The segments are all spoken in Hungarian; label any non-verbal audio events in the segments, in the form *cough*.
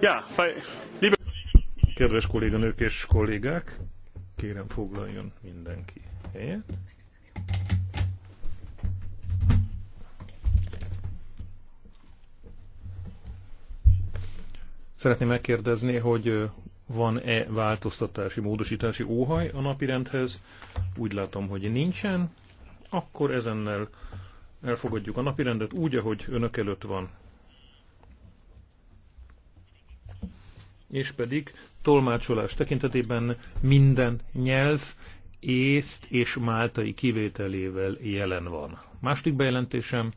Ja, fej... Kedves kolléganők és kollégák, kérem foglaljon mindenki helyet. Szeretném megkérdezni, hogy van-e változtatási, módosítási óhaj a napirendhez? Úgy látom, hogy nincsen. Akkor ezennel elfogadjuk a napirendet úgy, ahogy önök előtt van. és pedig tolmácsolás tekintetében minden nyelv észt és máltai kivételével jelen van. Második bejelentésem,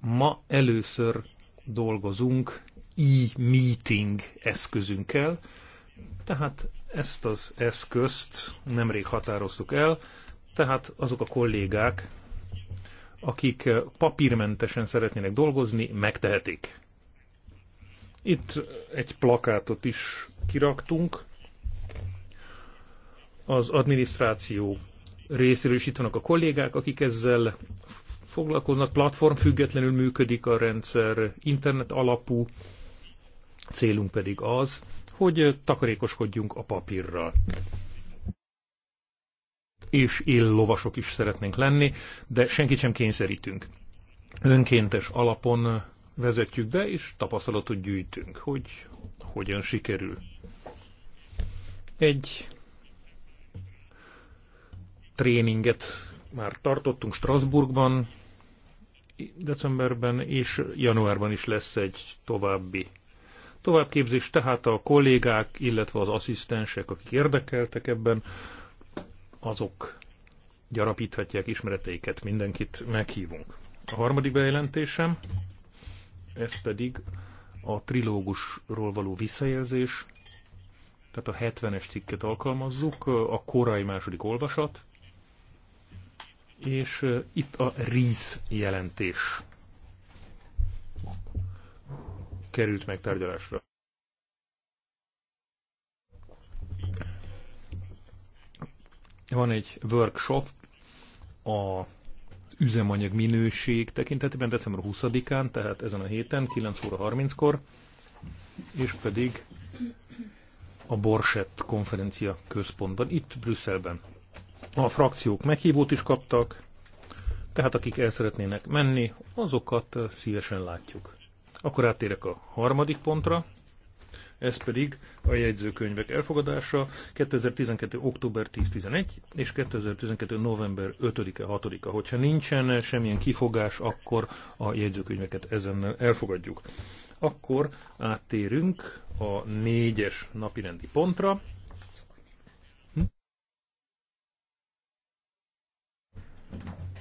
ma először dolgozunk e-meeting eszközünkkel, tehát ezt az eszközt nemrég határoztuk el, tehát azok a kollégák, akik papírmentesen szeretnének dolgozni, megtehetik. Itt egy plakátot is kiraktunk. Az adminisztráció részéről is itt vannak a kollégák, akik ezzel foglalkoznak, platform függetlenül működik a rendszer, internet alapú, célunk pedig az, hogy takarékoskodjunk a papírral. És illovasok is szeretnénk lenni, de senkit sem kényszerítünk. Önkéntes alapon vezetjük be, és tapasztalatot gyűjtünk, hogy hogyan sikerül. Egy tréninget már tartottunk Strasbourgban, decemberben és januárban is lesz egy további továbbképzés, tehát a kollégák, illetve az asszisztensek, akik érdekeltek ebben, azok gyarapíthatják ismereteiket, mindenkit meghívunk. A harmadik bejelentésem ez pedig a trilógusról való visszajelzés, tehát a 70-es cikket alkalmazzuk, a korai második olvasat, és itt a RIS jelentés került megtárgyalásra. Van egy workshop a üzemanyag minőség tekintetében december 20-án, tehát ezen a héten, 9 óra 30-kor, és pedig a Borsett konferencia központban, itt Brüsszelben. A frakciók meghívót is kaptak, tehát akik el szeretnének menni, azokat szívesen látjuk. Akkor áttérek a harmadik pontra, ez pedig a jegyzőkönyvek elfogadása 2012. október 10-11 és 2012. november 5-e, 6-a. Hogyha nincsen semmilyen kifogás, akkor a jegyzőkönyveket ezen elfogadjuk. Akkor áttérünk a négyes napirendi pontra. Hm?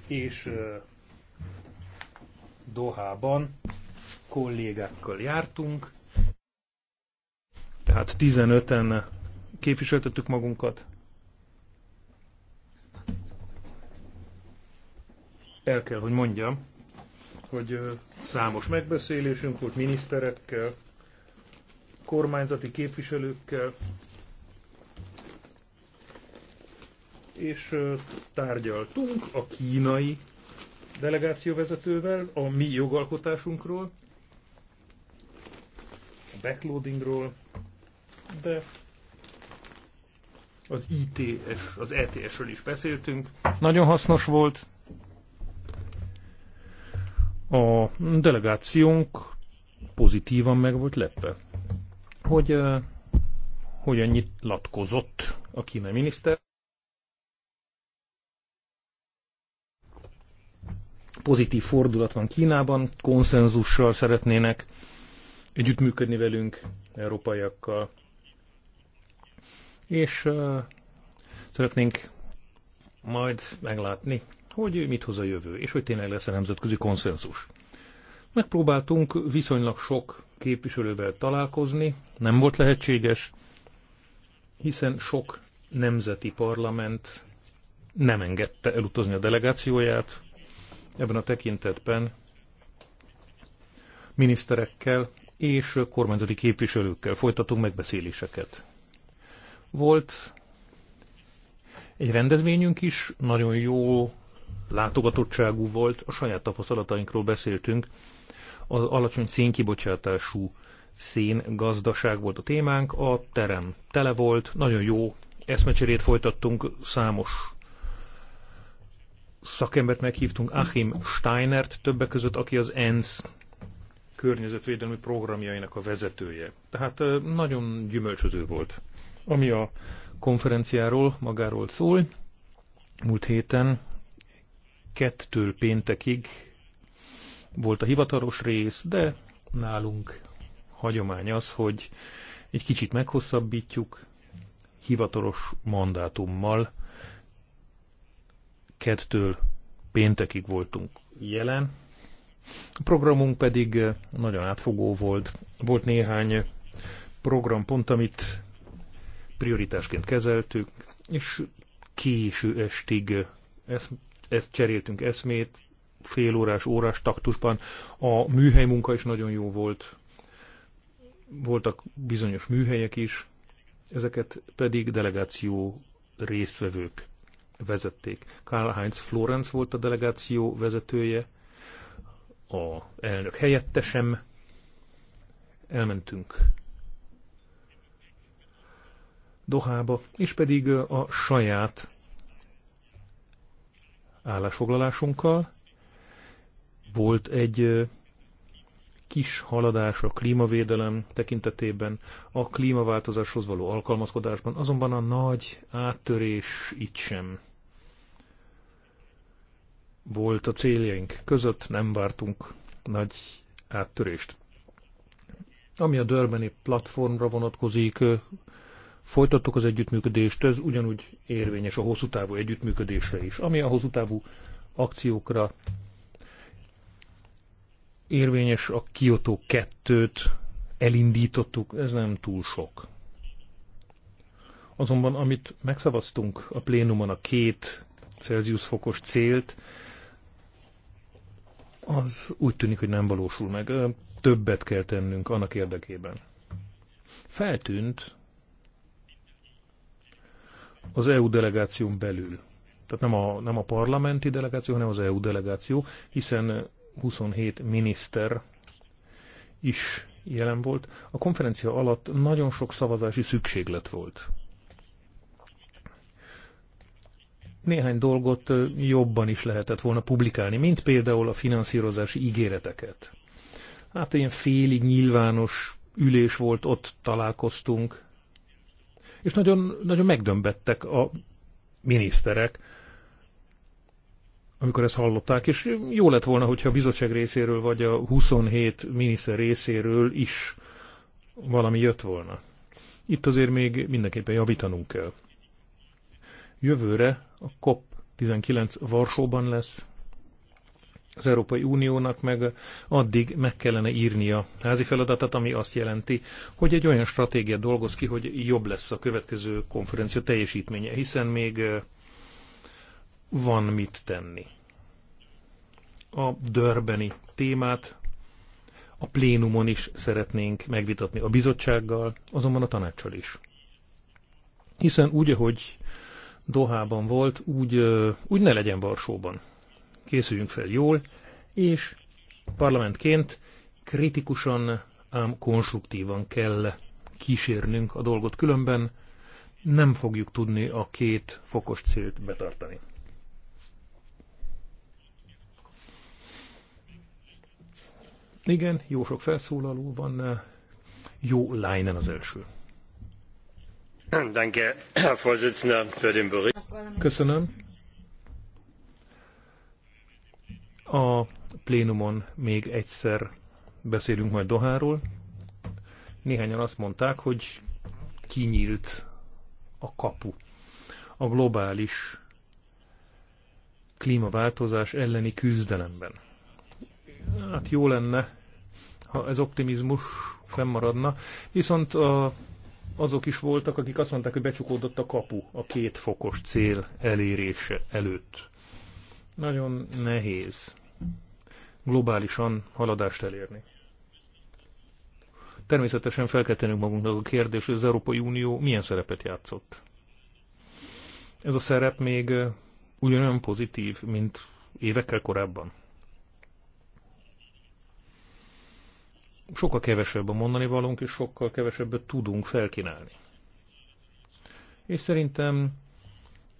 És Dohában kollégákkal jártunk, tehát 15-en képviseltettük magunkat. El kell, hogy mondjam, hogy számos megbeszélésünk volt miniszterekkel, kormányzati képviselőkkel, és tárgyaltunk a kínai delegációvezetővel a mi jogalkotásunkról, a backloadingról, de az ITS, az ETS-ről is beszéltünk. Nagyon hasznos volt. A delegációnk pozitívan meg volt lepve, hogy hogy hogyan latkozott a kínai miniszter. Pozitív fordulat van Kínában, konszenzussal szeretnének együttműködni velünk, európaiakkal és uh, szeretnénk majd meglátni, hogy mit hoz a jövő, és hogy tényleg lesz a nemzetközi konszenzus. Megpróbáltunk viszonylag sok képviselővel találkozni, nem volt lehetséges, hiszen sok nemzeti parlament nem engedte elutazni a delegációját. Ebben a tekintetben miniszterekkel és kormányzati képviselőkkel folytatunk megbeszéléseket. Volt egy rendezvényünk is, nagyon jó látogatottságú volt, a saját tapasztalatainkról beszéltünk. Az alacsony szénkibocsátású szén gazdaság volt a témánk, a terem tele volt, nagyon jó eszmecserét folytattunk, számos szakembert meghívtunk, Achim Steinert többek között, aki az ENSZ környezetvédelmi programjainak a vezetője. Tehát nagyon gyümölcsöző volt. Ami a konferenciáról magáról szól, múlt héten kettől péntekig volt a hivatalos rész, de nálunk hagyomány az, hogy egy kicsit meghosszabbítjuk hivatalos mandátummal. Kettől péntekig voltunk jelen. A programunk pedig nagyon átfogó volt. Volt néhány programpont, amit prioritásként kezeltük, és késő estig ezt, ezt cseréltünk eszmét, fél órás, órás taktusban. A műhely munka is nagyon jó volt, voltak bizonyos műhelyek is, ezeket pedig delegáció résztvevők vezették. Karl Heinz Florenz volt a delegáció vezetője, a elnök helyettesem. Elmentünk Dohába, és pedig a saját állásfoglalásunkkal. Volt egy kis haladás a klímavédelem tekintetében, a klímaváltozáshoz való alkalmazkodásban, azonban a nagy áttörés itt sem volt a céljaink között, nem vártunk nagy áttörést. Ami a Dörbeni platformra vonatkozik, folytattuk az együttműködést, ez ugyanúgy érvényes a hosszú távú együttműködésre is, ami a hosszú távú akciókra érvényes a Kyoto 2-t elindítottuk, ez nem túl sok. Azonban amit megszavaztunk a plénumon a két Celsius fokos célt, az úgy tűnik, hogy nem valósul meg. Többet kell tennünk annak érdekében. Feltűnt, az EU delegáción belül. Tehát nem a, nem a parlamenti delegáció, hanem az EU delegáció, hiszen 27 miniszter is jelen volt. A konferencia alatt nagyon sok szavazási szükséglet volt. Néhány dolgot jobban is lehetett volna publikálni, mint például a finanszírozási ígéreteket. Hát ilyen félig nyilvános ülés volt, ott találkoztunk, és nagyon, nagyon megdömbettek a miniszterek, amikor ezt hallották, és jó lett volna, hogyha a bizottság részéről, vagy a 27 miniszter részéről is valami jött volna. Itt azért még mindenképpen javítanunk kell. Jövőre a COP 19 Varsóban lesz, az Európai Uniónak meg addig meg kellene írnia házi feladatát, ami azt jelenti, hogy egy olyan stratégia dolgoz ki, hogy jobb lesz a következő konferencia teljesítménye, hiszen még van mit tenni. A dörbeni témát a plénumon is szeretnénk megvitatni a bizottsággal, azonban a tanácssal is. Hiszen úgy, ahogy Dohában volt, úgy, úgy ne legyen Varsóban készüljünk fel jól, és parlamentként kritikusan, ám konstruktívan kell kísérnünk a dolgot, különben nem fogjuk tudni a két fokos célt betartani. Igen, jó sok felszólaló van. Jó Leinen az első. Köszönöm A plénumon még egyszer beszélünk majd Doháról. Néhányan azt mondták, hogy kinyílt a kapu. A globális klímaváltozás elleni küzdelemben. Hát jó lenne, ha ez optimizmus fennmaradna, viszont a, azok is voltak, akik azt mondták, hogy becsukódott a kapu a két fokos cél elérése előtt. Nagyon nehéz globálisan haladást elérni. Természetesen fel kell tennünk magunknak a kérdés, hogy az Európai Unió milyen szerepet játszott. Ez a szerep még ugyanolyan pozitív, mint évekkel korábban. Sokkal kevesebb a mondani valónk, és sokkal kevesebbet tudunk felkínálni. És szerintem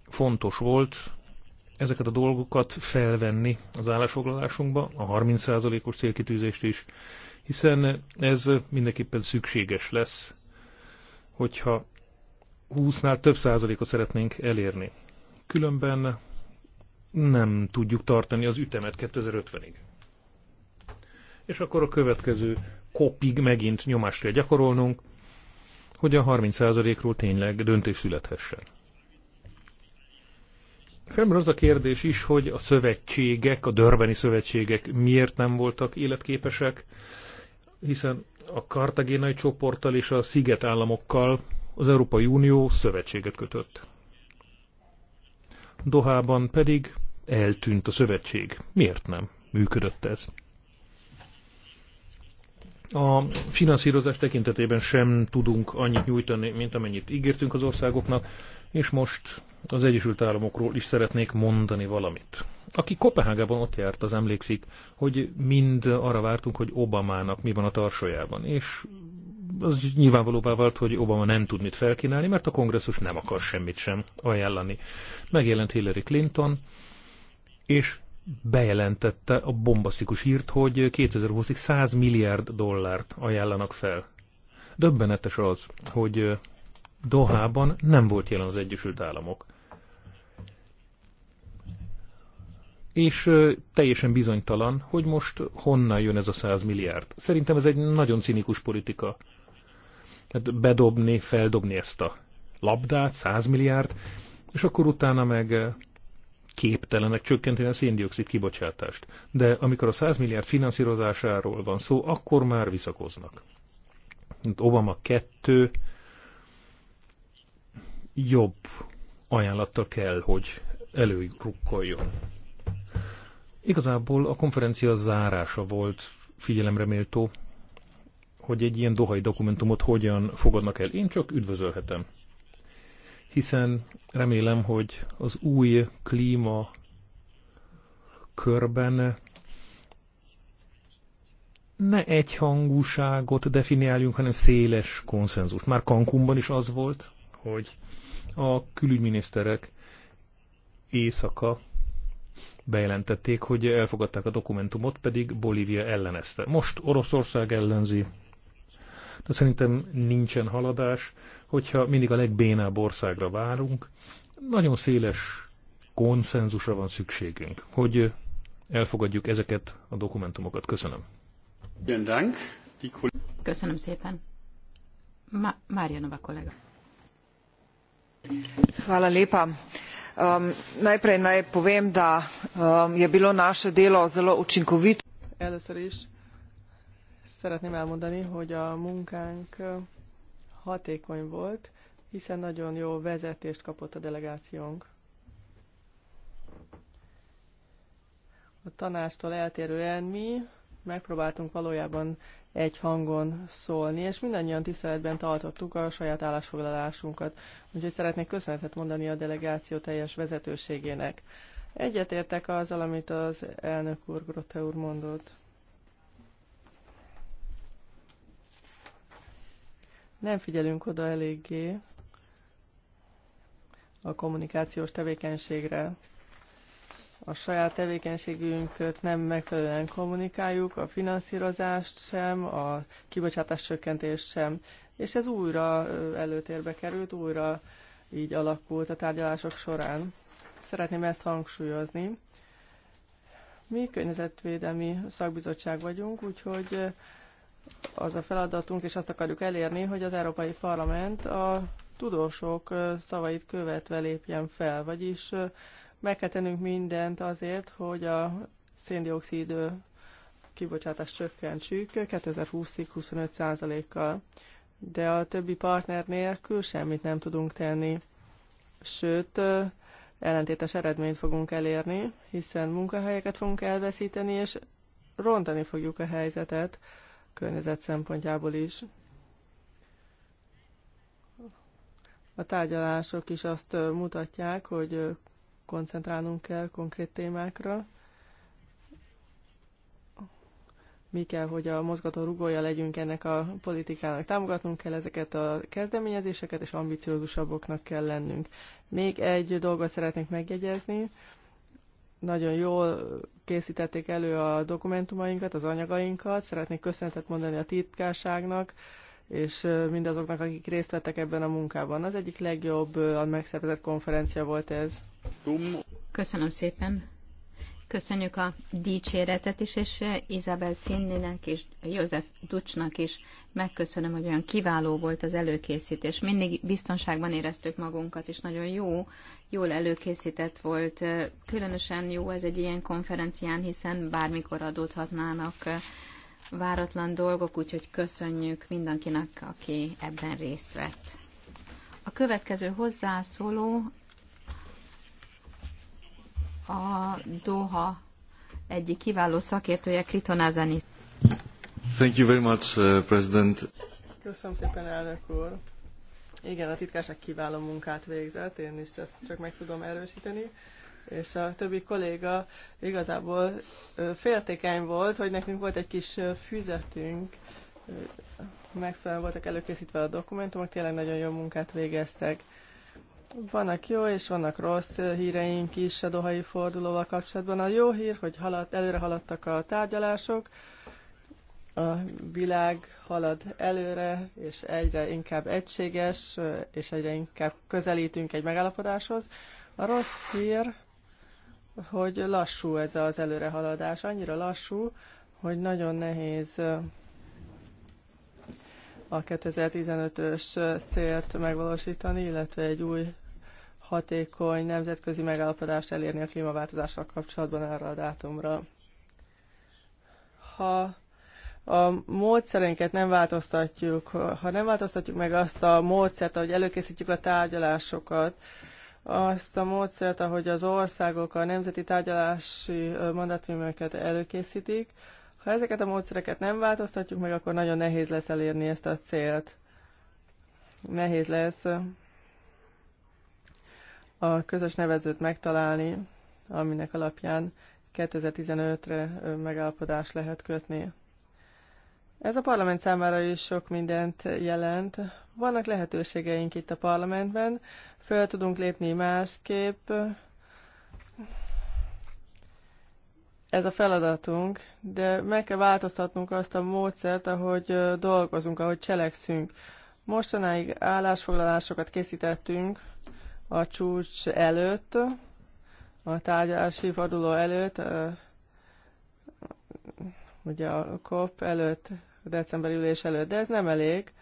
fontos volt ezeket a dolgokat felvenni az állásfoglalásunkba, a 30%-os célkitűzést is, hiszen ez mindenképpen szükséges lesz, hogyha 20-nál több százalékot szeretnénk elérni. Különben nem tudjuk tartani az ütemet 2050-ig. És akkor a következő kopig megint nyomást kell gyakorolnunk, hogy a 30%-ról tényleg döntés születhessen. Felmerül az a kérdés is, hogy a szövetségek, a dörbeni szövetségek miért nem voltak életképesek, hiszen a kartagénai csoporttal és a szigetállamokkal az Európai Unió szövetséget kötött. Dohában pedig eltűnt a szövetség. Miért nem működött ez? A finanszírozás tekintetében sem tudunk annyit nyújtani, mint amennyit ígértünk az országoknak és most az Egyesült Államokról is szeretnék mondani valamit. Aki Kopenhágában ott járt, az emlékszik, hogy mind arra vártunk, hogy Obamának mi van a tarsójában. És az nyilvánvalóvá vált, hogy Obama nem tud mit felkínálni, mert a kongresszus nem akar semmit sem ajánlani. Megjelent Hillary Clinton, és bejelentette a bombasztikus hírt, hogy 2020-ig 100 milliárd dollárt ajánlanak fel. Döbbenetes az, hogy Dohában nem volt jelen az Egyesült Államok. És teljesen bizonytalan, hogy most honnan jön ez a 100 milliárd. Szerintem ez egy nagyon cinikus politika. Tehát bedobni, feldobni ezt a labdát, 100 milliárd, és akkor utána meg képtelenek csökkenteni a széndiokszid kibocsátást. De amikor a 100 milliárd finanszírozásáról van szó, akkor már visszakoznak. Obama 2, jobb ajánlattal kell, hogy előrukkoljon. Igazából a konferencia zárása volt figyelemre méltó, hogy egy ilyen dohai dokumentumot hogyan fogadnak el. Én csak üdvözölhetem. Hiszen remélem, hogy az új klíma körben ne egyhangúságot definiáljunk, hanem széles konszenzus. Már Cancunban is az volt, hogy a külügyminiszterek éjszaka bejelentették, hogy elfogadták a dokumentumot, pedig Bolívia ellenezte. Most Oroszország ellenzi, de szerintem nincsen haladás, hogyha mindig a legbénább országra várunk. Nagyon széles konszenzusra van szükségünk, hogy elfogadjuk ezeket a dokumentumokat. Köszönöm. Köszönöm szépen. Ma- Mária Nova kollega. Hvala lepa. Um, najprej naj povem, da um, je bilo naše delo zelo učinkovito. Először is szeretném elmondani, hogy a munkánk hatékony volt, hiszen nagyon jó vezetést kapott a delegációnk. A tanástól eltérően mi megpróbáltunk valójában egy hangon szólni, és mindannyian tiszteletben tartottuk a saját állásfoglalásunkat. Úgyhogy szeretnék köszönetet mondani a delegáció teljes vezetőségének. Egyetértek azzal, amit az elnök úr Grote úr mondott. Nem figyelünk oda eléggé a kommunikációs tevékenységre a saját tevékenységünket nem megfelelően kommunikáljuk, a finanszírozást sem, a kibocsátás csökkentést sem. És ez újra előtérbe került, újra így alakult a tárgyalások során. Szeretném ezt hangsúlyozni. Mi környezetvédelmi szakbizottság vagyunk, úgyhogy az a feladatunk, és azt akarjuk elérni, hogy az Európai Parlament a tudósok szavait követve lépjen fel, vagyis meg kell tennünk mindent azért, hogy a széndiokszid kibocsátást csökkentsük 2020-ig 25%-kal. De a többi partner nélkül semmit nem tudunk tenni. Sőt, ellentétes eredményt fogunk elérni, hiszen munkahelyeket fogunk elveszíteni, és rontani fogjuk a helyzetet környezet szempontjából is. A tárgyalások is azt mutatják, hogy koncentrálnunk kell konkrét témákra. Mi kell, hogy a mozgató rugója legyünk ennek a politikának. Támogatnunk kell ezeket a kezdeményezéseket, és ambiciózusabbaknak kell lennünk. Még egy dolgot szeretnék megjegyezni. Nagyon jól készítették elő a dokumentumainkat, az anyagainkat. Szeretnék köszönetet mondani a titkárságnak, és mindazoknak, akik részt vettek ebben a munkában. Az egyik legjobb a megszervezett konferencia volt ez. Köszönöm szépen. Köszönjük a dicséretet is, és Izabel Finninek és József Ducsnak is megköszönöm, hogy olyan kiváló volt az előkészítés. Mindig biztonságban éreztük magunkat, és nagyon jó, jól előkészített volt. Különösen jó ez egy ilyen konferencián, hiszen bármikor adódhatnának váratlan dolgok, úgyhogy köszönjük mindenkinek, aki ebben részt vett. A következő hozzászóló a Doha egyik kiváló szakértője, Kriton Azani. Thank you very much, uh, President. Köszönöm szépen, elnök úr. Igen, a titkárság kiváló munkát végzett, én is ezt csak meg tudom erősíteni és a többi kolléga igazából féltékeny volt, hogy nekünk volt egy kis füzetünk, megfelelően voltak előkészítve a dokumentumok, tényleg nagyon jó munkát végeztek. Vannak jó és vannak rossz híreink is a dohai fordulóval kapcsolatban. A jó hír, hogy halad, előre haladtak a tárgyalások, a világ halad előre, és egyre inkább egységes, és egyre inkább közelítünk egy megállapodáshoz. A rossz hír, hogy lassú ez az előrehaladás. Annyira lassú, hogy nagyon nehéz a 2015-ös célt megvalósítani, illetve egy új hatékony nemzetközi megállapodást elérni a klímaváltozással kapcsolatban erre a dátumra. Ha a módszereinket nem változtatjuk, ha nem változtatjuk meg azt a módszert, ahogy előkészítjük a tárgyalásokat, azt a módszert, ahogy az országok a nemzeti tárgyalási mandátumokat előkészítik. Ha ezeket a módszereket nem változtatjuk meg, akkor nagyon nehéz lesz elérni ezt a célt. Nehéz lesz a közös nevezőt megtalálni, aminek alapján 2015-re megállapodást lehet kötni. Ez a parlament számára is sok mindent jelent. Vannak lehetőségeink itt a parlamentben, föl tudunk lépni másképp. Ez a feladatunk, de meg kell változtatnunk azt a módszert, ahogy dolgozunk, ahogy cselekszünk. Mostanáig állásfoglalásokat készítettünk a csúcs előtt, a tárgyalási forduló előtt, ugye a COP előtt a decemberi ülés előtt, de ez nem elég.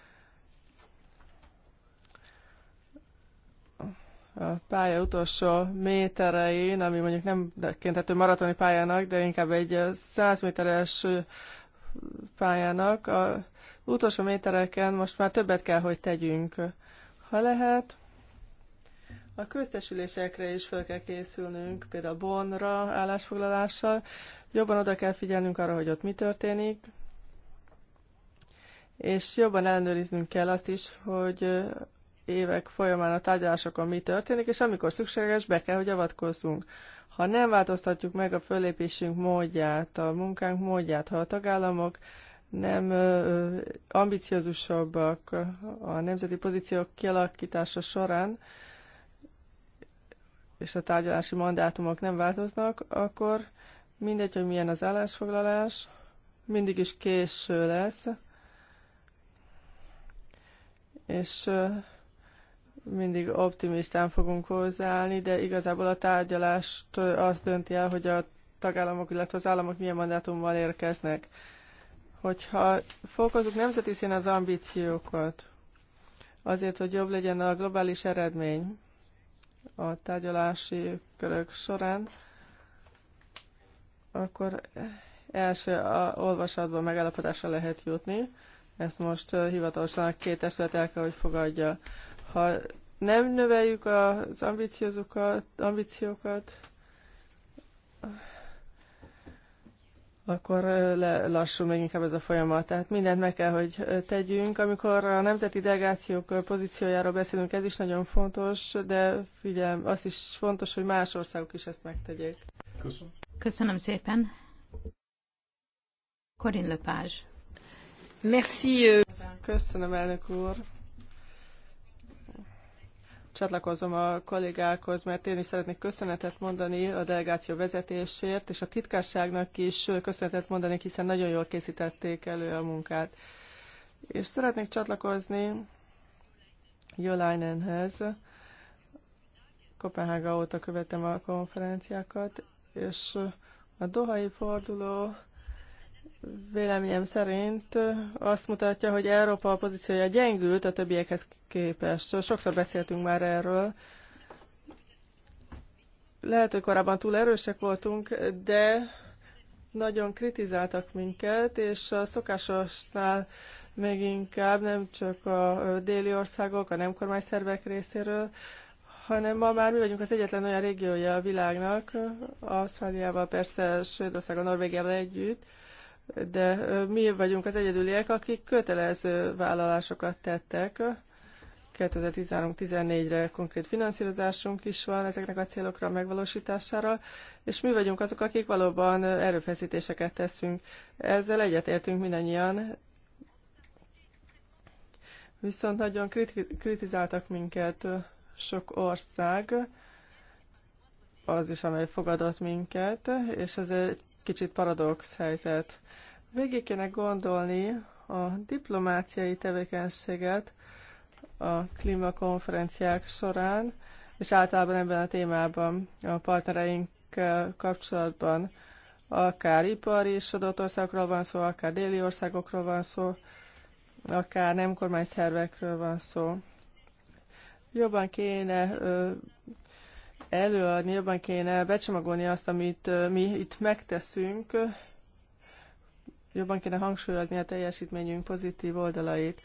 A pálya utolsó méterein, ami mondjuk nem kenthető maratoni pályának, de inkább egy 100 méteres pályának, a utolsó métereken most már többet kell, hogy tegyünk. Ha lehet, a köztesülésekre is fel kell készülnünk, például Bonra állásfoglalással. Jobban oda kell figyelnünk arra, hogy ott mi történik, és jobban ellenőriznünk kell azt is, hogy évek folyamán a tárgyalásokon mi történik, és amikor szükséges, be kell, hogy avatkozzunk. Ha nem változtatjuk meg a fölépésünk módját, a munkánk módját, ha a tagállamok nem ambiciózusabbak a nemzeti pozíciók kialakítása során, és a tárgyalási mandátumok nem változnak, akkor mindegy, hogy milyen az állásfoglalás, mindig is késő lesz, és mindig optimistán fogunk hozzáállni, de igazából a tárgyalást azt dönti el, hogy a tagállamok, illetve az államok milyen mandátummal érkeznek. Hogyha fokozunk nemzeti szín az ambíciókat, azért, hogy jobb legyen a globális eredmény a tárgyalási körök során, akkor első a olvasatban megállapodásra lehet jutni. Ezt most hivatalosan a két testület el kell, hogy fogadja. Ha nem növeljük az ambíciókat, ambíciókat akkor lelassul még inkább ez a folyamat. Tehát mindent meg kell, hogy tegyünk. Amikor a nemzeti delegációk pozíciójáról beszélünk, ez is nagyon fontos, de figyelm, az is fontos, hogy más országok is ezt megtegyék. Köszönöm. Köszönöm szépen. Corinne Lepage. Merci. Euh. Köszönöm, elnök úr. Csatlakozom a kollégákhoz, mert én is szeretnék köszönetet mondani a delegáció vezetésért, és a titkárságnak is köszönetet mondani, hiszen nagyon jól készítették elő a munkát. És szeretnék csatlakozni Jolainenhez. Kopenhága óta követem a konferenciákat, és a Dohai forduló véleményem szerint azt mutatja, hogy Európa a pozíciója gyengült a többiekhez képest. Sokszor beszéltünk már erről. Lehet, hogy korábban túl erősek voltunk, de nagyon kritizáltak minket, és a szokásosnál még inkább nem csak a déli országok, a nem kormányszervek részéről, hanem ma már mi vagyunk az egyetlen olyan régiója a világnak, Ausztráliával, persze Svédországgal, Norvégiával együtt, de mi vagyunk az egyedüliek, akik kötelező vállalásokat tettek. 2013-14-re konkrét finanszírozásunk is van ezeknek a célokra a megvalósítására, és mi vagyunk azok, akik valóban erőfeszítéseket teszünk. Ezzel egyetértünk mindannyian, viszont nagyon kritizáltak minket sok ország, az is, amely fogadott minket, és ez egy kicsit paradox helyzet. Végig kéne gondolni a diplomáciai tevékenységet a klímakonferenciák során, és általában ebben a témában a partnereink kapcsolatban akár ipari adott országokról van szó, akár déli országokról van szó, akár nem kormány szervekről van szó. Jobban kéne ö, előadni, jobban kéne becsomagolni azt, amit mi itt megteszünk, jobban kéne hangsúlyozni a teljesítményünk pozitív oldalait.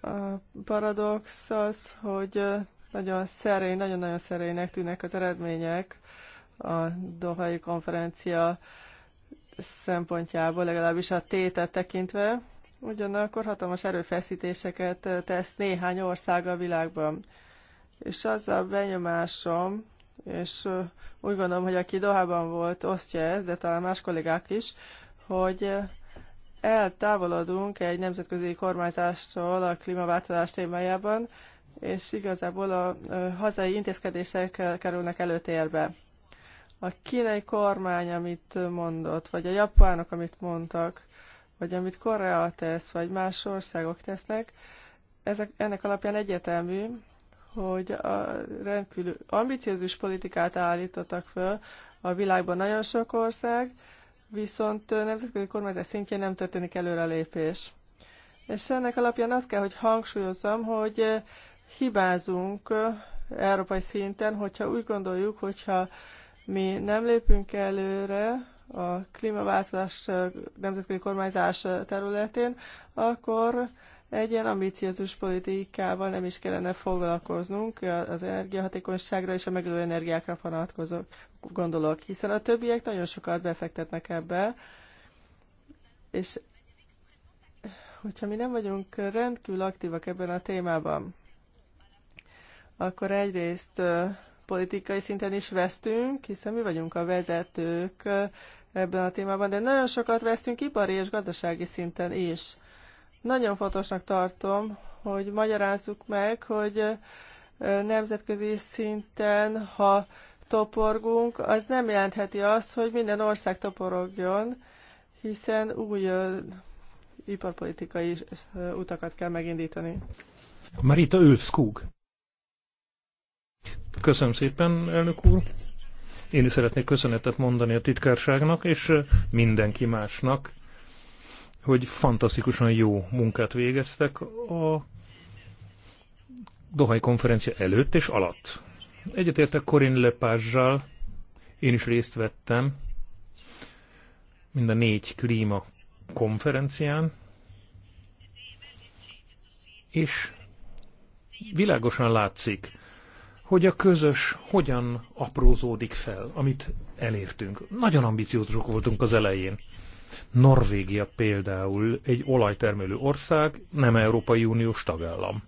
A paradox az, hogy nagyon szerény, nagyon-nagyon szerénynek tűnnek az eredmények a Dohai konferencia szempontjából, legalábbis a tétet tekintve. Ugyanakkor hatalmas erőfeszítéseket tesz néhány ország a világban és az a benyomásom, és úgy gondolom, hogy aki Dohában volt, osztja ezt, de talán más kollégák is, hogy eltávolodunk egy nemzetközi kormányzástól a klímaváltozás témájában, és igazából a hazai intézkedések kerülnek előtérbe. A kínai kormány, amit mondott, vagy a japánok, amit mondtak, vagy amit Korea tesz, vagy más országok tesznek, ezek, ennek alapján egyértelmű, hogy a rendkívül ambiciózus politikát állítottak föl. A világban nagyon sok ország, viszont nemzetközi kormányzás szintjén nem történik előrelépés. És ennek alapján azt kell, hogy hangsúlyozzam, hogy hibázunk európai szinten, hogyha úgy gondoljuk, hogyha mi nem lépünk előre a klímaváltozás nemzetközi kormányzás területén, akkor egy ilyen ambíciózus politikával nem is kellene foglalkoznunk az energiahatékonyságra és a megelő energiákra vonatkozó gondolok, hiszen a többiek nagyon sokat befektetnek ebbe, és hogyha mi nem vagyunk rendkívül aktívak ebben a témában, akkor egyrészt politikai szinten is vesztünk, hiszen mi vagyunk a vezetők ebben a témában, de nagyon sokat vesztünk ipari és gazdasági szinten is. Nagyon fontosnak tartom, hogy magyarázzuk meg, hogy nemzetközi szinten, ha toporgunk, az nem jelentheti azt, hogy minden ország toporogjon, hiszen új iparpolitikai utakat kell megindítani. Marita Ölfskog. Köszönöm szépen, elnök úr. Én is szeretnék köszönetet mondani a titkárságnak és mindenki másnak, hogy fantasztikusan jó munkát végeztek a Dohai konferencia előtt és alatt. Egyetértek Corinne lepage én is részt vettem mind a négy klíma konferencián, és világosan látszik, hogy a közös hogyan aprózódik fel, amit elértünk. Nagyon ambiciózusok voltunk az elején. Norvégia például egy olajtermelő ország, nem Európai Uniós tagállam.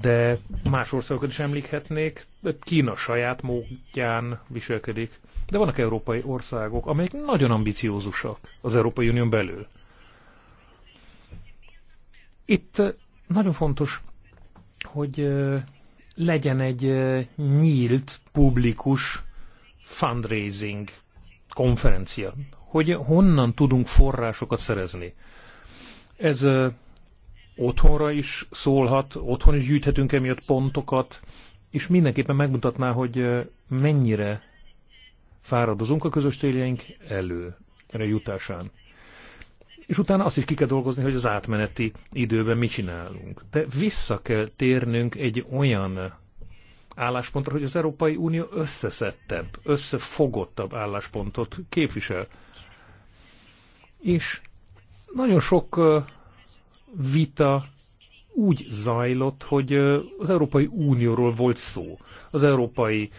De más országokat is említhetnék, Kína saját módján viselkedik, de vannak európai országok, amelyek nagyon ambiciózusak az Európai Unión belül. Itt nagyon fontos, hogy legyen egy nyílt, publikus fundraising konferencia, hogy honnan tudunk forrásokat szerezni. Ez otthonra is szólhat, otthon is gyűjthetünk emiatt pontokat, és mindenképpen megmutatná, hogy mennyire fáradozunk a közös céljaink előre jutásán. És utána azt is ki kell dolgozni, hogy az átmeneti időben mit csinálunk. De vissza kell térnünk egy olyan álláspontra, hogy az Európai Unió összeszedtebb, összefogottabb álláspontot képvisel. És nagyon sok vita úgy zajlott, hogy az Európai Unióról volt szó, az Európai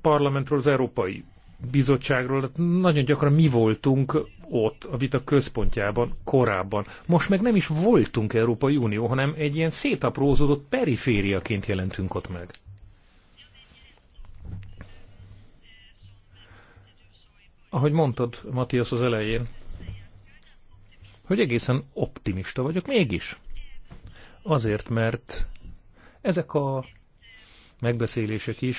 Parlamentről, az Európai Bizottságról, tehát nagyon gyakran mi voltunk ott a vita központjában korábban. Most meg nem is voltunk Európai Unió, hanem egy ilyen szétaprózódott perifériaként jelentünk ott meg. Ahogy mondtad, Matthias az elején, hogy egészen optimista vagyok mégis. Azért, mert ezek a megbeszélések is,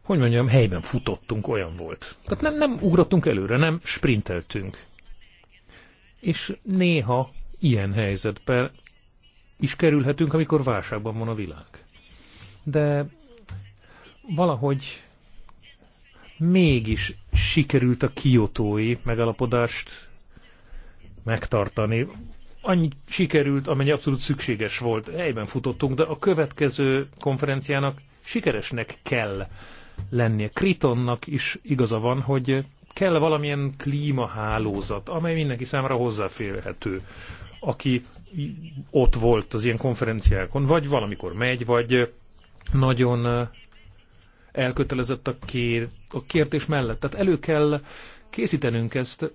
hogy mondjam, helyben futottunk, olyan volt. Tehát nem, nem ugrottunk előre, nem sprinteltünk. És néha ilyen helyzetben is kerülhetünk, amikor válságban van a világ. De valahogy mégis sikerült a kiotói megalapodást megtartani. Annyi sikerült, amennyi abszolút szükséges volt. Helyben futottunk, de a következő konferenciának sikeresnek kell lennie. Kritonnak is igaza van, hogy kell valamilyen klímahálózat, amely mindenki számára hozzáférhető, aki ott volt az ilyen konferenciákon, vagy valamikor megy, vagy nagyon elkötelezett a, kér, a kértés mellett. Tehát elő kell készítenünk ezt,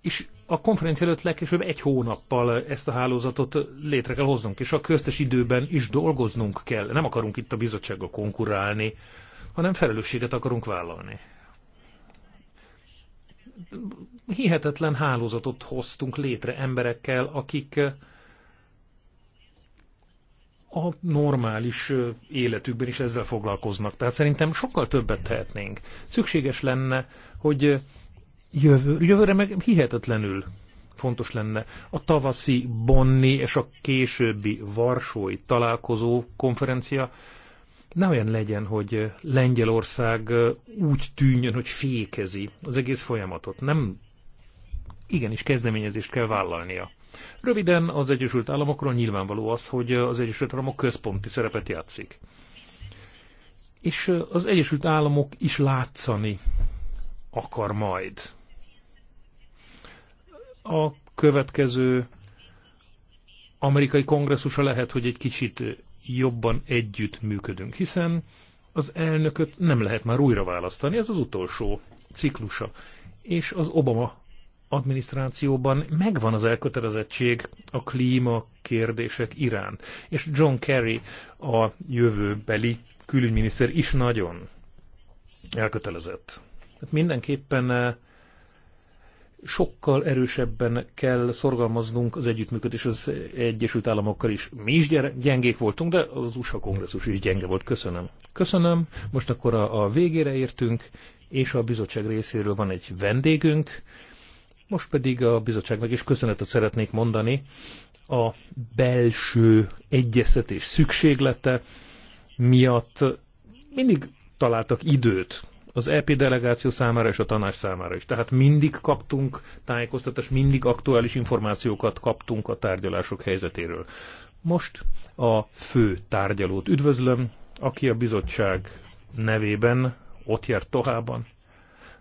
és a konferencia előtt legkésőbb egy hónappal ezt a hálózatot létre kell hoznunk, és a köztes időben is dolgoznunk kell. Nem akarunk itt a bizottsággal konkurálni, hanem felelősséget akarunk vállalni. Hihetetlen hálózatot hoztunk létre emberekkel, akik a normális életükben is ezzel foglalkoznak. Tehát szerintem sokkal többet tehetnénk. Szükséges lenne, hogy jövő, jövőre meg hihetetlenül fontos lenne a tavaszi Bonni és a későbbi Varsói találkozó konferencia, ne olyan legyen, hogy Lengyelország úgy tűnjön, hogy fékezi az egész folyamatot. Nem igenis kezdeményezést kell vállalnia. Röviden az Egyesült Államokról nyilvánvaló az, hogy az Egyesült Államok központi szerepet játszik. És az Egyesült Államok is látszani akar majd a következő amerikai kongresszusa lehet, hogy egy kicsit jobban együtt működünk, hiszen az elnököt nem lehet már újra választani, ez az utolsó ciklusa. És az Obama adminisztrációban megvan az elkötelezettség a klíma kérdések iránt. És John Kerry, a jövőbeli külügyminiszter is nagyon elkötelezett. Tehát mindenképpen eh, sokkal erősebben kell szorgalmaznunk az együttműködés az Egyesült Államokkal is. Mi is gyengék voltunk, de az USA kongresszus is gyenge volt. Köszönöm. Köszönöm. Most akkor a, a végére értünk, és a bizottság részéről van egy vendégünk. Most pedig a bizottságnak is köszönetet szeretnék mondani a belső egyeztetés szükséglete miatt mindig találtak időt az EP delegáció számára és a tanács számára is. Tehát mindig kaptunk tájékoztatást, mindig aktuális információkat kaptunk a tárgyalások helyzetéről. Most a fő tárgyalót üdvözlöm, aki a bizottság nevében ott járt Tohában,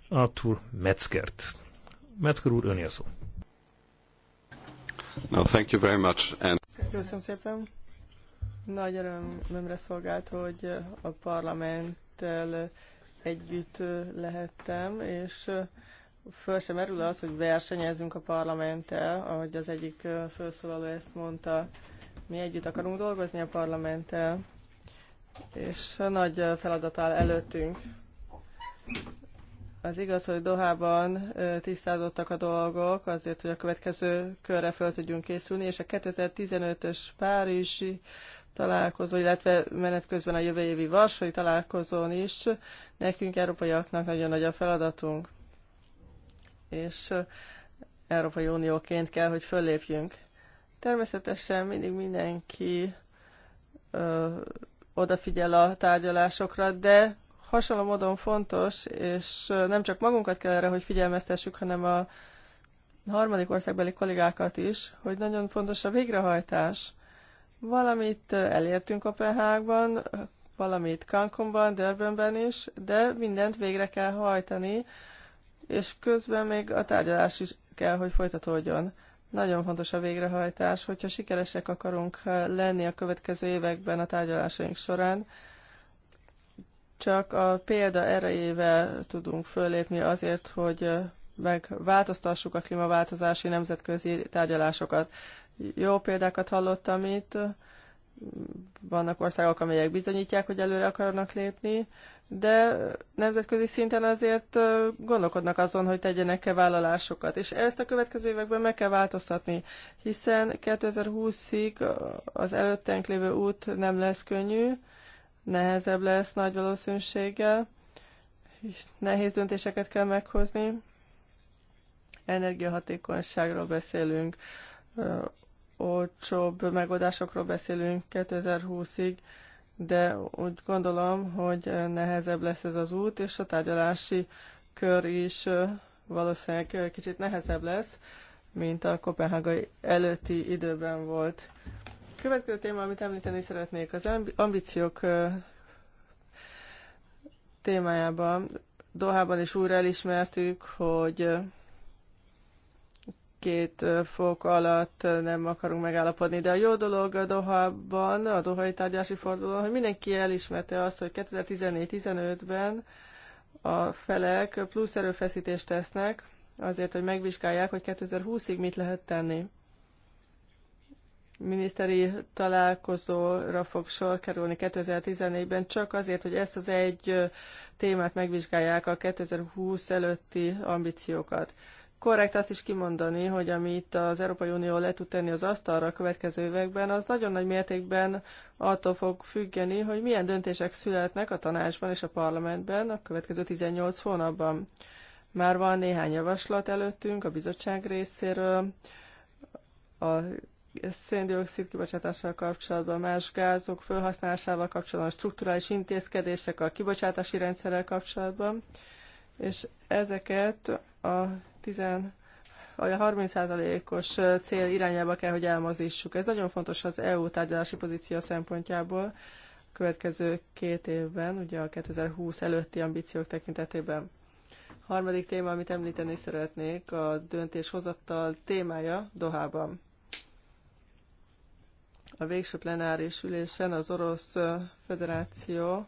Arthur Metzkert. Metzger úr, önél szó. No, thank you very much. And... Köszönöm szépen. Nagy örömömre szolgált, hogy a parlamenttel együtt lehettem, és föl sem merül az, hogy versenyezünk a parlamenttel, ahogy az egyik felszólaló ezt mondta. Mi együtt akarunk dolgozni a parlamenttel, és nagy feladat áll előttünk. Az igaz, hogy Dohában tisztázottak a dolgok azért, hogy a következő körre fel tudjunk készülni, és a 2015-ös Párizsi találkozó, illetve menet közben a jövő évi Varsói találkozón is nekünk, európaiaknak nagyon nagy a feladatunk, és Európai Unióként kell, hogy föllépjünk. Természetesen mindig mindenki ö, odafigyel a tárgyalásokra, de hasonló módon fontos, és nem csak magunkat kell erre, hogy figyelmeztessük, hanem a harmadik országbeli kollégákat is, hogy nagyon fontos a végrehajtás. Valamit elértünk Kopenhágban, valamit Cancunban, Durbanben is, de mindent végre kell hajtani, és közben még a tárgyalás is kell, hogy folytatódjon. Nagyon fontos a végrehajtás, hogyha sikeresek akarunk lenni a következő években a tárgyalásaink során, csak a példa erejével tudunk fölépni azért, hogy változtassuk a klímaváltozási nemzetközi tárgyalásokat. Jó példákat hallottam itt, vannak országok, amelyek bizonyítják, hogy előre akarnak lépni, de nemzetközi szinten azért gondolkodnak azon, hogy tegyenek-e vállalásokat. És ezt a következő években meg kell változtatni, hiszen 2020-ig az előttenk lévő út nem lesz könnyű, nehezebb lesz nagy valószínűséggel, és nehéz döntéseket kell meghozni energiahatékonyságról beszélünk, olcsóbb megoldásokról beszélünk 2020-ig, de úgy gondolom, hogy nehezebb lesz ez az út, és a tárgyalási kör is valószínűleg kicsit nehezebb lesz, mint a kopenhágai előtti időben volt. Következő téma, amit említeni szeretnék, az ambíciók témájában. Dohában is újra elismertük, hogy két fok alatt nem akarunk megállapodni. De a jó dolog a Dohában, a Dohai tárgyási fordulón, hogy mindenki elismerte azt, hogy 2014-15-ben a felek plusz erőfeszítést tesznek azért, hogy megvizsgálják, hogy 2020-ig mit lehet tenni. Miniszteri találkozóra fog sor kerülni 2014-ben csak azért, hogy ezt az egy témát megvizsgálják a 2020 előtti ambíciókat korrekt azt is kimondani, hogy amit az Európai Unió le tud tenni az asztalra a következő években, az nagyon nagy mértékben attól fog függeni, hogy milyen döntések születnek a tanácsban és a parlamentben a következő 18 hónapban. Már van néhány javaslat előttünk a bizottság részéről, a széndiokszid kibocsátással kapcsolatban, más gázok felhasználásával kapcsolatban, a strukturális intézkedések, a kibocsátási rendszerrel kapcsolatban, és ezeket a vagy a 30%-os cél irányába kell, hogy elmozdítsuk. Ez nagyon fontos az EU tárgyalási pozíció szempontjából következő két évben, ugye a 2020 előtti ambíciók tekintetében. A harmadik téma, amit említeni szeretnék, a döntéshozattal témája Dohában. A végső plenáris ülésen az Orosz Federáció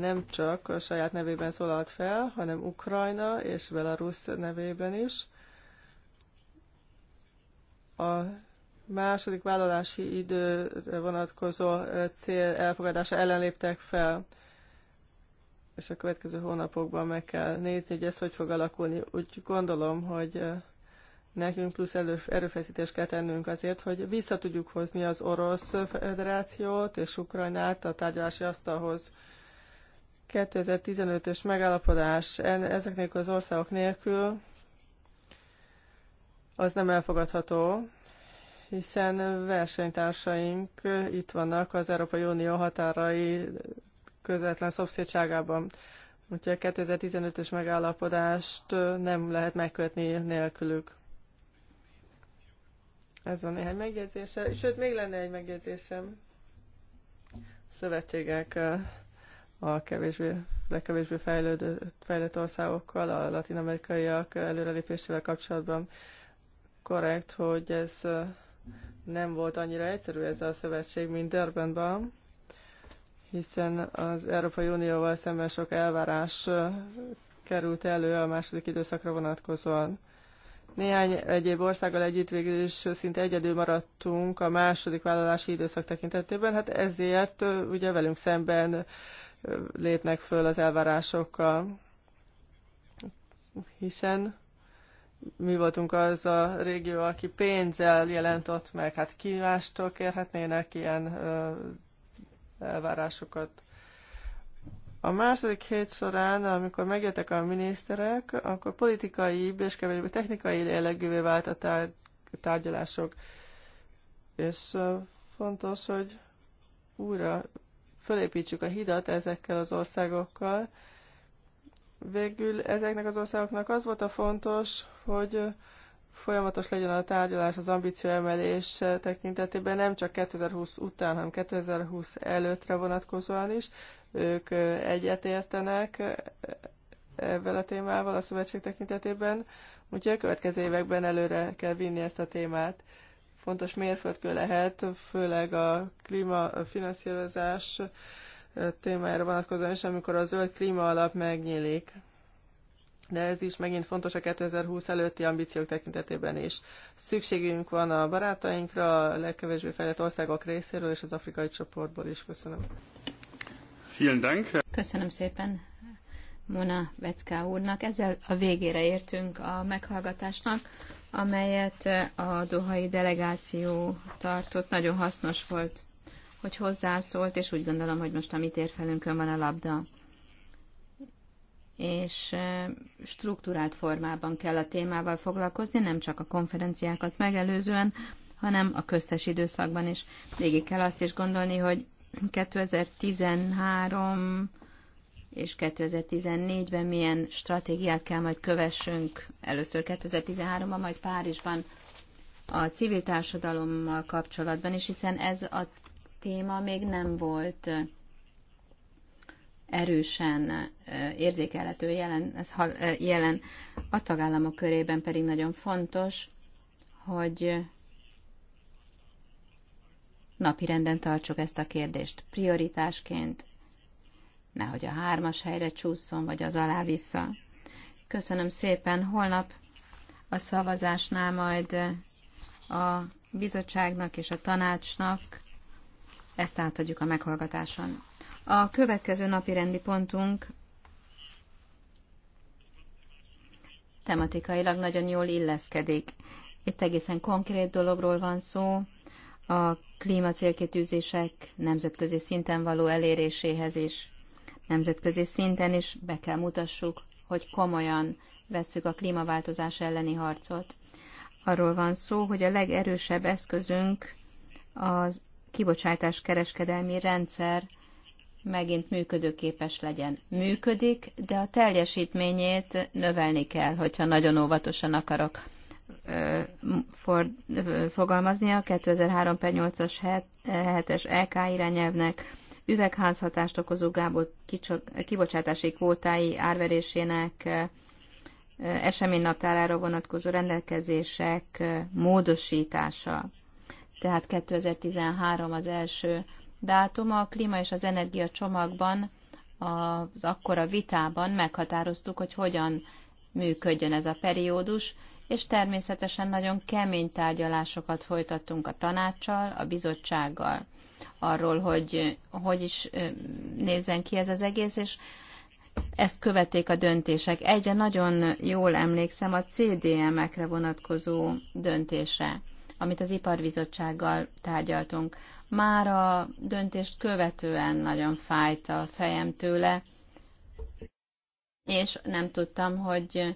nem csak a saját nevében szólalt fel, hanem Ukrajna és Belarus nevében is. A második vállalási időre vonatkozó cél elfogadása ellen léptek fel, és a következő hónapokban meg kell nézni, hogy ez hogy fog alakulni. Úgy gondolom, hogy nekünk plusz erőfeszítést kell tennünk azért, hogy vissza tudjuk hozni az Orosz Federációt és Ukrajnát a tárgyalási asztalhoz. 2015-ös megállapodás ezek nélkül az országok nélkül az nem elfogadható, hiszen versenytársaink itt vannak az Európai Unió határai közvetlen szomszédságában. Úgyhogy a 2015-ös megállapodást nem lehet megkötni nélkülük. Ez van néhány megjegyzése. Sőt, még lenne egy megjegyzésem. Szövetségek a kevésbé, legkevésbé fejlődő, fejlett országokkal, a latinamerikaiak előrelépésével kapcsolatban korrekt, hogy ez nem volt annyira egyszerű ez a szövetség, mint Durbanban, hiszen az Európai Unióval szemben sok elvárás került elő a második időszakra vonatkozóan. Néhány egyéb országgal együtt végül is szinte egyedül maradtunk a második vállalási időszak tekintetében, hát ezért ugye velünk szemben lépnek föl az elvárásokkal, hiszen mi voltunk az a régió, aki pénzzel jelentott, meg, hát ki mástól kérhetnének ilyen ö, elvárásokat. A második hét során, amikor megjöttek a miniszterek, akkor politikai és kevésbé technikai jellegűvé vált a tár- tárgyalások. És fontos, hogy újra fölépítsük a hidat ezekkel az országokkal. Végül ezeknek az országoknak az volt a fontos, hogy folyamatos legyen a tárgyalás az ambíció emelés tekintetében, nem csak 2020 után, hanem 2020 előttre vonatkozóan is. Ők egyetértenek ebben a témával a szövetség tekintetében, úgyhogy a következő években előre kell vinni ezt a témát fontos mérföldkő lehet, főleg a klímafinanszírozás témájára vonatkozóan is, amikor a zöld klíma alap megnyílik. De ez is megint fontos a 2020 előtti ambíciók tekintetében is. Szükségünk van a barátainkra, a legkevésbé fejlett országok részéről és az afrikai csoportból is. Köszönöm. Köszönöm szépen. Mona Vecká úrnak. Ezzel a végére értünk a meghallgatásnak, amelyet a dohai delegáció tartott. Nagyon hasznos volt, hogy hozzászólt, és úgy gondolom, hogy most a mi térfelünkön van a labda. És eh, struktúrált formában kell a témával foglalkozni, nem csak a konferenciákat megelőzően, hanem a köztes időszakban is. Végig kell azt is gondolni, hogy 2013 és 2014-ben milyen stratégiát kell majd kövessünk, először 2013-ban, majd Párizsban a civil társadalommal kapcsolatban is, hiszen ez a téma még nem volt erősen érzékelhető jelen, ez jelen a tagállamok körében pedig nagyon fontos, hogy napirenden tartsuk ezt a kérdést prioritásként nehogy a hármas helyre csúszson, vagy az alá vissza. Köszönöm szépen, holnap a szavazásnál majd a bizottságnak és a tanácsnak ezt átadjuk a meghallgatáson. A következő napi rendi pontunk tematikailag nagyon jól illeszkedik. Itt egészen konkrét dologról van szó, a klímacélkitűzések nemzetközi szinten való eléréséhez is nemzetközi szinten is be kell mutassuk, hogy komolyan vesszük a klímaváltozás elleni harcot. Arról van szó, hogy a legerősebb eszközünk az kibocsátás kereskedelmi rendszer megint működőképes legyen. Működik, de a teljesítményét növelni kell, hogyha nagyon óvatosan akarok for, fogalmazni a 2003 8-as 7-es EK irányelvnek üvegházhatást okozó gábor kibocsátási kvótái árverésének eseménynaptárára vonatkozó rendelkezések módosítása. Tehát 2013 az első dátuma A klíma és az energia csomagban az akkora vitában meghatároztuk, hogy hogyan működjön ez a periódus, és természetesen nagyon kemény tárgyalásokat folytattunk a tanácssal, a bizottsággal arról, hogy hogy is nézzen ki ez az egész, és ezt követték a döntések. Egyre nagyon jól emlékszem a CDM-ekre vonatkozó döntése, amit az iparbizottsággal tárgyaltunk. Már a döntést követően nagyon fájt a fejem tőle, és nem tudtam, hogy,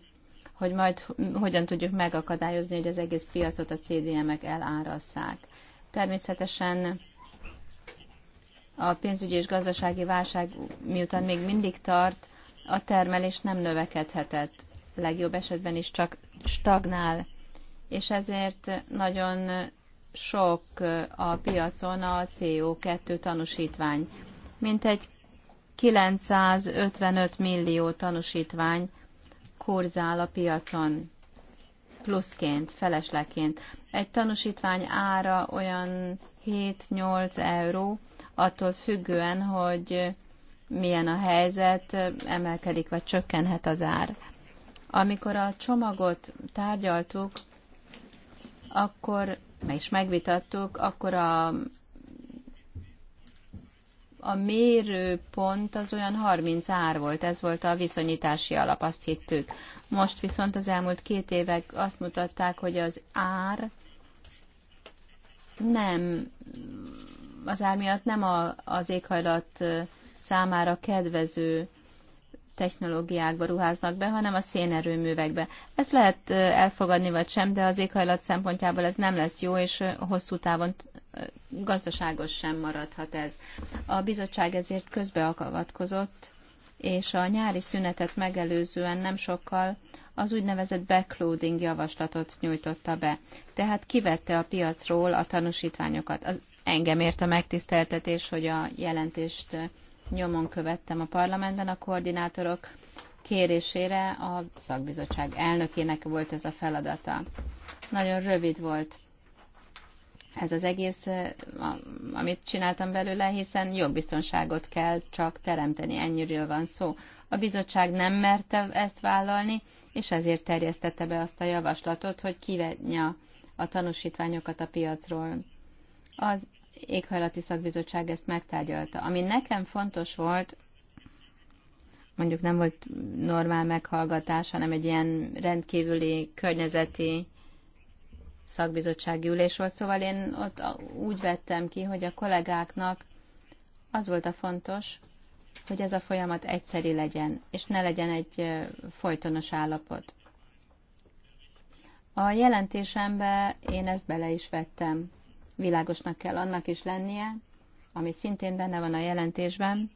hogy majd hogyan tudjuk megakadályozni, hogy az egész piacot a CDM-ek elárasszák. Természetesen a pénzügyi és gazdasági válság miután még mindig tart, a termelés nem növekedhetett. Legjobb esetben is csak stagnál. És ezért nagyon sok a piacon a CO2 tanúsítvány. Mintegy 955 millió tanúsítvány kurzál a piacon pluszként, felesleként. Egy tanúsítvány ára olyan 7-8 euró, attól függően, hogy milyen a helyzet, emelkedik vagy csökkenhet az ár. Amikor a csomagot tárgyaltuk, akkor és megvitattuk, akkor a, a mérőpont az olyan 30 ár volt, ez volt a viszonyítási alap, azt hittük. Most viszont az elmúlt két évek azt mutatták, hogy az ár nem az miatt nem a, az éghajlat számára kedvező technológiákba ruháznak be, hanem a szénerőművekbe. Ezt lehet elfogadni vagy sem, de az éghajlat szempontjából ez nem lesz jó, és hosszú távon gazdaságos sem maradhat ez. A bizottság ezért közbeakavatkozott, és a nyári szünetet megelőzően nem sokkal az úgynevezett backloading javaslatot nyújtotta be, tehát kivette a piacról a tanúsítványokat. Az engem ért a megtiszteltetés, hogy a jelentést nyomon követtem a parlamentben a koordinátorok kérésére a szakbizottság elnökének volt ez a feladata. Nagyon rövid volt ez az egész, eh, amit csináltam belőle, hiszen jogbiztonságot kell csak teremteni, ennyiről van szó. A bizottság nem merte ezt vállalni, és ezért terjesztette be azt a javaslatot, hogy kivenje a tanúsítványokat a piacról. Az éghajlati szakbizottság ezt megtárgyalta. Ami nekem fontos volt, mondjuk nem volt normál meghallgatás, hanem egy ilyen rendkívüli környezeti szakbizottsági ülés volt, szóval én ott úgy vettem ki, hogy a kollégáknak az volt a fontos, hogy ez a folyamat egyszeri legyen, és ne legyen egy folytonos állapot. A jelentésembe én ezt bele is vettem világosnak kell annak is lennie, ami szintén benne van a jelentésben,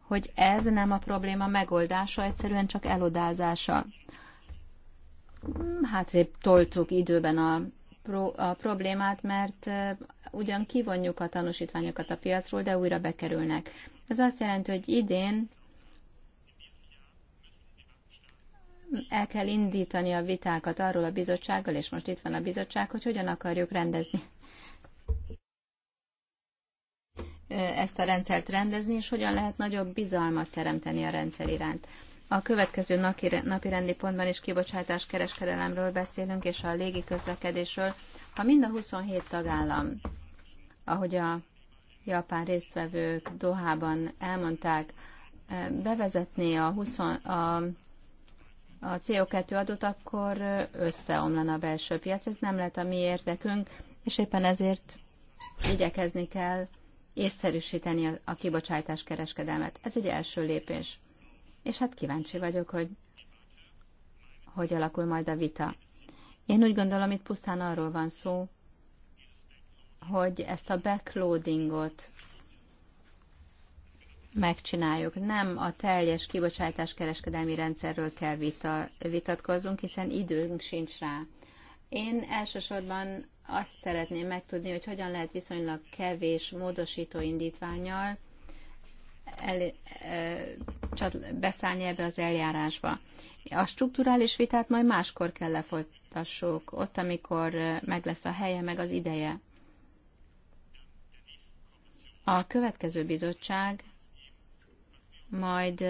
hogy ez nem a probléma megoldása, egyszerűen csak elodázása. Hmm, hátrébb toltuk időben a, pro, a problémát, mert eh, ugyan kivonjuk a tanúsítványokat a piacról, de újra bekerülnek. Ez azt jelenti, hogy idén el kell indítani a vitákat arról a bizottsággal, és most itt van a bizottság, hogy hogyan akarjuk rendezni ezt a rendszert rendezni, és hogyan lehet nagyobb bizalmat teremteni a rendszer iránt. A következő napi rendi pontban is kibocsátás kereskedelemről beszélünk, és a légi közlekedésről. Ha mind a 27 tagállam, ahogy a japán résztvevők Dohában elmondták, bevezetné a, 20, a, a CO2 adót, akkor összeomlana a belső piac. Ez nem lehet a mi érdekünk, és éppen ezért igyekezni kell észszerűsíteni a kibocsátás kereskedelmet. Ez egy első lépés. És hát kíváncsi vagyok, hogy hogy alakul majd a vita. Én úgy gondolom, itt pusztán arról van szó, hogy ezt a backloadingot megcsináljuk. Nem a teljes kibocsátás kereskedelmi rendszerről kell vita, vitatkozzunk, hiszen időnk sincs rá. Én elsősorban azt szeretném megtudni, hogy hogyan lehet viszonylag kevés módosító indítványjal el, csat, beszállni ebbe az eljárásba. A strukturális vitát majd máskor kell lefolytassuk, ott, amikor meg lesz a helye, meg az ideje. A következő bizottság majd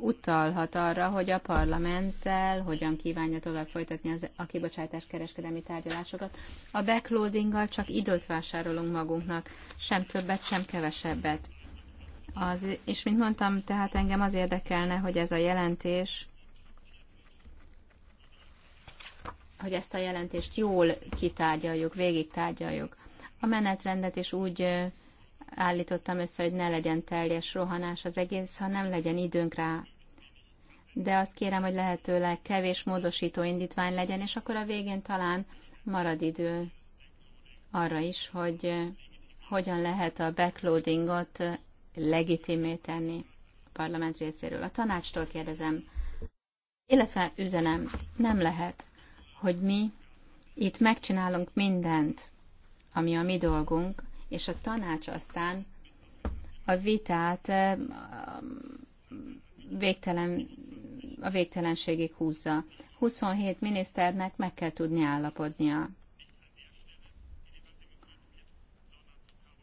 utalhat arra, hogy a parlamenttel hogyan kívánja tovább folytatni az, a kibocsátás kereskedelmi tárgyalásokat. A backloadinggal csak időt vásárolunk magunknak, sem többet, sem kevesebbet. Az, és mint mondtam, tehát engem az érdekelne, hogy ez a jelentés, hogy ezt a jelentést jól kitárgyaljuk, végig tárgyaljuk. A menetrendet is úgy állítottam össze, hogy ne legyen teljes rohanás az egész, hanem legyen időnk rá. De azt kérem, hogy lehetőleg kevés módosító indítvány legyen, és akkor a végén talán marad idő arra is, hogy eh, hogyan lehet a backloadingot eh, legitimé tenni a parlament részéről. A tanácstól kérdezem, illetve üzenem, nem lehet, hogy mi itt megcsinálunk mindent, ami a mi dolgunk, és a tanács aztán a vitát eh, végtelen, a végtelenségig húzza. 27 miniszternek meg kell tudni állapodnia.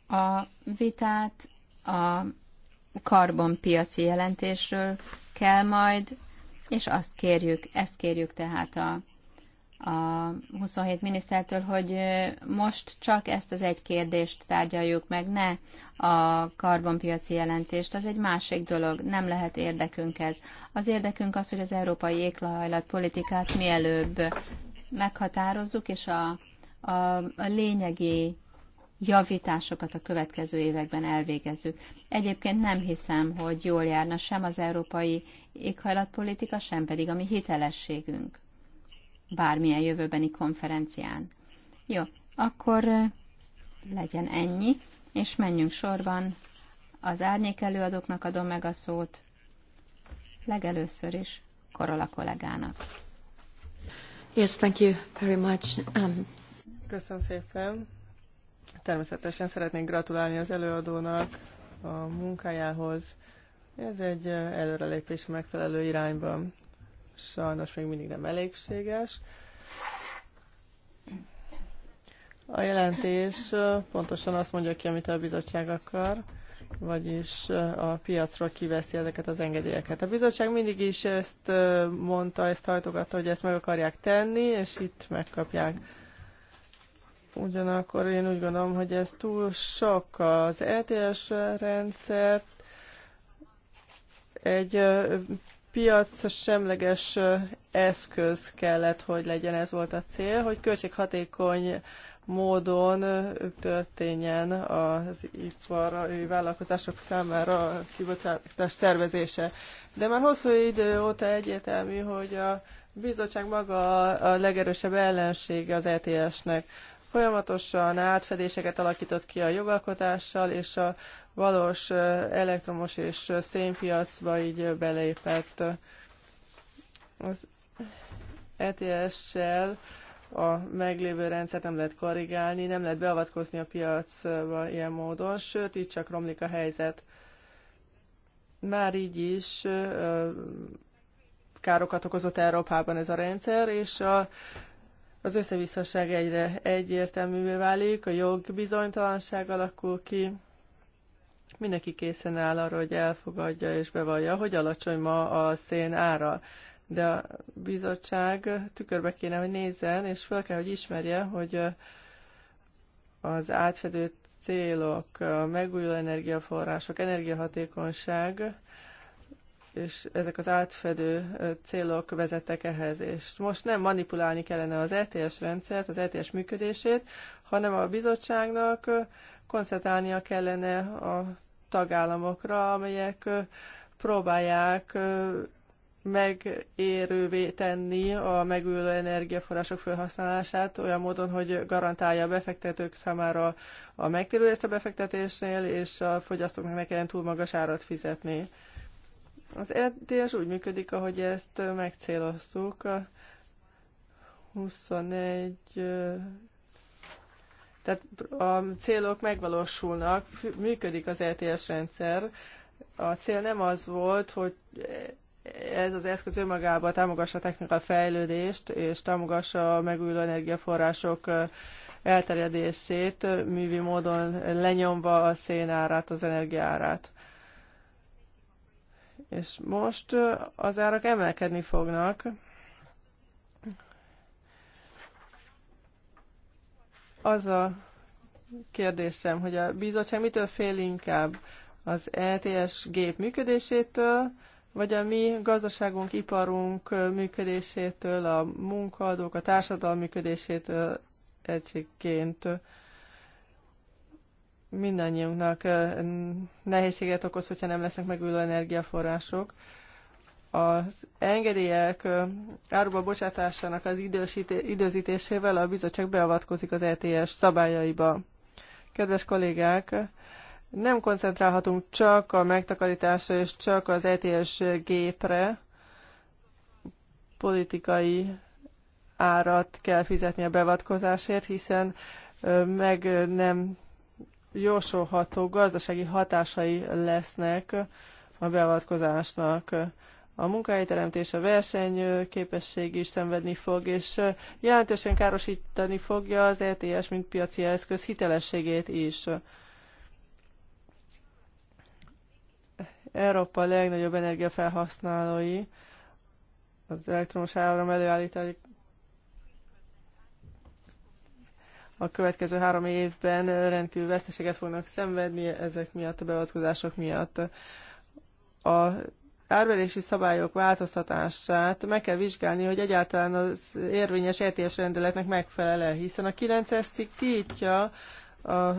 A vitát a karbonpiaci jelentésről kell majd, és azt kérjük, ezt kérjük tehát a a 27 minisztertől, hogy most csak ezt az egy kérdést tárgyaljuk meg, ne a karbonpiaci jelentést. Az egy másik dolog, nem lehet érdekünk ez. Az érdekünk az, hogy az európai éklahajlat politikát mielőbb meghatározzuk, és a, a, a lényegi javításokat a következő években elvégezzük. Egyébként nem hiszem, hogy jól járna sem az európai éghajlatpolitika, sem pedig a mi hitelességünk bármilyen jövőbeni konferencián. Jó, akkor legyen ennyi, és menjünk sorban. Az árnyék előadóknak adom meg a szót, legelőször is Korola kollégának. Yes, thank you very much. Um... Köszönöm szépen. Természetesen szeretnék gratulálni az előadónak a munkájához. Ez egy előrelépés megfelelő irányban sajnos még mindig nem elégséges. A jelentés pontosan azt mondja ki, amit a bizottság akar, vagyis a piacról kiveszi ezeket az engedélyeket. A bizottság mindig is ezt mondta, ezt hajtogatta, hogy ezt meg akarják tenni, és itt megkapják. Ugyanakkor én úgy gondolom, hogy ez túl sok az ETS rendszert, egy piac semleges eszköz kellett, hogy legyen, ez volt a cél, hogy költséghatékony módon történjen az a vállalkozások számára a kibocsátás szervezése. De már hosszú idő óta egyértelmű, hogy a bizottság maga a legerősebb ellensége az ETS-nek. Folyamatosan átfedéseket alakított ki a jogalkotással és a valós elektromos és szénpiacba így belépett. Az ETS-sel a meglévő rendszert nem lehet korrigálni, nem lehet beavatkozni a piacba ilyen módon, sőt, így csak romlik a helyzet. Már így is károkat okozott Európában ez a rendszer, és a, az összevisszaság egyre egyértelművé válik, a jog bizonytalanság alakul ki, mindenki készen áll arra, hogy elfogadja és bevallja, hogy alacsony ma a szén ára. De a bizottság tükörbe kéne, hogy nézzen, és fel kell, hogy ismerje, hogy az átfedő célok, megújuló energiaforrások, energiahatékonyság, és ezek az átfedő célok vezettek ehhez. És most nem manipulálni kellene az ETS rendszert, az ETS működését, hanem a bizottságnak koncentrálnia kellene a tagállamokra, amelyek próbálják megérővé tenni a megújuló energiaforrások felhasználását olyan módon, hogy garantálja a befektetők számára a megtérülést a befektetésnél, és a fogyasztóknak ne kelljen túl magas árat fizetni. Az ETS úgy működik, ahogy ezt megcéloztuk. 24 tehát a célok megvalósulnak, működik az ETS rendszer. A cél nem az volt, hogy ez az eszköz önmagában támogassa a technikai fejlődést, és támogassa a megújuló energiaforrások elterjedését, művi módon lenyomva a szénárát, az energiárát. És most az árak emelkedni fognak, Az a kérdésem, hogy a bizottság mitől fél inkább az ETS gép működésétől, vagy a mi gazdaságunk, iparunk működésétől, a munkaadók, a társadalom működésétől egységként mindannyiunknak eh, nehézséget okoz, hogyha nem lesznek megülő energiaforrások. Az engedélyek áruba bocsátásának az időzítésével a bizottság beavatkozik az ETS szabályaiba. Kedves kollégák, nem koncentrálhatunk csak a megtakarításra és csak az ETS gépre, politikai árat kell fizetni a beavatkozásért, hiszen meg nem jósolható gazdasági hatásai lesznek a beavatkozásnak a munkahelyteremtés, a verseny képesség is szenvedni fog, és jelentősen károsítani fogja az ETS, mint piaci eszköz hitelességét is. Európa legnagyobb energiafelhasználói, az elektromos áram előállítani a következő három évben rendkívül veszteséget fognak szenvedni ezek miatt, a beavatkozások miatt. A árverési szabályok változtatását meg kell vizsgálni, hogy egyáltalán az érvényes ETS rendeletnek megfelel-e, hiszen a 9-es cikk tiltja a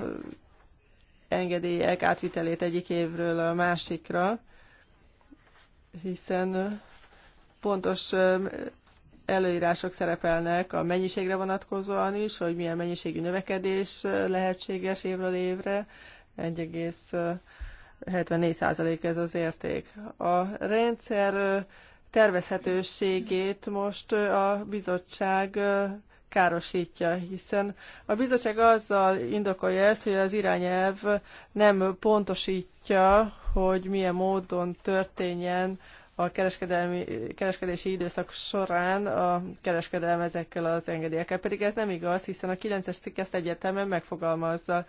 engedélyek átvitelét egyik évről a másikra, hiszen pontos um, előírások szerepelnek a mennyiségre vonatkozóan is, hogy milyen mennyiségű növekedés uh, lehetséges évről évre, 74% ez az érték. A rendszer tervezhetőségét most a bizottság károsítja, hiszen a bizottság azzal indokolja ezt, hogy az irányelv nem pontosítja, hogy milyen módon történjen a kereskedelmi, kereskedési időszak során a kereskedelem ezekkel az engedélyekkel. Pedig ez nem igaz, hiszen a 9-es cikk ezt egyértelműen megfogalmazza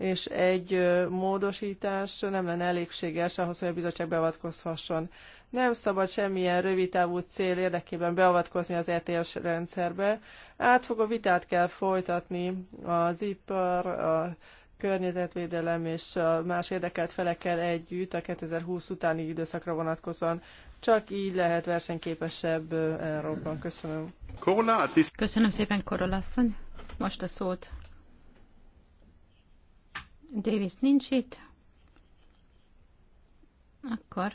és egy módosítás nem lenne elégséges ahhoz, hogy a bizottság beavatkozhasson. Nem szabad semmilyen rövidtávú cél érdekében beavatkozni az ETS rendszerbe. Átfogó vitát kell folytatni az ipar, a környezetvédelem és más érdekelt felekkel együtt a 2020 utáni időszakra vonatkozóan. Csak így lehet versenyképesebb Európa. Köszönöm. Köszönöm szépen, Korolasszony. Most a szót Davis nincs itt. Akkor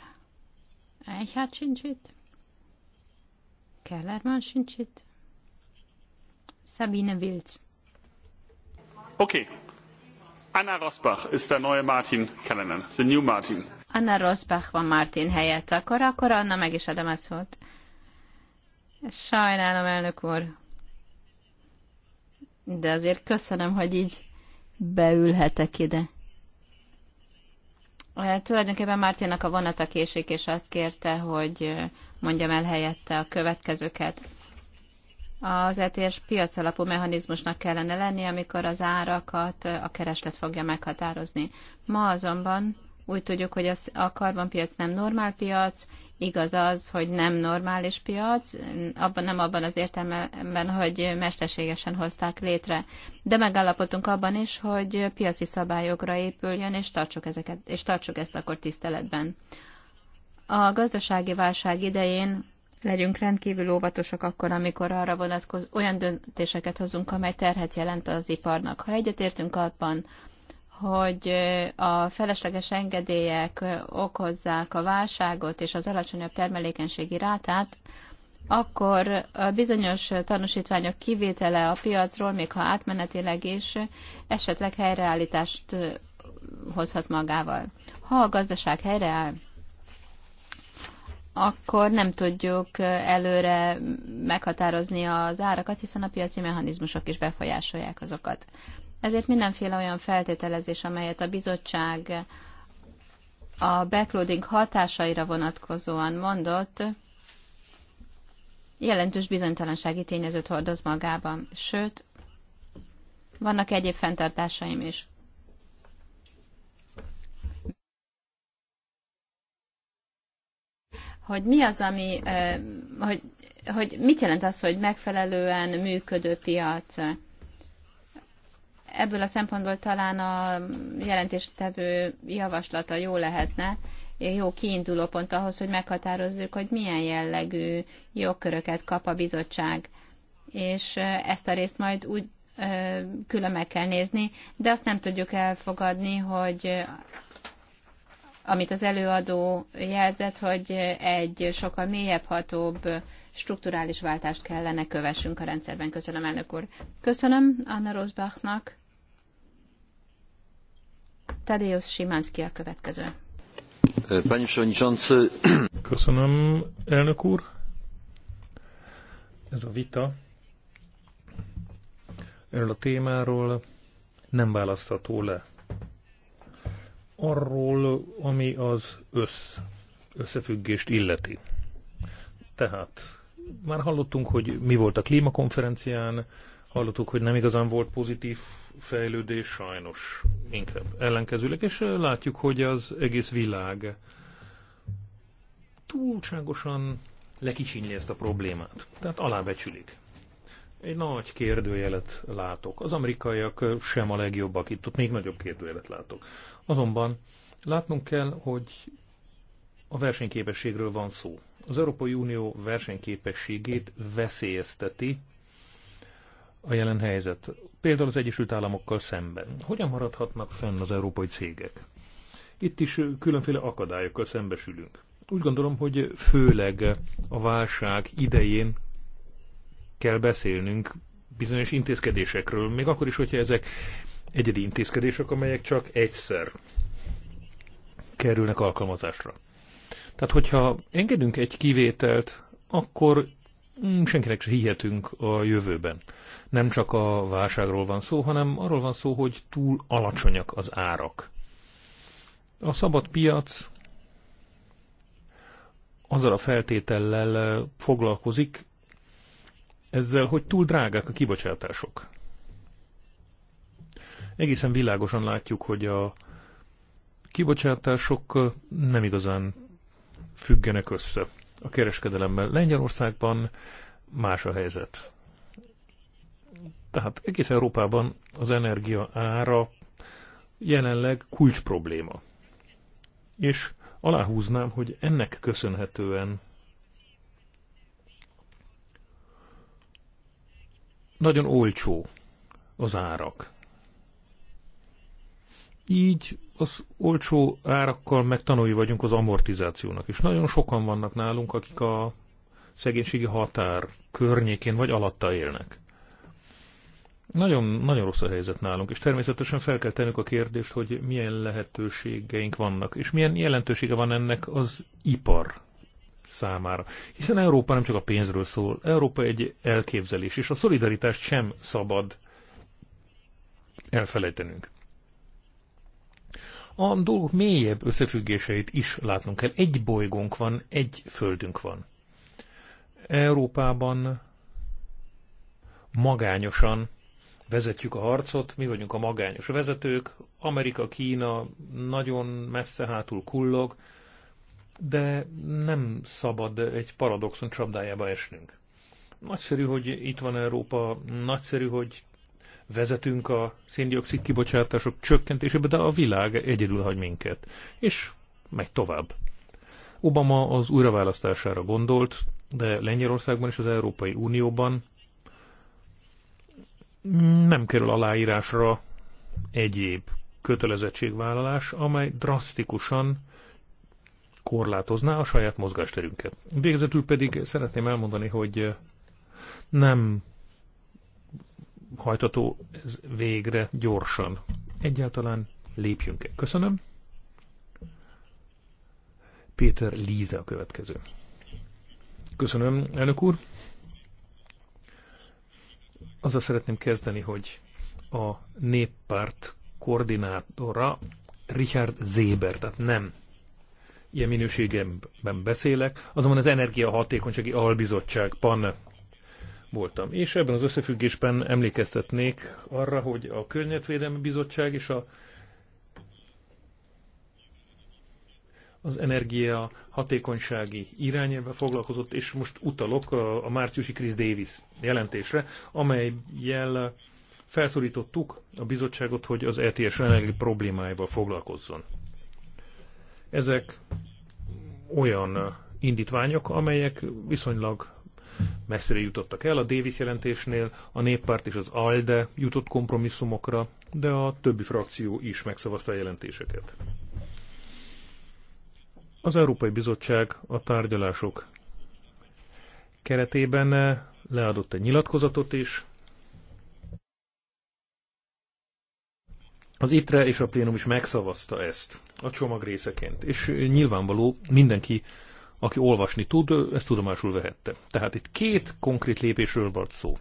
Eichhardt sincs itt. Kellerman sincs itt. Sabine Wilz. Okay. Anna Rosbach ist der neue Martin Kellerman, the new Martin. Anna Rosbach van Martin helyett, akkor, akkor Anna meg is adom a szót. Sajnálom, elnök úr. De azért köszönöm, hogy így beülhetek ide. Eh, tulajdonképpen Márténak a vonata késik, és azt kérte, hogy eh, mondjam el helyette a következőket. Az ETS piac alapú mechanizmusnak kellene lenni, amikor az árakat eh, a kereslet fogja meghatározni. Ma azonban úgy tudjuk, hogy az, a karbonpiac nem normál piac, igaz az, hogy nem normális piac, abban, nem abban az értelemben, hogy mesterségesen hozták létre. De megállapodtunk abban is, hogy piaci szabályokra épüljön, és tartsuk, ezeket, és tartsuk ezt akkor tiszteletben. A gazdasági válság idején legyünk rendkívül óvatosak akkor, amikor arra vonatkozó olyan döntéseket hozunk, amely terhet jelent az iparnak. Ha egyetértünk abban, hogy a felesleges engedélyek okozzák a válságot és az alacsonyabb termelékenységi rátát, akkor a bizonyos tanúsítványok kivétele a piacról, még ha átmenetileg is, esetleg helyreállítást hozhat magával. Ha a gazdaság helyreáll, akkor nem tudjuk előre meghatározni az árakat, hiszen a piaci mechanizmusok is befolyásolják azokat. Ezért mindenféle olyan feltételezés, amelyet a bizottság a backloading hatásaira vonatkozóan mondott, jelentős bizonytalansági tényezőt hordoz magában. Sőt, vannak egyéb fenntartásaim is. Hogy mi az, ami, eh, hogy, hogy mit jelent az, hogy megfelelően működő piac? Ebből a szempontból talán a jelentéstevő javaslata jó lehetne, jó kiinduló pont ahhoz, hogy meghatározzuk, hogy milyen jellegű jogköröket kap a bizottság. És ezt a részt majd úgy külön meg kell nézni, de azt nem tudjuk elfogadni, hogy amit az előadó jelzett, hogy egy sokkal mélyebb hatóbb strukturális váltást kellene kövessünk a rendszerben. Köszönöm, elnök úr. Köszönöm Anna Rosbachnak. Tadeusz Simánszki a következő. Panie Przewodniczący. Köszönöm, elnök úr. Ez a vita erről a témáról nem választható le. Arról, ami az össz, összefüggést illeti. Tehát már hallottunk, hogy mi volt a klímakonferencián, Hallottuk, hogy nem igazán volt pozitív fejlődés, sajnos inkább ellenkezőleg, és látjuk, hogy az egész világ túlságosan lekicsinyli ezt a problémát, tehát alábecsülik. Egy nagy kérdőjelet látok. Az amerikaiak sem a legjobbak itt, ott még nagyobb kérdőjelet látok. Azonban látnunk kell, hogy a versenyképességről van szó. Az Európai Unió versenyképességét veszélyezteti a jelen helyzet? Például az Egyesült Államokkal szemben. Hogyan maradhatnak fenn az európai cégek? Itt is különféle akadályokkal szembesülünk. Úgy gondolom, hogy főleg a válság idején kell beszélnünk bizonyos intézkedésekről, még akkor is, hogyha ezek egyedi intézkedések, amelyek csak egyszer kerülnek alkalmazásra. Tehát, hogyha engedünk egy kivételt, akkor Mm, senkinek se hihetünk a jövőben. Nem csak a válságról van szó, hanem arról van szó, hogy túl alacsonyak az árak. A szabad piac azzal a feltétellel eh, foglalkozik, ezzel, hogy túl drágák a kibocsátások. Egészen világosan látjuk, hogy a kibocsátások eh, nem igazán függenek össze a kereskedelemmel. Lengyelországban más a helyzet. Tehát egész Európában az energia ára jelenleg kulcs probléma. És aláhúznám, hogy ennek köszönhetően nagyon olcsó az árak. Így az olcsó árakkal megtanulni vagyunk az amortizációnak, és nagyon sokan vannak nálunk, akik a szegénységi határ környékén vagy alatta élnek. Nagyon, nagyon rossz a helyzet nálunk, és természetesen fel kell tennünk a kérdést, hogy milyen lehetőségeink vannak, és milyen jelentősége van ennek az ipar számára. Hiszen Európa nem csak a pénzről szól, Európa egy elképzelés, és a szolidaritást sem szabad elfelejtenünk a dolgok mélyebb összefüggéseit is látnunk kell. Egy bolygónk van, egy földünk van. Európában magányosan vezetjük a harcot, mi vagyunk a magányos vezetők, Amerika, Kína nagyon messze hátul kullog, de nem szabad egy paradoxon csapdájába esnünk. Nagyszerű, hogy itt van Európa, nagyszerű, hogy vezetünk a széndiokszid kibocsátások csökkentésébe, de a világ egyedül hagy minket. És megy tovább. Obama az újraválasztására gondolt, de Lengyelországban és az Európai Unióban nem kerül aláírásra egyéb kötelezettségvállalás, amely drasztikusan korlátozná a saját mozgásterünket. Végezetül pedig szeretném elmondani, hogy nem hajtató ez végre gyorsan. Egyáltalán lépjünk -e. Köszönöm. Péter Líze a következő. Köszönöm, elnök úr. Azzal szeretném kezdeni, hogy a néppárt koordinátora Richard Zéber, tehát nem ilyen minőségemben beszélek, azonban az Energiahatékonysági PAN voltam. És ebben az összefüggésben emlékeztetnék arra, hogy a Környezetvédelmi Bizottság és a az energia hatékonysági irányelve foglalkozott, és most utalok a, márciusi Chris Davis jelentésre, amelyel felszólítottuk a bizottságot, hogy az ETS energia problémáival foglalkozzon. Ezek olyan indítványok, amelyek viszonylag messzire jutottak el. A Davis jelentésnél a néppárt és az ALDE jutott kompromisszumokra, de a többi frakció is megszavazta a jelentéseket. Az Európai Bizottság a tárgyalások keretében eh, leadott egy nyilatkozatot is. Az ITRE és a plénum is megszavazta ezt a csomag részeként, és nyilvánvaló mindenki aki olvasni tud, ezt tudomásul vehette. Tehát itt két konkrét lépésről volt szó.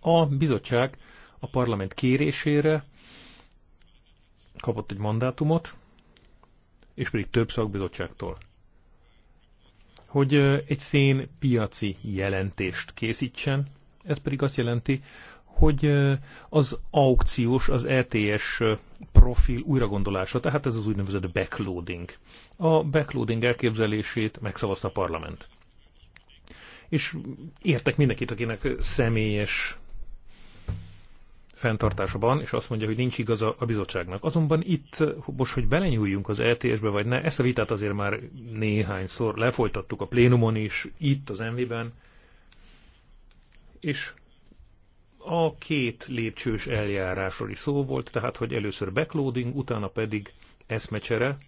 A bizottság a parlament kérésére kapott egy mandátumot, és pedig több szakbizottságtól, hogy egy szén piaci jelentést készítsen, ez pedig azt jelenti, hogy az aukciós, az ETS profil újragondolása, tehát ez az úgynevezett backloading. A backloading elképzelését megszavazta a parlament. És értek mindenkit, akinek személyes fenntartásában, és azt mondja, hogy nincs igaza a bizottságnak. Azonban itt, most, hogy belenyúljunk az ETS-be, vagy ne, ezt a vitát azért már néhányszor lefolytattuk a plénumon is, itt az MV-ben, és a két lépcsős eljárásról is szó volt, tehát hogy először backloading, utána pedig eszmecsere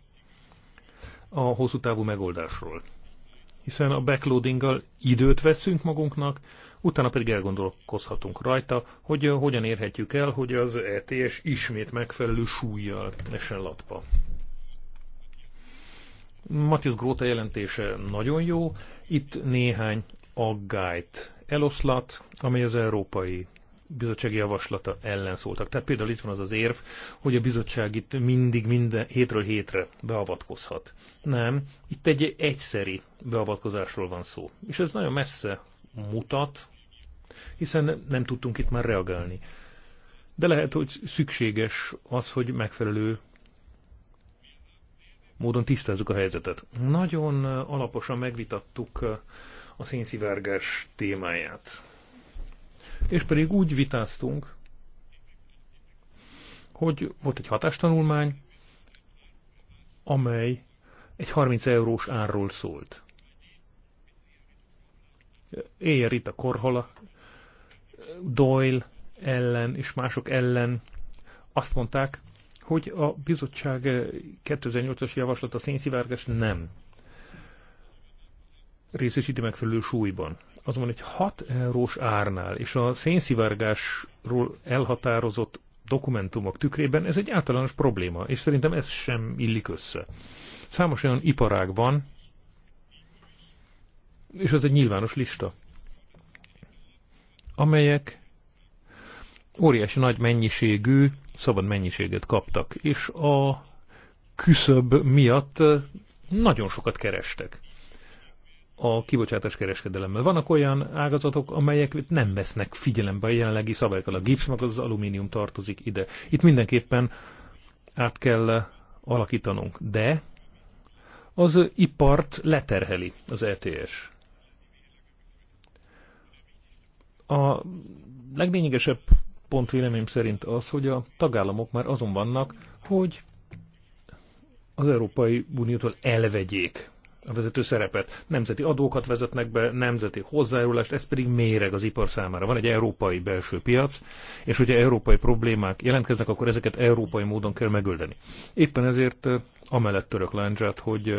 a hosszú távú megoldásról. Hiszen a backloadinggal időt veszünk magunknak, utána pedig elgondolkozhatunk rajta, hogy uh, hogyan érhetjük el, hogy az ETS ismét megfelelő súlyjal esen latpa. Matthias Gróta jelentése nagyon jó. Itt néhány aggályt eloszlat, amely az európai bizottsági javaslata ellen szóltak. Tehát például itt van az az érv, hogy a bizottság itt mindig minden hétről hétre beavatkozhat. Nem, itt egy egyszeri beavatkozásról van szó. És ez nagyon messze mutat, hiszen nem tudtunk itt már reagálni. De lehet, hogy szükséges az, hogy megfelelő módon tisztázzuk a helyzetet. Nagyon alaposan megvitattuk a szénszivárgás témáját és pedig úgy vitáztunk, hogy volt egy hatástanulmány, amely egy 30 eurós árról szólt. Éjjel itt a Korhala, Doyle ellen és mások ellen azt mondták, hogy a bizottság 2008-as javaslata szénszivárgás nem részesíti megfelelő súlyban azonban egy 6 eurós árnál és a szénszivárgásról elhatározott dokumentumok tükrében ez egy általános probléma, és szerintem ez sem illik össze. Számos olyan iparág van, és ez egy nyilvános lista, amelyek óriási nagy mennyiségű, szabad mennyiséget kaptak, és a küszöb miatt nagyon sokat kerestek a kibocsátás kereskedelemmel. Vannak olyan ágazatok, amelyek nem vesznek figyelembe a jelenlegi szabályokkal. A gipsz, meg az alumínium tartozik ide. Itt mindenképpen át kell alakítanunk. De az ipart leterheli az ETS. A leglényegesebb pont véleményem szerint az, hogy a tagállamok már azon vannak, hogy az Európai Uniótól elvegyék a vezető szerepet. Nemzeti adókat vezetnek be, nemzeti hozzájárulást, ez pedig méreg az ipar számára. Van egy európai belső piac, és hogyha európai problémák jelentkeznek, akkor ezeket európai módon kell megöldeni. Éppen ezért amellett török láncsát, hogy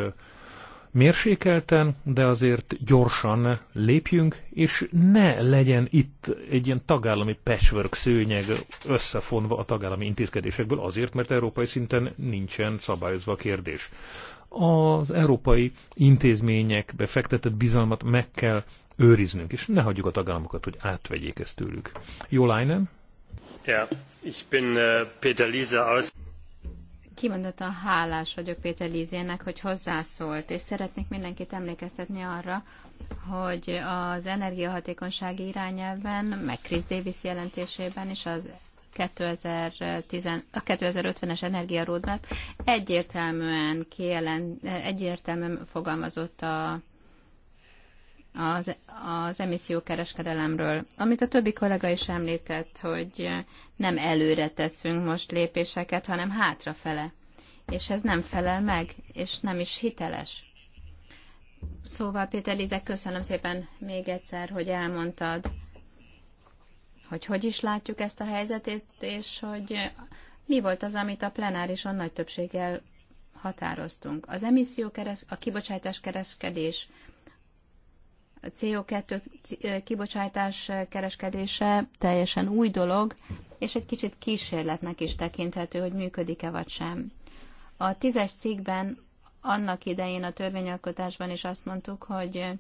mérsékelten, de azért gyorsan lépjünk, és ne legyen itt egy ilyen tagállami patchwork szőnyeg összefonva a tagállami intézkedésekből, azért, mert európai szinten nincsen szabályozva a kérdés az európai intézményekbe fektetett bizalmat meg kell őriznünk, és ne hagyjuk a tagállamokat, hogy átvegyék ezt tőlük. Jó Leinen? Ja, ich bin äh, Peter Lise aus. Kimondottan hálás vagyok Péter Lízének, hogy hozzászólt, és szeretnék mindenkit emlékeztetni arra, hogy az energiahatékonysági irányelven, meg Chris Davis jelentésében is az 2050-es energia roadmap egyértelműen, kijelen, egyértelműen fogalmazott a, az, az emissziókereskedelemről. Amit a többi kollega is említett, hogy nem előre teszünk most lépéseket, hanem hátrafele. És ez nem felel meg, és nem is hiteles. Szóval, Péter Lizek, köszönöm szépen még egyszer, hogy elmondtad hogy hogy is látjuk ezt a helyzetét, és hogy mi volt az, amit a plenárison nagy többséggel határoztunk. Az emisszió a kibocsátás kereskedés, a CO2 kibocsátás kereskedése teljesen új dolog, és egy kicsit kísérletnek is tekinthető, hogy működik-e vagy sem. A tízes cikkben annak idején a törvényalkotásban is azt mondtuk, hogy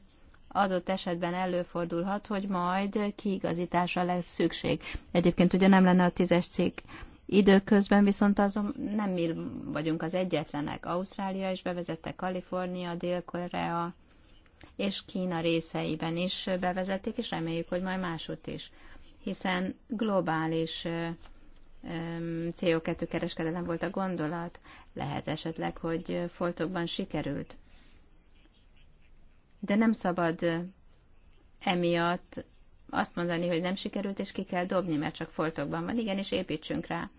adott esetben előfordulhat, hogy majd kiigazításra lesz szükség. Egyébként ugye nem lenne a tízes cikk Időközben viszont azon nem mi vagyunk az egyetlenek. Ausztrália is bevezette, Kalifornia, Dél-Korea és Kína részeiben is bevezették, és reméljük, hogy majd másút is. Hiszen globális CO2 kereskedelem volt a gondolat, lehet esetleg, hogy foltokban sikerült de nem szabad emiatt azt mondani, hogy nem sikerült, és ki kell dobni, mert csak foltokban van. Igen, és építsünk rá.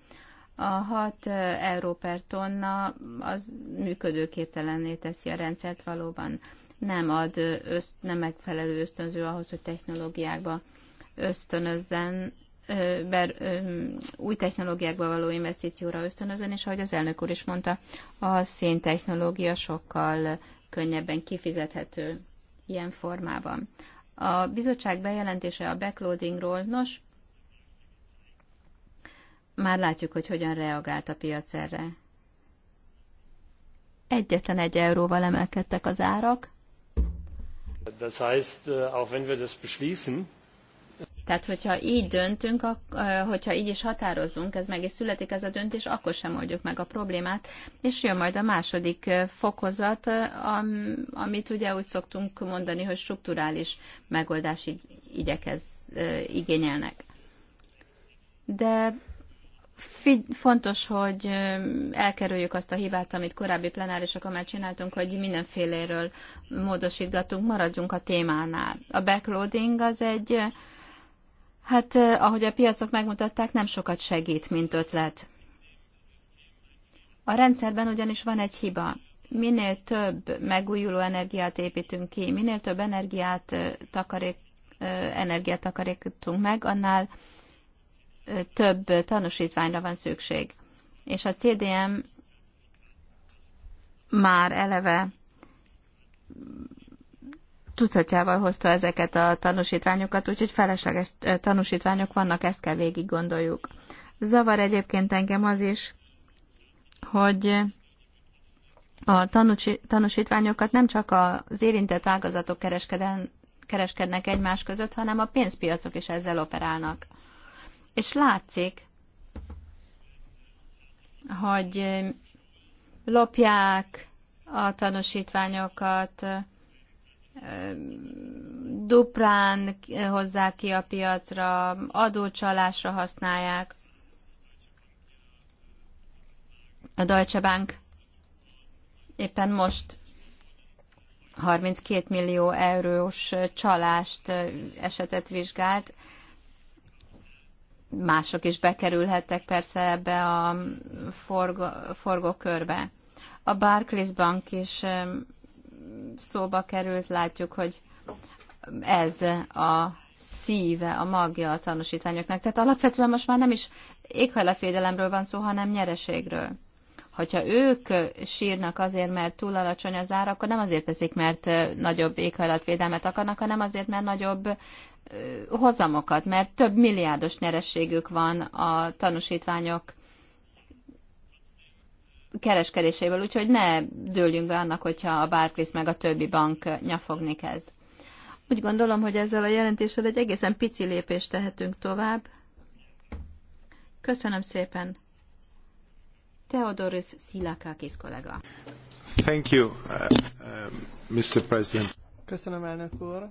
A 6 euró per tonna az működőképtelenné teszi a rendszert valóban. Nem ad öszt, nem megfelelő ösztönző ahhoz, hogy technológiákba ösztönözzen, ber, új technológiákba való investícióra ösztönözön, és ahogy az elnök úr is mondta, a szén technológia sokkal könnyebben kifizethető ilyen formában. A bizottság bejelentése a backloadingról, nos, már látjuk, hogy hogyan reagált a piac erre. Egyetlen egy euróval emelkedtek az árak. Das heißt, äh, auch wenn wir das beschließen, tehát, hogyha így döntünk, hogyha így is határozunk, ez meg is születik ez a döntés, akkor sem oldjuk meg a problémát, és jön majd a második fokozat, amit ugye úgy szoktunk mondani, hogy strukturális megoldási igyekez, igényelnek. De fontos, hogy elkerüljük azt a hibát, amit korábbi plenárisok már csináltunk, hogy mindenféléről módosítgatunk, maradjunk a témánál. A backloading az egy Hát, eh, ahogy a piacok megmutatták, nem sokat segít, mint ötlet. A rendszerben ugyanis van egy hiba. Minél több megújuló energiát építünk ki, minél több energiát eh, takarék, eh, energiát takarítunk meg, annál több tanúsítványra van szükség. És a CDM már eleve tucatjával hozta ezeket a tanúsítványokat, úgyhogy felesleges eh, tanúsítványok vannak, ezt kell végig gondoljuk. Zavar egyébként engem az is, hogy a tanúsítványokat nem csak az érintett ágazatok kereskednek egymás között, hanem a pénzpiacok is ezzel operálnak. És látszik, hogy lopják a tanúsítványokat, duplán hozzák ki a piacra, adócsalásra használják. A Deutsche Bank éppen most 32 millió eurós csalást esetet vizsgált. Mások is bekerülhettek persze ebbe a forgó, forgókörbe. A Barclays Bank is szóba került, látjuk, hogy ez a szíve, a magja a tanúsítványoknak. Tehát alapvetően most már nem is éghajlatvédelemről van szó, hanem nyereségről. Hogyha ők sírnak azért, mert túl alacsony az ár, akkor nem azért teszik, mert nagyobb éghajlatvédelmet akarnak, hanem azért, mert nagyobb hozamokat, mert több milliárdos nyerességük van a tanúsítványok kereskedéséből, úgyhogy ne dőljünk be annak, hogyha a Barclays meg a többi bank nyafogni kezd. Úgy gondolom, hogy ezzel a jelentéssel egy egészen pici lépést tehetünk tovább. Köszönöm szépen. Theodoros Szilakakis kollega. Thank you, uh, uh, Mr. President. Köszönöm, elnök úr.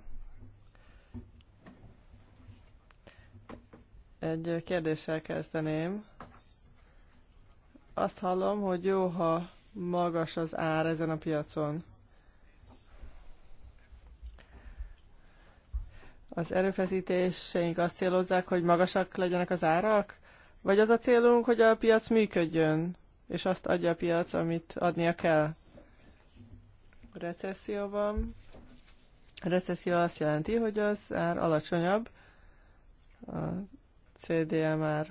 Egy kérdéssel kezdeném azt hallom, hogy jó, ha magas az ár ezen a piacon. Az erőfeszítéseink azt célozzák, hogy magasak legyenek az árak? Vagy az a célunk, hogy a piac működjön, és azt adja a piac, amit adnia kell? Recesszióban. A recesszió azt jelenti, hogy az ár alacsonyabb, a CDM e már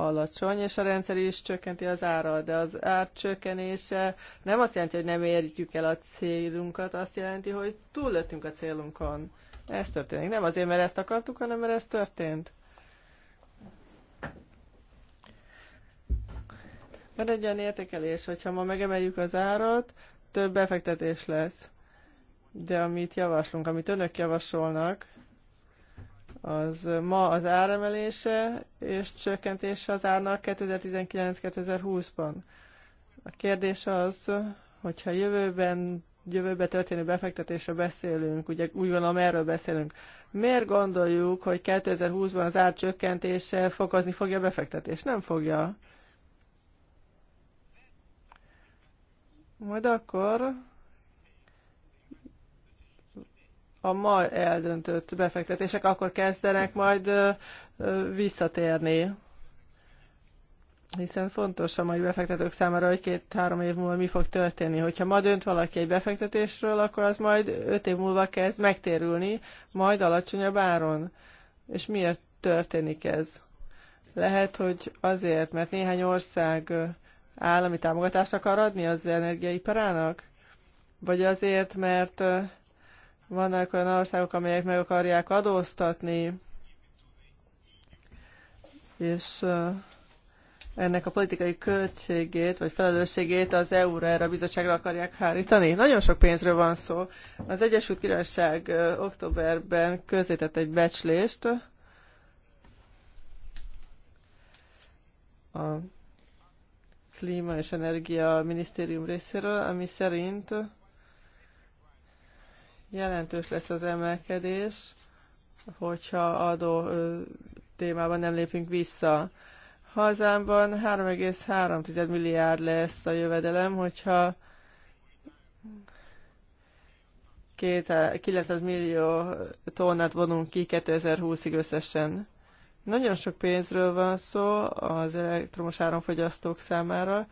alacsony, és a rendszer is csökkenti az árat, de az ár csökkenése nem azt jelenti, hogy nem érjük el a célunkat, azt jelenti, hogy túl a célunkon. Ez történik. Nem azért, mert ezt akartuk, hanem mert ez történt. Van egy olyan értékelés, hogyha ma megemeljük az árat, több befektetés lesz. De amit javaslunk, amit önök javasolnak, az ma az áremelése és csökkentése az árnak 2019-2020-ban. A kérdés az, hogyha jövőben jövőbe történő befektetésre beszélünk, ugye úgy gondolom erről beszélünk, miért gondoljuk, hogy 2020-ban az ár csökkentése fokozni fogja a befektetést? Nem fogja. Majd akkor a ma eldöntött befektetések akkor kezdenek majd visszatérni. Hiszen fontos a mai befektetők számára, hogy két-három év múlva mi fog történni. Hogyha ma dönt valaki egy befektetésről, akkor az majd öt év múlva kezd megtérülni, majd alacsonyabb áron. És miért történik ez? Lehet, hogy azért, mert néhány ország állami támogatást akar adni az energiaiparának? Vagy azért, mert vannak olyan országok, amelyek meg akarják adóztatni, és ennek a politikai költségét, vagy felelősségét az EU-ra, erre a bizottságra akarják hárítani. Nagyon sok pénzről van szó. Az Egyesült Királyság októberben közzétett egy becslést, a klíma és energia minisztérium részéről, ami szerint jelentős lesz az emelkedés, hogyha adó témában nem lépünk vissza. Hazámban 3,3 milliárd lesz a jövedelem, hogyha 900 millió tonnát vonunk ki 2020-ig összesen. Nagyon sok pénzről van szó az elektromos áramfogyasztók számára,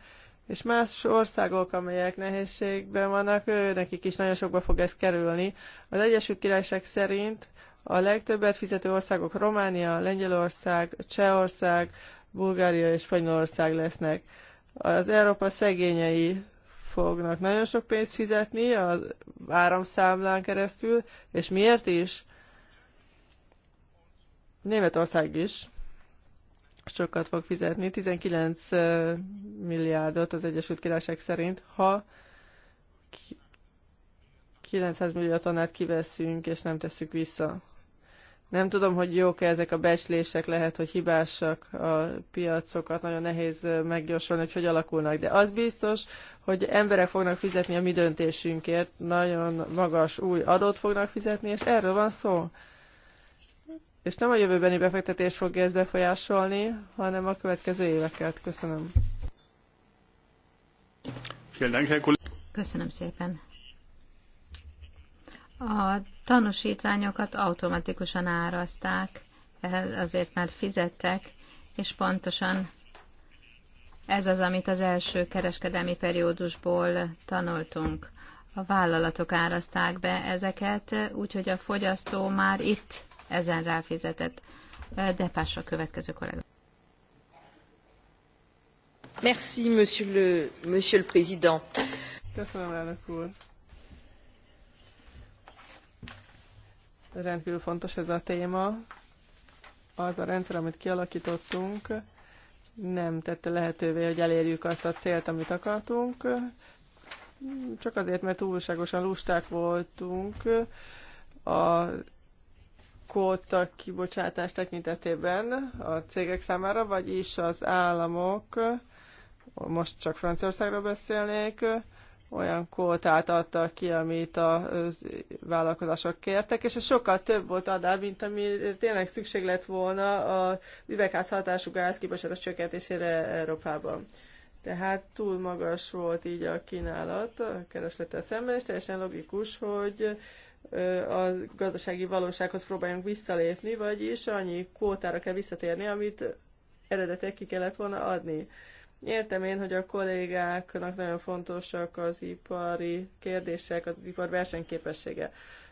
és más országok, amelyek nehézségben vannak, ő, nekik is nagyon sokba fog ez kerülni. Az Egyesült Királyság szerint a legtöbbet fizető országok Románia, Lengyelország, Csehország, Bulgária és Spanyolország lesznek. Az Európa szegényei fognak nagyon sok pénzt fizetni az áramszámlán keresztül, és miért is? Németország is sokat fog fizetni, 19 milliárdot az Egyesült Királyság szerint, ha 900 millió tonát kiveszünk, és nem tesszük vissza. Nem tudom, hogy jók -e ezek a becslések, lehet, hogy hibásak a piacokat, nagyon nehéz meggyorsolni, hogy hogy alakulnak, de az biztos, hogy emberek fognak fizetni a mi döntésünkért, nagyon magas új adót fognak fizetni, és erről van szó és nem a jövőbeni befektetés fogja ezt befolyásolni, hanem a következő éveket. Köszönöm. Köszönöm szépen. A tanúsítványokat automatikusan áraszták, azért már fizettek, és pontosan ez az, amit az első kereskedelmi periódusból tanultunk. A vállalatok áraszták be ezeket, úgyhogy a fogyasztó már itt ezen ráfizetett. De pásra következő kollega. Merci, monsieur le, monsieur le président. Köszönöm, elnök úr. Rendkívül fontos ez a téma. Az a rendszer, amit kialakítottunk, nem tette lehetővé, hogy elérjük azt a célt, amit akartunk. Csak azért, mert túlságosan lusták voltunk a kvóta kibocsátás tekintetében a cégek számára, vagyis az államok, most csak Franciaországról beszélnék, olyan kótát adtak ki, amit a vállalkozások kértek, és ez sokkal több volt adál, mint ami tényleg szükség lett volna a üvegházhatású gáz kibocsátás csökkentésére Európában. Tehát túl magas volt így a kínálat a kereslettel szemben, és teljesen logikus, hogy a gazdasági valósághoz próbáljunk visszalépni, vagyis annyi kvótára kell visszatérni, amit eredetek ki kellett volna adni. Értem én, hogy a kollégáknak nagyon fontosak az ipari kérdések, az ipar versenyképessége.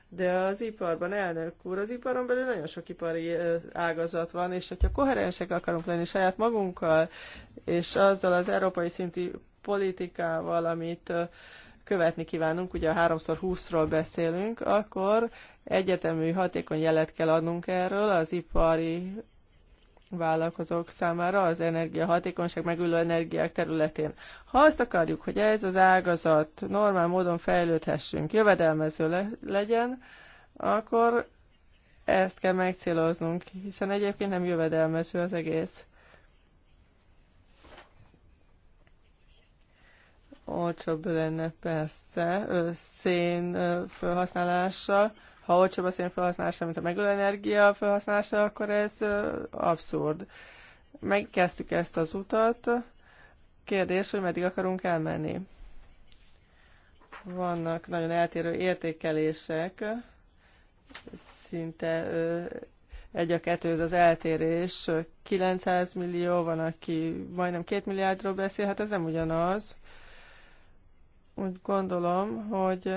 De az iparban, elnök úr, az iparon belül nagyon sok ipari ágazat van, és hogyha koherensek akarunk lenni saját magunkkal, és azzal az európai szintű politikával, amit követni kívánunk, ugye a 3x20-ról beszélünk, akkor egyetemű hatékony jelet kell adnunk erről az ipari vállalkozók számára az energiahatékonyság megülő energiák területén. Ha azt akarjuk, hogy ez az ágazat normál módon fejlődhessünk, jövedelmező le- legyen, akkor ezt kell megcéloznunk, hiszen egyébként nem jövedelmező az egész. olcsóbb lenne persze szén felhasználása. Ha olcsóbb a szén felhasználása, mint a megölő energia felhasználása, akkor ez abszurd. Megkezdtük ezt az utat. Kérdés, hogy meddig akarunk elmenni. Vannak nagyon eltérő értékelések, szinte egy a kettő az eltérés, 900 millió, van, aki majdnem 2 milliárdról beszél, hát ez nem ugyanaz. Úgy gondolom, hogy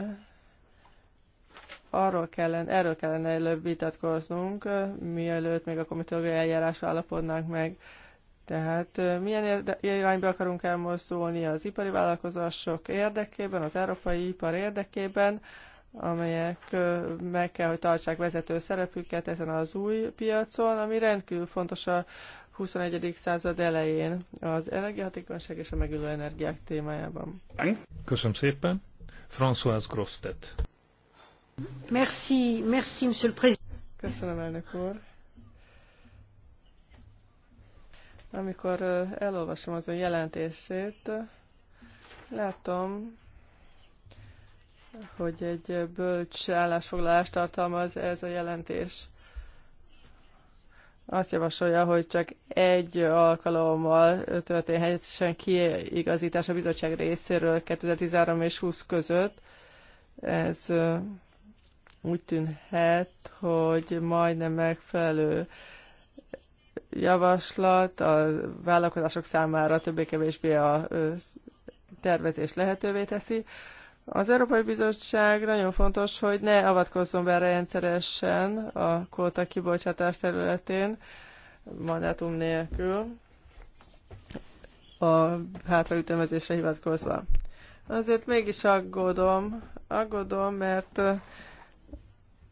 arról kellene, erről kellene előbb vitatkoznunk, mielőtt még a komitológiai eljárás állapodnánk meg. Tehát milyen irányba akarunk elmozdulni az ipari vállalkozások érdekében, az európai ipar érdekében, amelyek meg kell, hogy tartsák vezető szerepüket ezen az új piacon, ami rendkívül fontos a 21. század elején az energiahatékonyság és a megülő energiák témájában. Köszönöm szépen. François Grostet. Merci, merci, monsieur le président. Köszönöm, elnök úr. Amikor elolvasom az a jelentését, látom, hogy egy bölcs állásfoglalást tartalmaz ez a jelentés azt javasolja, hogy csak egy alkalommal történhessen kiigazítás a bizottság részéről 2013 és 20 között. Ez úgy tűnhet, hogy majdnem megfelelő javaslat a vállalkozások számára többé-kevésbé a tervezés lehetővé teszi. Az Európai Bizottság nagyon fontos, hogy ne avatkozzon be rendszeresen a kóta kibocsátás területén, mandátum nélkül, a hátraütemezésre hivatkozva. Azért mégis aggódom, aggódom, mert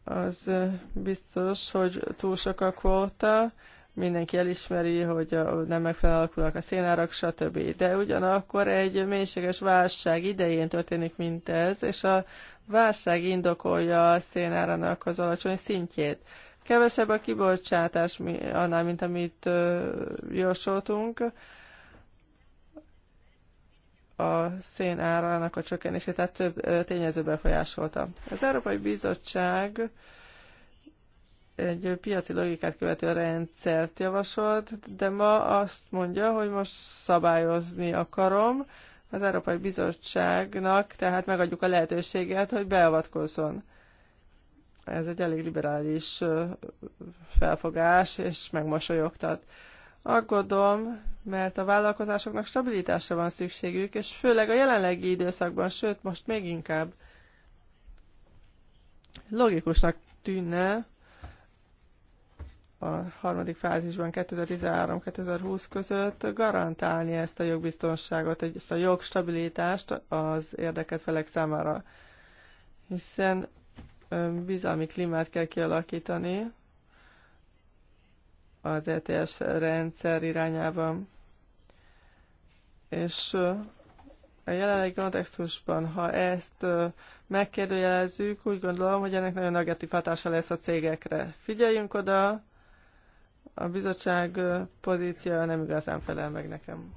az biztos, hogy túl sok a kvóta, mindenki elismeri, hogy nem megfelelően a szénárak, stb. De ugyanakkor egy mélységes válság idején történik ez, és a válság indokolja a szénáranak az alacsony szintjét. Kevesebb a kibocsátás annál, mint amit jósoltunk. A szén árának a csökkenését, tehát több tényező befolyásolta. Az Európai Bizottság egy piaci logikát követő rendszert javasolt, de ma azt mondja, hogy most szabályozni akarom az Európai Bizottságnak, tehát megadjuk a lehetőséget, hogy beavatkozzon. Ez egy elég liberális felfogás, és megmosolyogtat. Aggodom, mert a vállalkozásoknak stabilitásra van szükségük, és főleg a jelenlegi időszakban, sőt, most még inkább logikusnak tűnne, a harmadik fázisban 2013-2020 között garantálni ezt a jogbiztonságot, ezt a jogstabilitást az érdeket felek számára. Hiszen bizalmi klímát kell kialakítani az ETS rendszer irányában. És a jelenlegi kontextusban, ha ezt megkérdőjelezzük, úgy gondolom, hogy ennek nagyon negatív hatása lesz a cégekre. Figyeljünk oda, a bizottság pozíciója nem igazán felel meg nekem.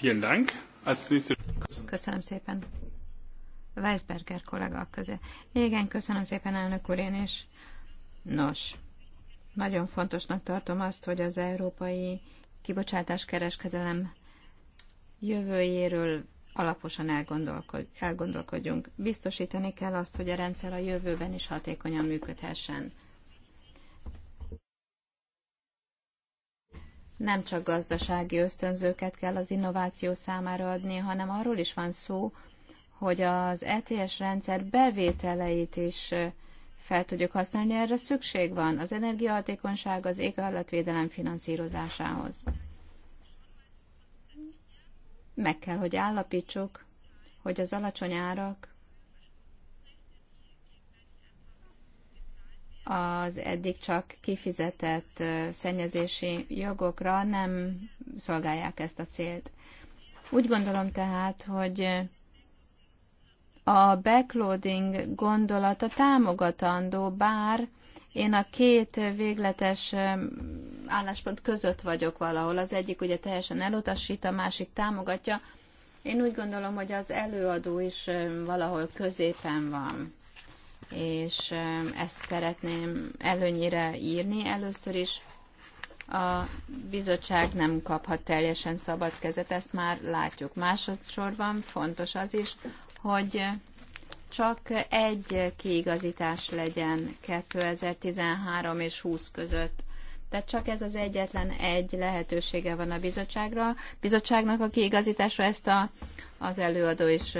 Vielen Dank. Köszönöm szépen. Weisberger kollega közé. Igen, köszönöm szépen, elnök úr, én is. Nos, nagyon fontosnak tartom azt, hogy az európai kereskedelem jövőjéről alaposan elgondolkod, elgondolkodjunk. Biztosítani kell azt, hogy a rendszer a jövőben is hatékonyan működhessen. nem csak gazdasági ösztönzőket kell az innováció számára adni, hanem arról is van szó, hogy az ETS rendszer bevételeit is fel tudjuk használni, erre szükség van az energiahatékonyság az éghajlatvédelem finanszírozásához. Meg kell, hogy állapítsuk, hogy az alacsony árak az eddig csak kifizetett szennyezési jogokra nem szolgálják ezt a célt. Úgy gondolom tehát, hogy a backloading gondolata támogatandó, bár én a két végletes álláspont között vagyok valahol. Az egyik ugye teljesen elutasít, a másik támogatja. Én úgy gondolom, hogy az előadó is valahol középen van és ezt szeretném előnyire írni először is. A bizottság nem kaphat teljesen szabad kezet, ezt már látjuk. Másodszorban fontos az is, hogy csak egy kiigazítás legyen 2013 és 20 között tehát csak ez az egyetlen egy lehetősége van a bizottságra. Bizottságnak a kiigazításra ezt a, az előadó is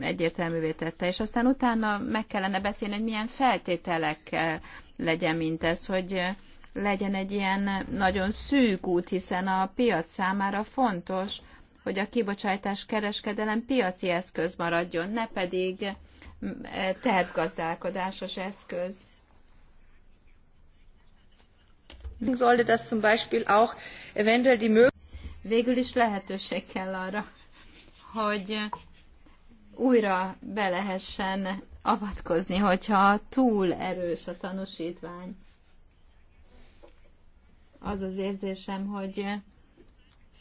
egyértelművé tette. És aztán utána meg kellene beszélni, hogy milyen feltételek legyen ez hogy legyen egy ilyen nagyon szűk út, hiszen a piac számára fontos, hogy a kibocsátás kereskedelem piaci eszköz maradjon, ne pedig tehetgazdálkodásos eszköz. végül is lehetőség kell arra, hogy újra be lehessen avatkozni, hogyha túl erős a tanúsítvány. Az az érzésem, hogy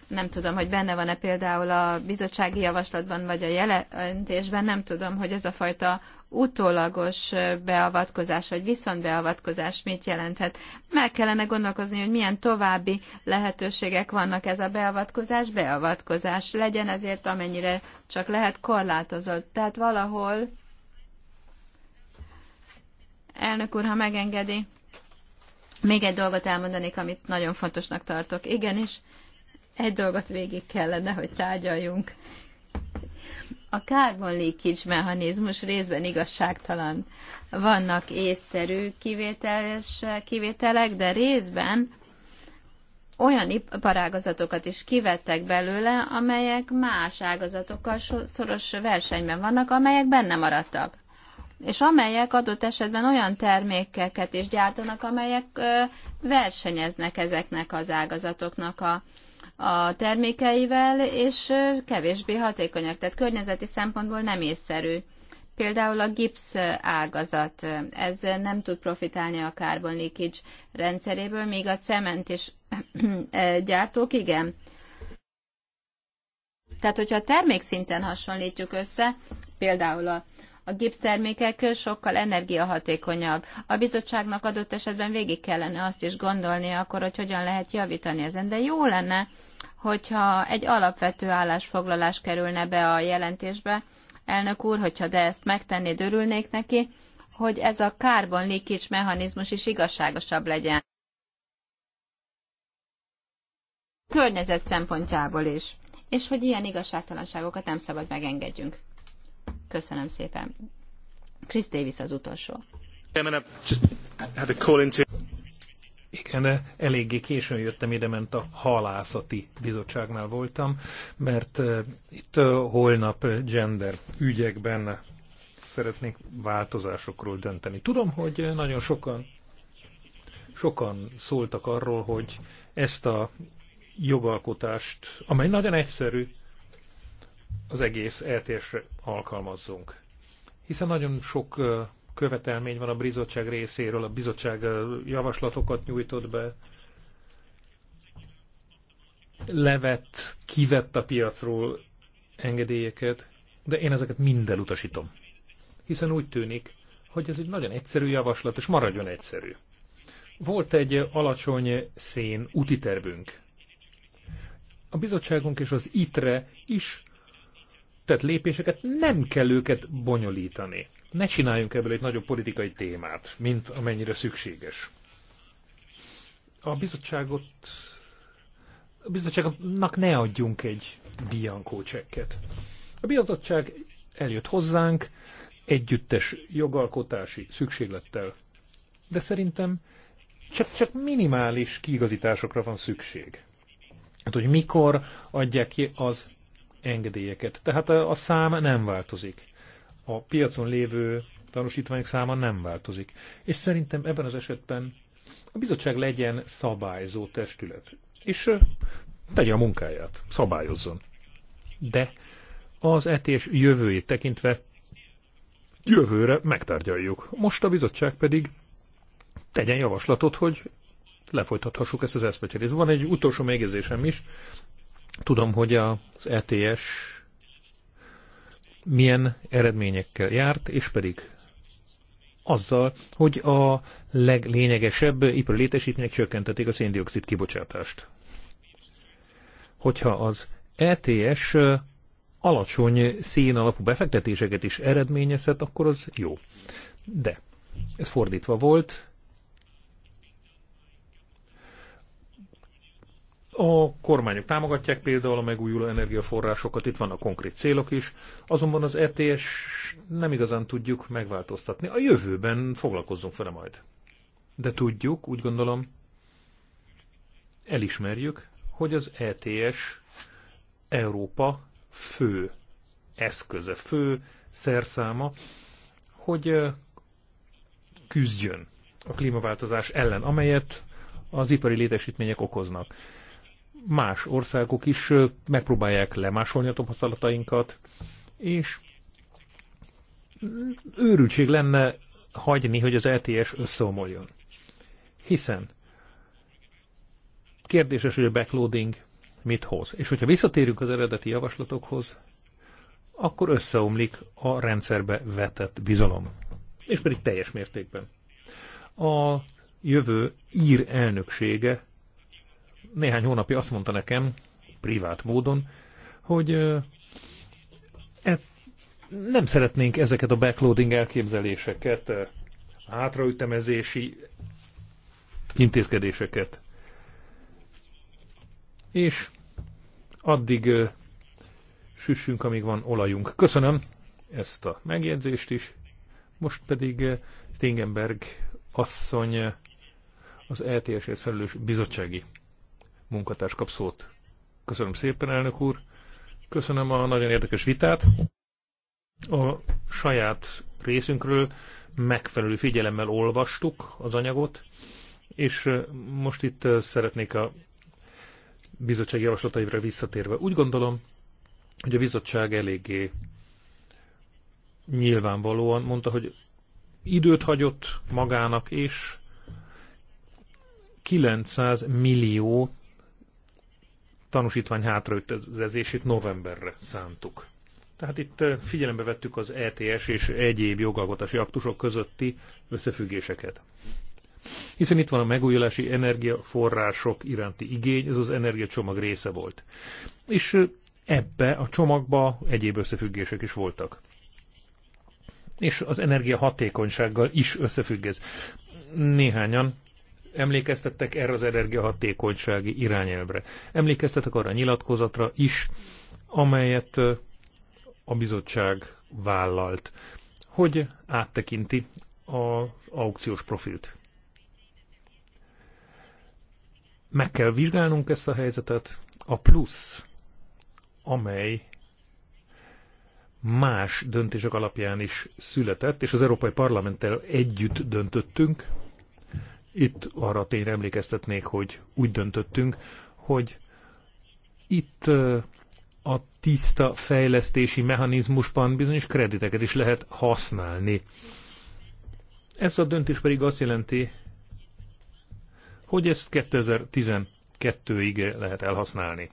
nem tudom, hogy benne van-e például a bizottsági javaslatban, vagy a jelentésben, nem tudom, hogy ez a fajta utólagos beavatkozás, vagy viszontbeavatkozás mit jelenthet. Meg kellene gondolkozni, hogy milyen további lehetőségek vannak ez a beavatkozás, beavatkozás legyen ezért amennyire csak lehet korlátozott. Tehát valahol, elnök úr, ha megengedi, még egy dolgot elmondanék, amit nagyon fontosnak tartok. Igenis, egy dolgot végig kellene, hogy tárgyaljunk. A carbon leakage mechanizmus részben igazságtalan. Vannak észszerű kivételes kivételek, de részben olyan iparágazatokat is kivettek belőle, amelyek más ágazatokkal szoros versenyben vannak, amelyek benne maradtak. És amelyek adott esetben olyan termékeket is gyártanak, amelyek versenyeznek ezeknek az ágazatoknak a a termékeivel, és kevésbé hatékonyak, tehát környezeti szempontból nem észszerű. Például a gipsz ágazat, ez nem tud profitálni a carbon leakage rendszeréből, míg a cement és gyártók igen. Tehát, hogyha a termékszinten hasonlítjuk össze, például a, a gipsztermékek sokkal energiahatékonyabb. A bizottságnak adott esetben végig kellene azt is gondolnia akkor, hogy hogyan lehet javítani ezen, de jó lenne, hogyha egy alapvető állásfoglalás kerülne be a jelentésbe, elnök úr, hogyha de ezt megtenné, örülnék neki, hogy ez a carbon leakage mechanizmus is igazságosabb legyen. Környezet szempontjából is. És hogy ilyen igazságtalanságokat nem szabad megengedjünk. Köszönöm szépen. Chris Davis az utolsó. Igen, eléggé későn jöttem ide, ment a halászati bizottságnál voltam, mert itt holnap gender ügyekben szeretnék változásokról dönteni. Tudom, hogy nagyon sokan, sokan szóltak arról, hogy ezt a jogalkotást, amely nagyon egyszerű, az egész eltésre alkalmazzunk. Hiszen nagyon sok követelmény van a bizottság részéről, a bizottság javaslatokat nyújtott be, levett, kivett a piacról engedélyeket, de én ezeket minden utasítom. Hiszen úgy tűnik, hogy ez egy nagyon egyszerű javaslat, és maradjon egyszerű. Volt egy alacsony szén tervünk. A bizottságunk és az ITRE is tett lépéseket, nem kell őket bonyolítani. Ne csináljunk ebből egy nagyobb politikai témát, mint amennyire szükséges. A bizottságot a bizottságnak ne adjunk egy biankó csekket. A bizottság eljött hozzánk együttes jogalkotási szükséglettel, de szerintem csak, csak minimális kiigazításokra van szükség. Hát, hogy mikor adják ki az engedélyeket. Tehát a szám nem változik. A piacon lévő tanúsítványok száma nem változik. És szerintem ebben az esetben a bizottság legyen szabályzó testület. És tegye a munkáját, szabályozzon. De az etés jövőjét tekintve jövőre megtárgyaljuk. Most a bizottság pedig tegyen javaslatot, hogy lefolytathassuk ezt az eszmecserét. Van egy utolsó megjegyzésem is, Tudom, hogy az ETS milyen eredményekkel járt, és pedig azzal, hogy a leglényegesebb ipari létesítmények csökkentették a széndiokszid kibocsátást. Hogyha az ETS alacsony szén alapú befektetéseket is eredményezhet, akkor az jó. De ez fordítva volt, A kormányok támogatják például a megújuló energiaforrásokat, itt vannak konkrét célok is, azonban az ETS nem igazán tudjuk megváltoztatni. A jövőben foglalkozzunk vele majd. De tudjuk, úgy gondolom, elismerjük, hogy az ETS Európa fő eszköze, fő szerszáma, hogy küzdjön a klímaváltozás ellen, amelyet az ipari létesítmények okoznak más országok is megpróbálják lemásolni a tapasztalatainkat, és őrültség lenne hagyni, hogy az LTS e összeomoljon. Hiszen kérdéses, hogy a backloading mit hoz. És hogyha visszatérünk az eredeti javaslatokhoz, akkor összeomlik a rendszerbe vetett bizalom. És pedig teljes mértékben. A jövő ír elnöksége néhány hónapja azt mondta nekem, privát módon, hogy e, nem szeretnénk ezeket a backloading elképzeléseket, a hátraütemezési intézkedéseket. És addig süssünk, amíg van olajunk. Köszönöm ezt a megjegyzést is. Most pedig Stingenberg asszony az ETS-ért felelős bizottsági munkatárs kap szót. Köszönöm szépen, elnök úr. Köszönöm a nagyon érdekes vitát. A saját részünkről megfelelő figyelemmel olvastuk az anyagot, és most itt szeretnék a bizottság javaslataira visszatérve. Úgy gondolom, hogy a bizottság eléggé nyilvánvalóan mondta, hogy időt hagyott magának, és 900 millió tanúsítvány hátraütözését novemberre szántuk. Tehát itt figyelembe vettük az ETS és egyéb jogalkotási aktusok közötti összefüggéseket. Hiszen itt van a megújulási energiaforrások iránti igény, ez az energiacsomag része volt. És ebbe a csomagba egyéb összefüggések is voltak. És az energiahatékonysággal is összefügg ez. Néhányan emlékeztettek erre az energiahatékonysági irányelvre. Emlékeztetek arra a nyilatkozatra is, amelyet a bizottság vállalt, hogy áttekinti az aukciós profilt. Meg kell vizsgálnunk ezt a helyzetet. A plusz, amely más döntések alapján is született, és az Európai Parlamenttel együtt döntöttünk, itt arra tényleg emlékeztetnék, hogy úgy döntöttünk, hogy itt a tiszta fejlesztési mechanizmusban bizonyos krediteket is lehet használni. Ez a döntés pedig azt jelenti, hogy ezt 2012-ig lehet elhasználni.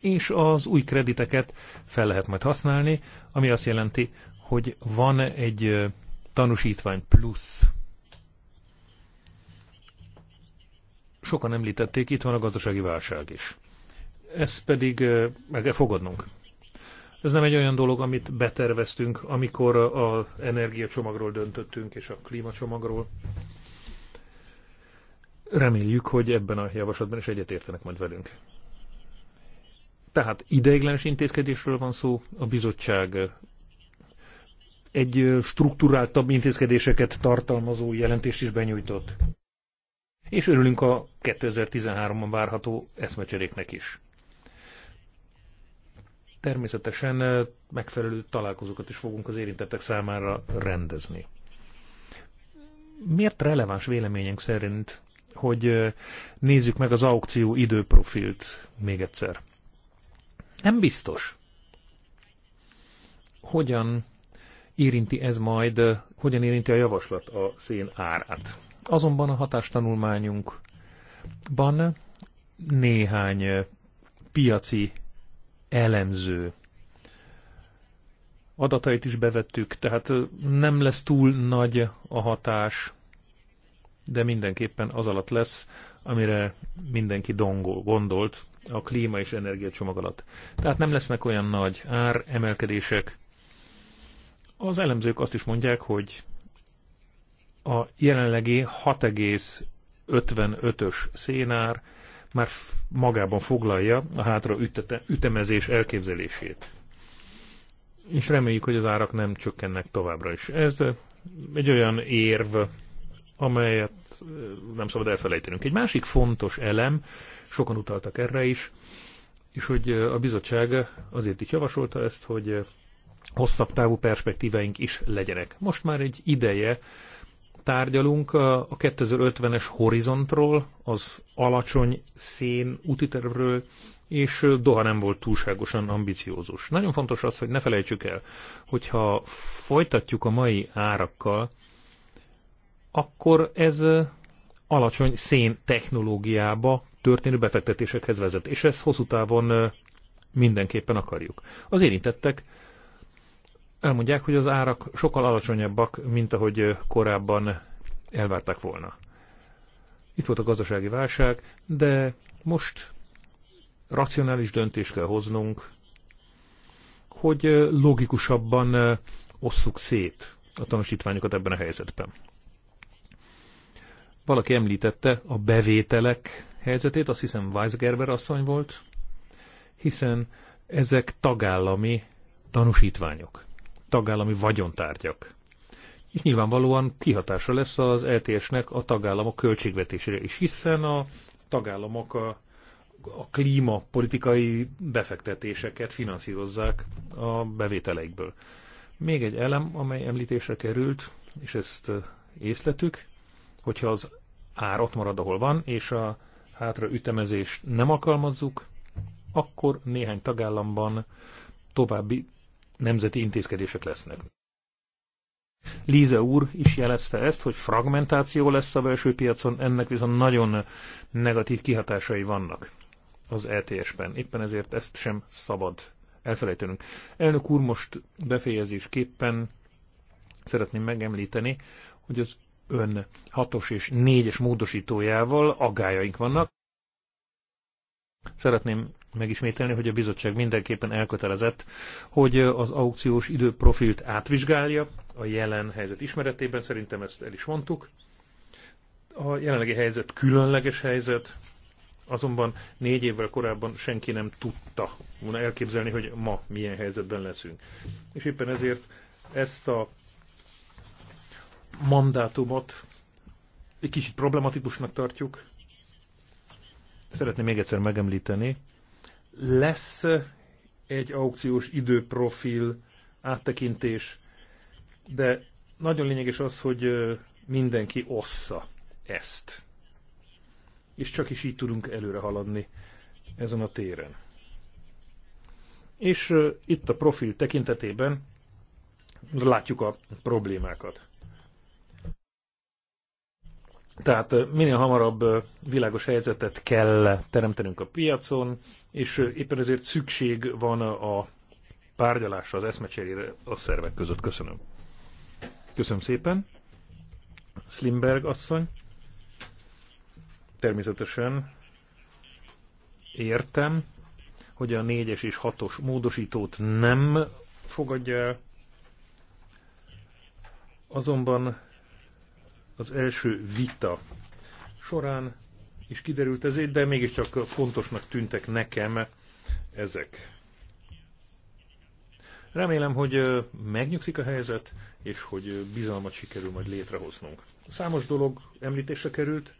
És az új krediteket fel lehet majd használni, ami azt jelenti, hogy van egy tanúsítvány plusz sokan említették, itt van a gazdasági válság is. Ezt pedig meg kell fogadnunk. Ez nem egy olyan dolog, amit beterveztünk, amikor az energiacsomagról döntöttünk, és a klímacsomagról. Reméljük, hogy ebben a javaslatban is egyetértenek majd velünk. Tehát ideiglenes intézkedésről van szó, a bizottság egy struktúráltabb intézkedéseket tartalmazó jelentést is benyújtott és örülünk a 2013-ban várható eszmecseréknek is. Természetesen eh, megfelelő találkozókat is fogunk az érintettek számára rendezni. Miért releváns véleményünk szerint, hogy eh, nézzük meg az aukció időprofilt még egyszer? Nem biztos. Hogyan érinti ez majd, eh, hogyan érinti a javaslat a szén árát? Azonban a hatástanulmányunkban néhány eh, piaci elemző adatait is bevettük, tehát eh, nem lesz túl nagy a hatás, de mindenképpen az alatt lesz, amire mindenki dongol, gondolt a klíma és energia csomag alatt. Tehát nem lesznek olyan nagy ár emelkedések. Az elemzők azt is mondják, hogy a jelenlegi 6,55-ös szénár már magában foglalja a hátra ütete, ütemezés elképzelését. És reméljük, hogy az árak nem csökkennek továbbra is. Ez egy olyan érv, amelyet nem szabad elfelejtenünk. Egy másik fontos elem, sokan utaltak erre is, és hogy a bizottság azért is javasolta ezt, hogy hosszabb távú perspektíveink is legyenek. Most már egy ideje tárgyalunk a 2050-es horizontról, az alacsony szén útitervről, és Doha nem volt túlságosan ambiciózus. Nagyon fontos az, hogy ne felejtsük el, hogyha folytatjuk a mai árakkal, akkor ez alacsony szén technológiába történő befektetésekhez vezet, és ezt hosszú távon mindenképpen akarjuk. Az érintettek elmondják, hogy az árak sokkal alacsonyabbak, mint ahogy korábban elvárták volna. Itt volt a gazdasági válság, de most racionális döntést kell hoznunk, hogy logikusabban osszuk szét a tanúsítványokat ebben a helyzetben. Valaki említette a bevételek helyzetét, azt hiszem Weisgerber asszony volt, hiszen ezek tagállami tanúsítványok tagállami vagyontárgyak. És nyilvánvalóan kihatása lesz az LTS-nek e a tagállamok költségvetésére is, hiszen a tagállamok a, a klímapolitikai befektetéseket finanszírozzák a bevételeikből. Még egy elem, amely említésre került, és ezt észletük, hogyha az ár ott marad, ahol van, és a hátra ütemezést nem alkalmazzuk, akkor néhány tagállamban további nemzeti intézkedések lesznek. Líze úr is jelezte ezt, hogy fragmentáció lesz a belső piacon, ennek viszont nagyon negatív kihatásai vannak az ETS-ben. Éppen ezért ezt sem szabad elfelejtenünk. Elnök úr, most befejezésképpen szeretném megemlíteni, hogy az ön hatos és négyes módosítójával aggájaink vannak. Szeretném megismételni, hogy a bizottság mindenképpen elkötelezett, hogy az aukciós időprofilt átvizsgálja a jelen helyzet ismeretében, szerintem ezt el is mondtuk. A jelenlegi helyzet különleges helyzet, azonban négy évvel korábban senki nem tudta volna elképzelni, hogy ma milyen helyzetben leszünk. És éppen ezért ezt a mandátumot egy kicsit problematikusnak tartjuk. Szeretném még egyszer megemlíteni, lesz egy aukciós időprofil áttekintés, de nagyon lényeges az, hogy mindenki ossza ezt. És csak is így tudunk előre haladni ezen a téren. És itt a profil tekintetében látjuk a problémákat. Tehát minél hamarabb világos helyzetet kell teremtenünk a piacon, és éppen ezért szükség van a tárgyalásra, az eszmecserére a szervek között. Köszönöm. Köszönöm szépen. Slimberg asszony. Természetesen értem, hogy a négyes és hatos módosítót nem fogadja el. Azonban az első vita során is kiderült ezért, de mégiscsak fontosnak tűntek nekem ezek. Remélem, hogy megnyugszik a helyzet, és hogy bizalmat sikerül majd létrehoznunk. Számos dolog említése került,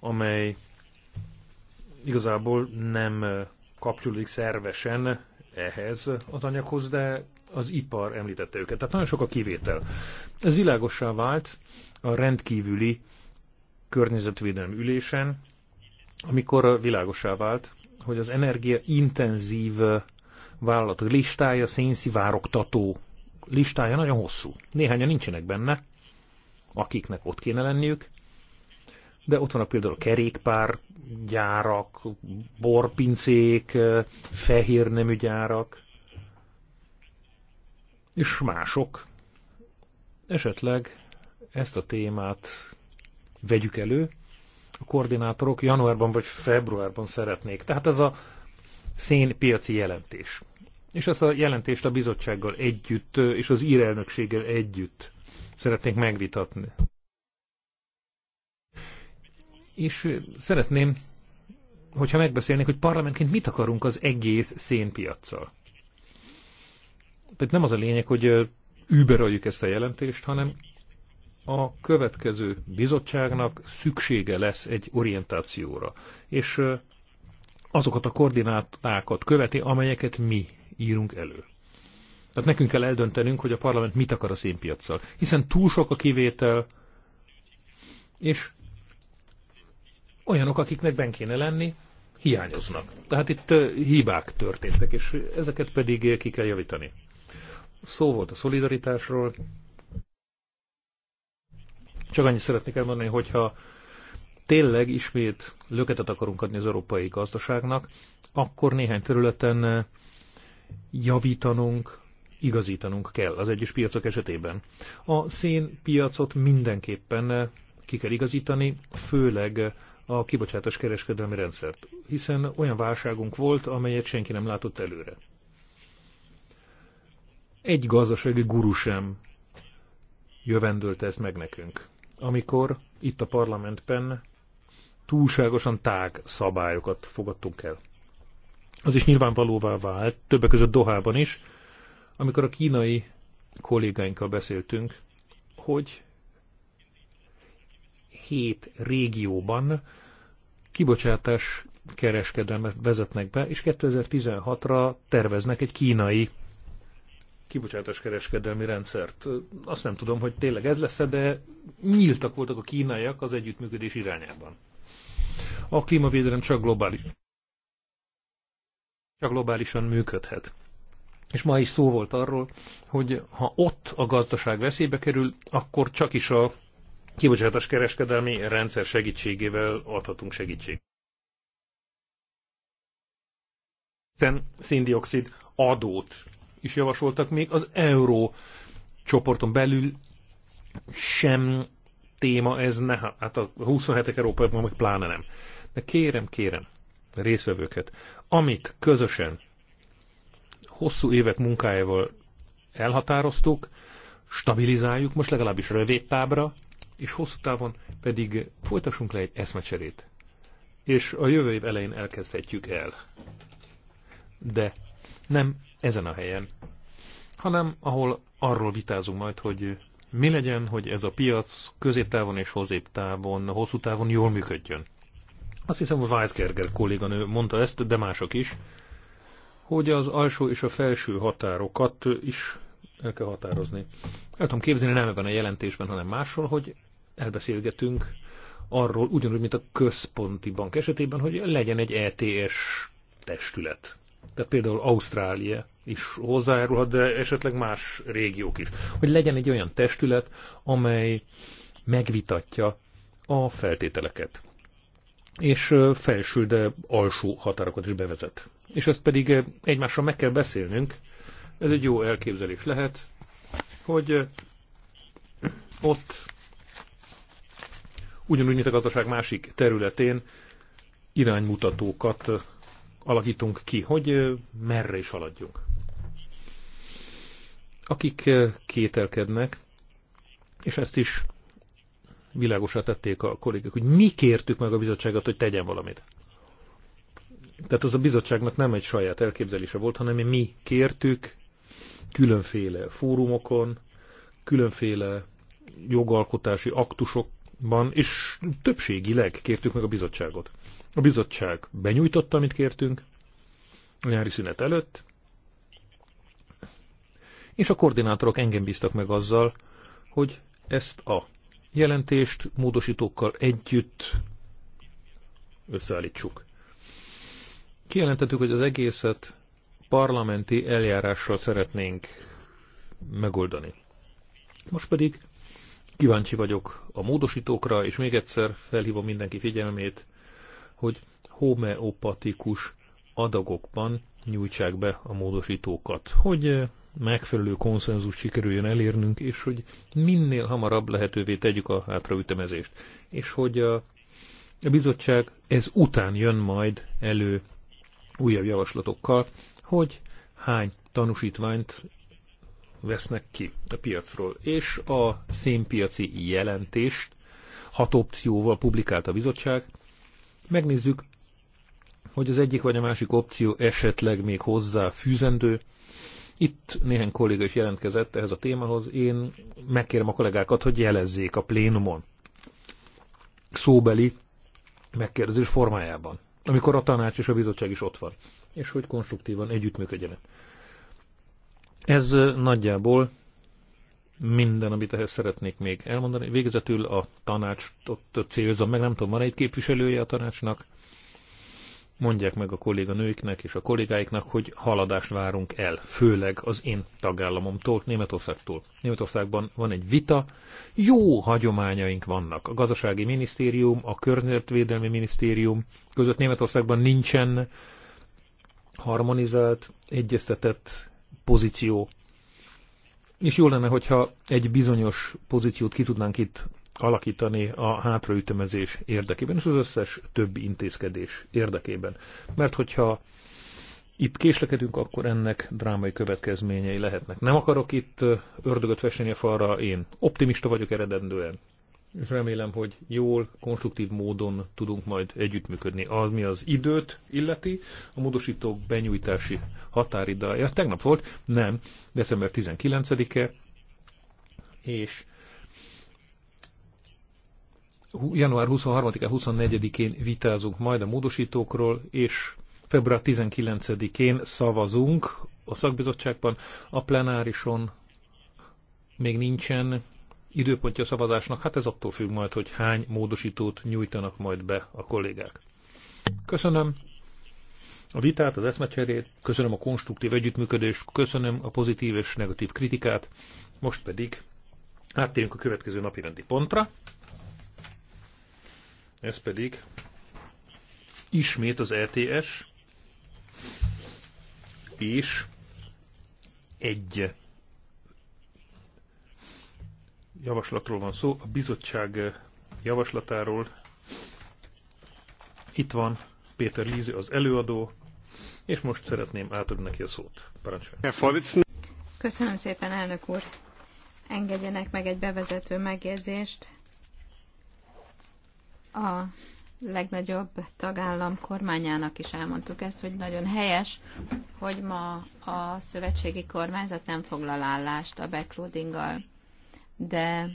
amely igazából nem kapcsolódik szervesen ehhez az anyaghoz, de az ipar említette őket. Tehát nagyon sok a kivétel. Ez világossá vált a rendkívüli környezetvédelmi ülésen, amikor világosá vált, hogy az energia intenzív vállalatok listája, szénszivárogtató listája nagyon hosszú. Néhányan nincsenek benne, akiknek ott kéne lenniük, de ott vannak például a gyárak, borpincék, fehér nemű gyárak, és mások. Esetleg ezt a témát vegyük elő. A koordinátorok januárban vagy februárban szeretnék. Tehát ez a szénpiaci jelentés. És ezt a jelentést a bizottsággal együtt és az írelnökséggel együtt szeretnénk megvitatni és szeretném, hogyha megbeszélnék, hogy parlamentként mit akarunk az egész szénpiacsal. Tehát nem az a lényeg, hogy überöljük ezt a jelentést, hanem a következő bizottságnak szüksége lesz egy orientációra, és azokat a koordinátákat követi, amelyeket mi írunk elő. Tehát nekünk kell eldöntenünk, hogy a parlament mit akar a szénpiacsal. Hiszen túl sok a kivétel, és olyanok, akiknek benne kéne lenni, hiányoznak. Tehát itt hibák történtek, és ezeket pedig ki kell javítani. Szó volt a szolidaritásról. Csak annyit szeretnék elmondani, hogyha tényleg ismét löketet akarunk adni az európai gazdaságnak, akkor néhány területen javítanunk, igazítanunk kell az egyes piacok esetében. A szénpiacot mindenképpen ki kell igazítani, főleg a kibocsátás kereskedelmi rendszert, hiszen olyan válságunk volt, amelyet senki nem látott előre. Egy gazdasági guru sem jövendőlte ezt meg nekünk, amikor itt a parlamentben túlságosan tág szabályokat fogadtunk el. Az is nyilvánvalóvá vált, többek között Dohában is, amikor a kínai kollégáinkkal beszéltünk, hogy hét régióban kibocsátás kereskedelmet vezetnek be, és 2016-ra terveznek egy kínai kibocsátás kereskedelmi rendszert. Azt nem tudom, hogy tényleg ez lesz -e, de nyíltak voltak a kínaiak az együttműködés irányában. A klímavédelem csak globális. Csak globálisan működhet. És ma is szó volt arról, hogy ha ott a gazdaság veszélybe kerül, akkor csak is a kibocsátás kereskedelmi rendszer segítségével adhatunk segítséget. Hiszen széndiokszid adót is javasoltak még az euró csoporton belül sem téma ez, ne, hát a 27-ek Európában meg pláne nem. De kérem, kérem részvevőket, amit közösen hosszú évek munkájával elhatároztuk, stabilizáljuk most legalábbis rövid tábra, és hosszú távon pedig folytassunk le egy eszmecserét. És a jövő év elején elkezdhetjük el. De nem ezen a helyen, hanem ahol arról vitázunk majd, hogy mi legyen, hogy ez a piac középtávon és hozéptávon, hosszú távon jól működjön. Azt hiszem, hogy Weisgerger kolléganő mondta ezt, de mások is, hogy az alsó és a felső határokat is el kell határozni. El tudom képzelni nem ebben a jelentésben, hanem máshol, hogy elbeszélgetünk arról, ugyanúgy, mint a központi bank esetében, hogy legyen egy ETS testület. Tehát például Ausztrália is hozzájárulhat, de esetleg más régiók is. Hogy legyen egy olyan testület, amely megvitatja a feltételeket. És felső, de alsó határokat is bevezet. És ezt pedig egymással meg kell beszélnünk. Ez egy jó elképzelés lehet, hogy ott ugyanúgy, mint a gazdaság másik területén iránymutatókat alakítunk ki, hogy merre is haladjunk. Akik kételkednek, és ezt is világosra tették a kollégák, hogy mi kértük meg a bizottságot, hogy tegyen valamit. Tehát az a bizottságnak nem egy saját elképzelése volt, hanem mi kértük különféle fórumokon, különféle jogalkotási aktusok ban és többségileg kértük meg a bizottságot. A bizottság benyújtotta, amit kértünk, a nyári szünet előtt, és a koordinátorok engem bíztak meg azzal, hogy ezt a jelentést módosítókkal együtt összeállítsuk. Kijelentettük, hogy az egészet parlamenti eljárással szeretnénk megoldani. Most pedig Kíváncsi vagyok a módosítókra, és még egyszer felhívom mindenki figyelmét, hogy homeopatikus adagokban nyújtsák be a módosítókat, hogy eh, megfelelő konszenzus sikerüljön elérnünk, és hogy minél hamarabb lehetővé tegyük a hátraütemezést. És hogy a bizottság ez után jön majd elő újabb javaslatokkal, hogy hány tanúsítványt vesznek ki a piacról. És a szénpiaci jelentést hat opcióval publikált a bizottság. Megnézzük, hogy az egyik vagy a másik opció esetleg még hozzá fűzendő. Itt néhány kolléga is jelentkezett ehhez a témához. Én megkérem a kollégákat, hogy jelezzék a plénumon szóbeli megkérdezés formájában, amikor a tanács és a bizottság is ott van, és hogy konstruktívan együttműködjenek. Ez nagyjából minden, amit ehhez szeretnék még elmondani. Végezetül a tanács ott célzom meg, nem tudom, van egy képviselője a tanácsnak. Mondják meg a kolléganőiknek és a kollégáiknak, hogy haladást várunk el, főleg az én tagállamomtól, Németországtól. Németországban van egy vita, jó hagyományaink vannak. A gazdasági minisztérium, a környezetvédelmi minisztérium között Németországban nincsen harmonizált, egyeztetett pozíció. És jó lenne, hogyha egy bizonyos pozíciót ki tudnánk itt alakítani a hátraütemezés érdekében, és az összes többi intézkedés érdekében. Mert hogyha itt késlekedünk, akkor ennek drámai következményei lehetnek. Nem akarok itt ördögöt festeni a falra, én optimista vagyok eredendően és remélem, hogy jól, konstruktív módon tudunk majd együttműködni. Az, mi az időt illeti, a módosítók benyújtási határidája tegnap volt, nem, december 19-e, és január 23 24-én vitázunk majd a módosítókról, és február 19-én szavazunk a szakbizottságban, a plenárison még nincsen időpontja a szavazásnak, hát ez attól függ majd, hogy hány módosítót nyújtanak majd be a kollégák. Köszönöm a vitát, az eszmecserét, köszönöm a konstruktív együttműködést, köszönöm a pozitív és negatív kritikát, most pedig áttérünk a következő napi rendi pontra. Ez pedig ismét az ETS és egy javaslatról van szó, a bizottság eh, javaslatáról. Itt van Péter Lízi az előadó, és most szeretném átadni neki a szót. Parancsolj! Köszönöm szépen, elnök úr! Engedjenek meg egy bevezető megjegyzést a legnagyobb tagállam kormányának is elmondtuk ezt, hogy nagyon helyes, hogy ma a szövetségi kormányzat nem foglal állást a backloadinggal de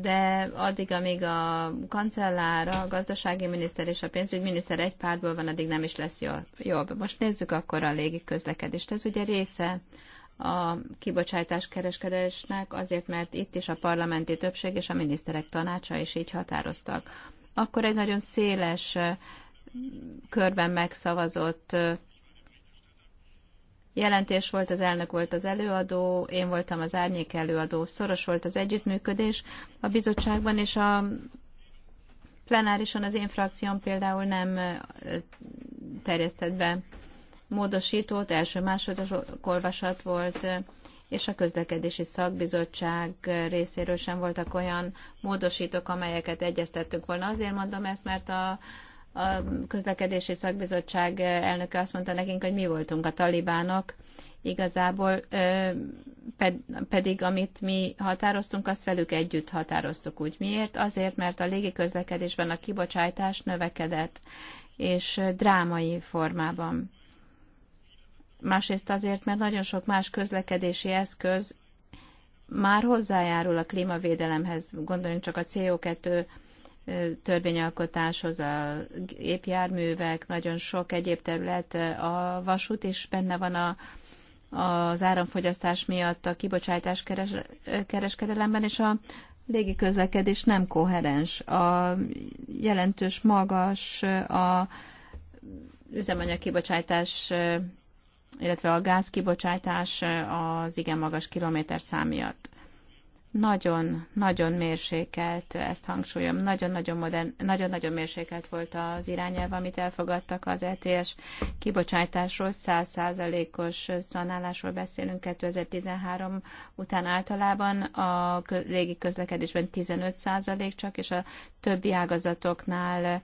de addig, amíg a kancellár, a gazdasági miniszter és a pénzügyminiszter egy pártból van, addig nem is lesz jobb. Most nézzük akkor a légi közlekedést. Ez ugye része a kibocsátás kereskedésnek, azért, mert itt is a parlamenti többség és a miniszterek tanácsa is így határoztak. Akkor egy nagyon széles körben megszavazott Jelentés volt, az elnök volt az előadó, én voltam az árnyék előadó. Szoros volt az együttműködés a bizottságban, és a plenárison az én frakcióm például nem terjesztett be módosítót, első második olvasat volt, és a közlekedési szakbizottság részéről sem voltak olyan módosítók, amelyeket egyeztettünk volna. Azért mondom ezt, mert a, a közlekedési szakbizottság elnöke azt mondta nekünk, hogy mi voltunk a talibánok, igazából ped, pedig amit mi határoztunk, azt velük együtt határoztuk úgy. Miért? Azért, mert a légiközlekedésben a kibocsátás növekedett, és drámai formában. Másrészt azért, mert nagyon sok más közlekedési eszköz már hozzájárul a klímavédelemhez. Gondoljunk csak a CO2 törvényalkotáshoz, a gépjárművek, nagyon sok egyéb terület a vasút, és benne van a, az áramfogyasztás miatt a kibocsátás keres, kereskedelemben, és a légi közlekedés nem koherens. A jelentős magas a üzemanyagkibocsátás, illetve a gázkibocsátás az igen magas kilométerszám miatt nagyon-nagyon mérsékelt, ezt hangsúlyom, nagyon-nagyon modern, nagyon-nagyon mérsékelt volt az irányelv, amit elfogadtak az ETS kibocsátásról, száz százalékos szanálásról beszélünk 2013 után általában, a légi közlekedésben 15% százalék csak, és a többi ágazatoknál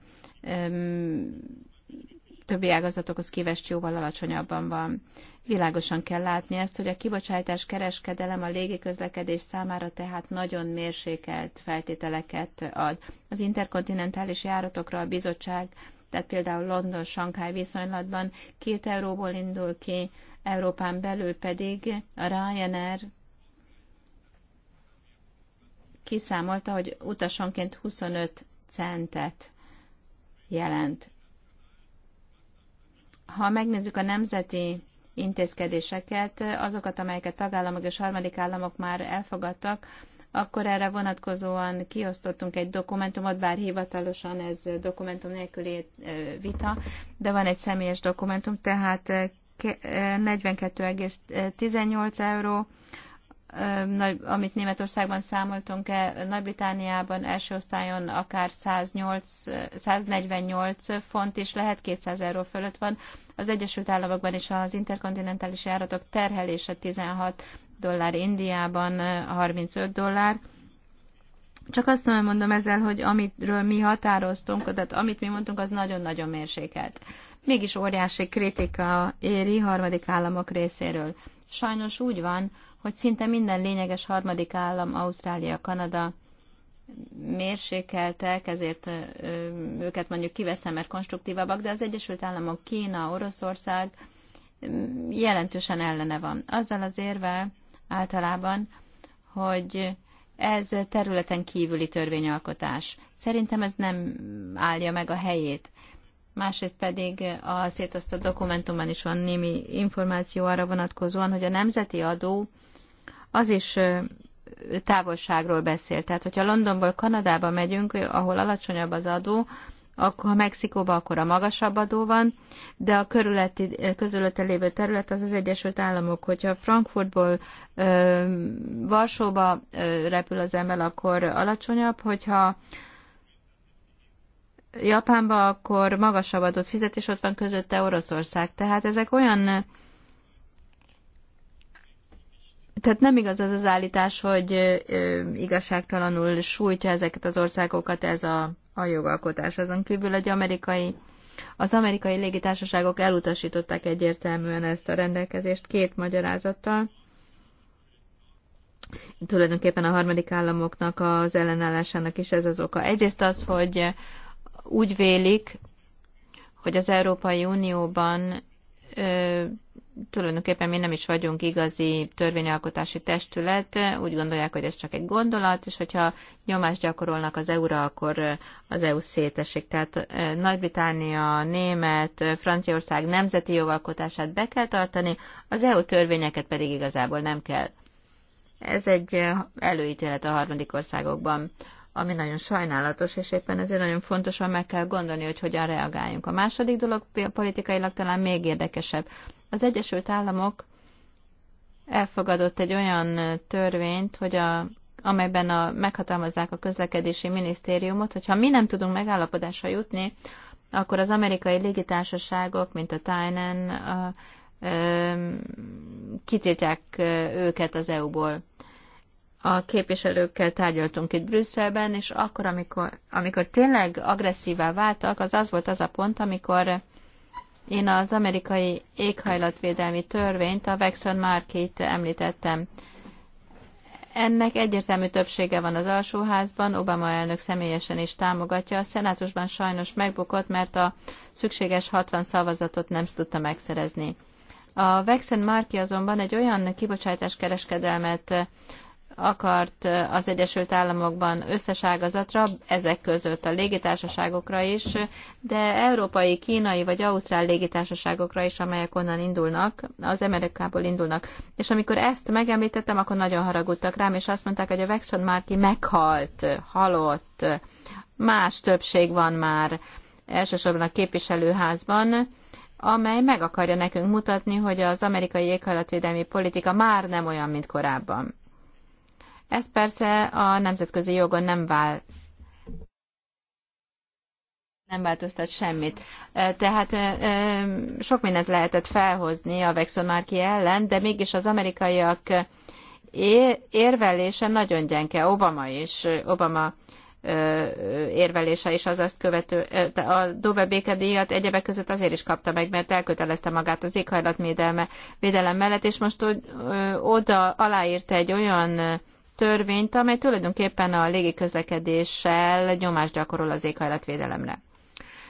többi ágazatokhoz képest jóval alacsonyabban van. Világosan kell látni ezt, hogy a kibocsátás kereskedelem a légiközlekedés számára tehát nagyon mérsékelt feltételeket ad. Az interkontinentális járatokra a bizottság, tehát például London-Sankály viszonylatban két euróból indul ki, Európán belül pedig a Ryanair kiszámolta, hogy utasonként 25 centet jelent. Ha megnézzük a nemzeti intézkedéseket, azokat, amelyeket tagállamok és harmadik államok már elfogadtak, akkor erre vonatkozóan kiosztottunk egy dokumentumot, bár hivatalosan ez dokumentum nélküli eh, vita, de van egy személyes dokumentum, tehát 42,18 eh, eh, euró, nagy, amit Németországban számoltunk el, Nagy-Britániában első osztályon akár 108, 148 font is lehet, 200 euró fölött van. Az Egyesült Államokban is az interkontinentális járatok terhelése 16 dollár, Indiában 35 dollár. Csak azt nem mondom ezzel, hogy amitről mi határoztunk, tehát amit mi mondtunk, az nagyon-nagyon mérsékelt. Mégis óriási kritika éri harmadik államok részéről. Sajnos úgy van, hogy szinte minden lényeges harmadik állam, Ausztrália, Kanada mérsékeltek, ezért őket mondjuk kiveszem, mert konstruktívabbak, de az Egyesült Államok, Kína, Oroszország jelentősen ellene van. Azzal az érve általában, hogy ez területen kívüli törvényalkotás. Szerintem ez nem állja meg a helyét. Másrészt pedig a szétosztott dokumentumban is van némi információ arra vonatkozóan, hogy a nemzeti adó az is távolságról beszél. Tehát, hogyha Londonból Kanadába megyünk, ahol alacsonyabb az adó, akkor ha Mexikóban, akkor a magasabb adó van, de a körületi, közölötte lévő terület az az Egyesült Államok. Hogyha Frankfurtból ö, Varsóba ö, repül az ember, akkor alacsonyabb, hogyha Japánba, akkor magasabb adót fizet, és ott van közötte Oroszország. Tehát ezek olyan tehát nem igaz az az állítás, hogy igazságtalanul sújtja ezeket az országokat ez a, a jogalkotás. Azon kívül egy amerikai, az amerikai légitársaságok elutasították egyértelműen ezt a rendelkezést két magyarázattal. Tulajdonképpen a harmadik államoknak az ellenállásának is ez az oka. Egyrészt az, hogy úgy vélik, hogy az Európai Unióban tulajdonképpen mi nem is vagyunk igazi törvényalkotási testület, úgy gondolják, hogy ez csak egy gondolat, és hogyha nyomást gyakorolnak az EU-ra, akkor az EU szétesik. Tehát Nagy-Británia, Német, Franciaország nemzeti jogalkotását be kell tartani, az EU törvényeket pedig igazából nem kell. Ez egy előítélet a harmadik országokban ami nagyon sajnálatos, és éppen ezért nagyon fontosan meg kell gondolni, hogy hogyan reagáljunk. A második dolog politikailag talán még érdekesebb. Az Egyesült Államok elfogadott egy olyan törvényt, hogy a, amelyben a, meghatalmazzák a közlekedési minisztériumot, hogyha mi nem tudunk megállapodásra jutni, akkor az amerikai légitársaságok, mint a Tynan, a, a, kitiltják őket az EU-ból a képviselőkkel tárgyaltunk itt Brüsszelben, és akkor, amikor, amikor tényleg agresszívá váltak, az az volt az a pont, amikor én az amerikai éghajlatvédelmi törvényt, a Vexon Markit említettem. Ennek egyértelmű többsége van az alsóházban, Obama elnök személyesen is támogatja, a szenátusban sajnos megbukott, mert a szükséges 60 szavazatot nem tudta megszerezni. A Vexen Marki azonban egy olyan kibocsátáskereskedelmet akart eh, az Egyesült Államokban összes ágazatra, ezek között a légitársaságokra is, de európai, kínai vagy ausztrál légitársaságokra is, amelyek onnan indulnak, az Amerikából indulnak. És amikor ezt megemlítettem, akkor nagyon haragudtak rám, és azt mondták, hogy a Vexon Márki meghalt, halott, más többség van már, elsősorban a képviselőházban, amely meg akarja nekünk mutatni, hogy az amerikai éghajlatvédelmi politika már nem olyan, mint korábban. Ez persze a nemzetközi jogon nem vál nem változtat semmit. Tehát sok mindent lehetett felhozni a Vexon Márki ellen, de mégis az amerikaiak érvelése nagyon gyenke. Obama is, Obama érvelése is az azt követő, a Dobe békedíjat egyebek között azért is kapta meg, mert elkötelezte magát az éghajlatvédelme védelem mellett, és most oda aláírta egy olyan törvényt, amely tulajdonképpen a légiközlekedéssel nyomást gyakorol az éghajlatvédelemre.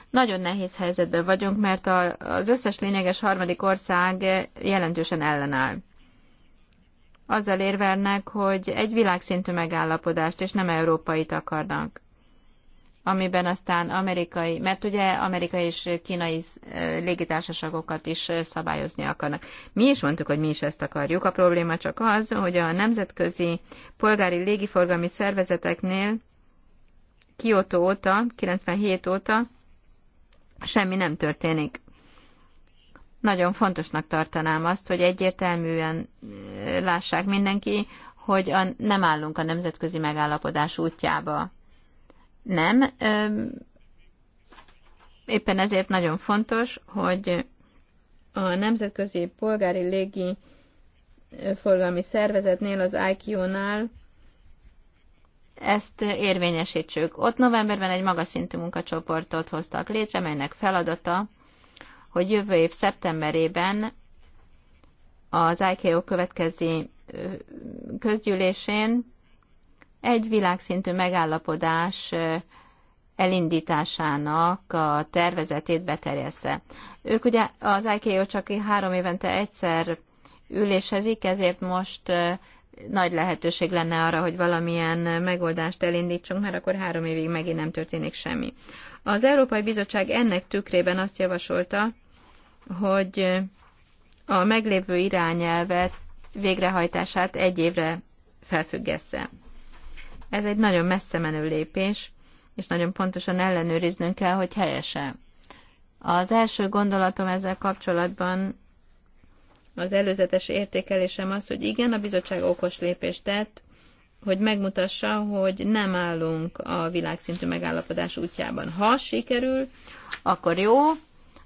Nagyon nehéz helyzetben vagyunk, mert a, az összes lényeges harmadik ország jelentősen ellenáll. Azzal érvelnek, hogy egy világszintű megállapodást, és nem európait akarnak amiben aztán amerikai, mert ugye amerikai és kínai eh, légitársaságokat is eh, szabályozni akarnak. Mi is mondtuk, hogy mi is ezt akarjuk. A probléma csak az, hogy a nemzetközi polgári légiforgalmi szervezeteknél Kyoto óta, 97 óta semmi nem történik. Nagyon fontosnak tartanám azt, hogy egyértelműen eh, lássák mindenki, hogy a, nem állunk a nemzetközi megállapodás útjába nem. Éppen ezért nagyon fontos, hogy a Nemzetközi Polgári Légi Forgalmi Szervezetnél, az IQ-nál ezt érvényesítsük. Ott novemberben egy magas szintű munkacsoportot hoztak létre, melynek feladata, hogy jövő év szeptemberében az IKO következő közgyűlésén egy világszintű megállapodás elindításának a tervezetét beterjessze. Ők ugye az IKEA csak három évente egyszer ülésezik, ezért most nagy lehetőség lenne arra, hogy valamilyen megoldást elindítsunk, mert akkor három évig megint nem történik semmi. Az Európai Bizottság ennek tükrében azt javasolta, hogy a meglévő irányelvet végrehajtását egy évre felfüggesse. Ez egy nagyon messze menő lépés, és nagyon pontosan ellenőriznünk kell, hogy helyese. Az első gondolatom ezzel kapcsolatban az előzetes értékelésem az, hogy igen, a bizottság okos lépést tett, hogy megmutassa, hogy nem állunk a világszintű megállapodás útjában. Ha sikerül, akkor jó,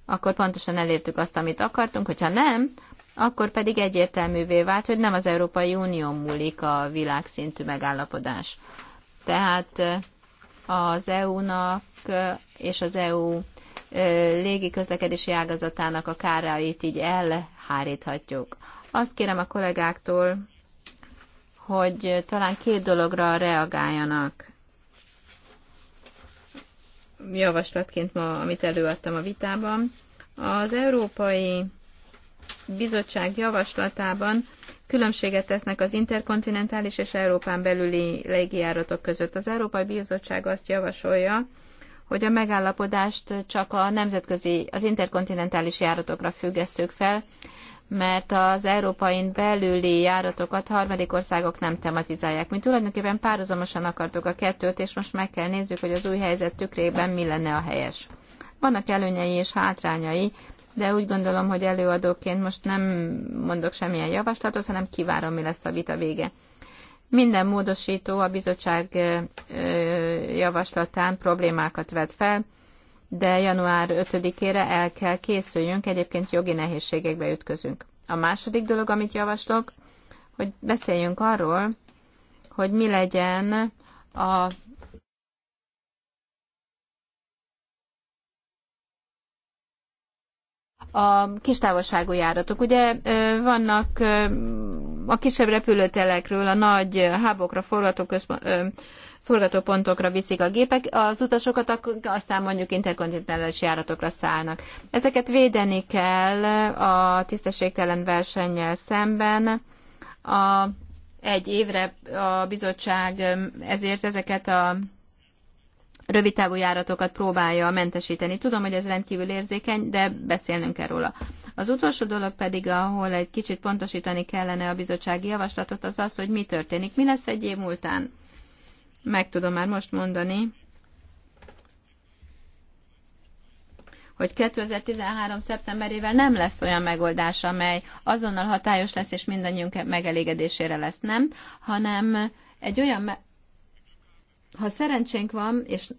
akkor pontosan elértük azt, amit akartunk, hogyha nem, akkor pedig egyértelművé vált, hogy nem az Európai Unió múlik a világszintű megállapodás. Tehát az EU-nak és az EU légiközlekedési ágazatának a kárait így elháríthatjuk. Azt kérem a kollégáktól, hogy talán két dologra reagáljanak. Javaslatként ma, amit előadtam a vitában. Az európai bizottság javaslatában különbséget tesznek az interkontinentális és Európán belüli légijáratok között. Az Európai Bizottság azt javasolja, hogy a megállapodást csak a nemzetközi, az interkontinentális járatokra függesszük fel, mert az európai belüli járatokat harmadik országok nem tematizálják. Mi tulajdonképpen párhuzamosan akartuk a kettőt, és most meg kell nézzük, hogy az új helyzet tükrében mi lenne a helyes. Vannak előnyei és hátrányai de úgy gondolom, hogy előadóként most nem mondok semmilyen javaslatot, hanem kivárom, mi lesz a vita vége. Minden módosító a bizottság javaslatán problémákat vet fel, de január 5-ére el kell készüljünk, egyébként jogi nehézségekbe ütközünk. A második dolog, amit javaslok, hogy beszéljünk arról, hogy mi legyen a a kis távolságú járatok. Ugye vannak a kisebb repülőtelekről a nagy hábokra forgatópontokra viszik a gépek, az utasokat aztán mondjuk interkontinentális járatokra szállnak. Ezeket védeni kell a tisztességtelen versennyel szemben. A, egy évre a bizottság ezért ezeket a rövid távú járatokat próbálja mentesíteni. Tudom, hogy ez rendkívül érzékeny, de beszélnünk kell róla. Az utolsó dolog pedig, ahol egy kicsit pontosítani kellene a bizottsági javaslatot, az az, hogy mi történik. Mi lesz egy év múltán? Meg tudom már most mondani, hogy 2013. szeptemberével nem lesz olyan megoldás, amely azonnal hatályos lesz, és mindannyiunk megelégedésére lesz, nem, hanem egy olyan ha szerencsénk van, és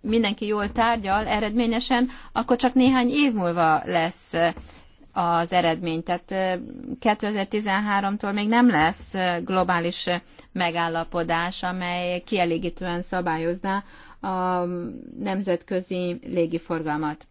mindenki jól tárgyal eredményesen, akkor csak néhány év múlva lesz az eredmény. Tehát 2013-tól még nem lesz globális megállapodás, amely kielégítően szabályozná a nemzetközi légiforgalmat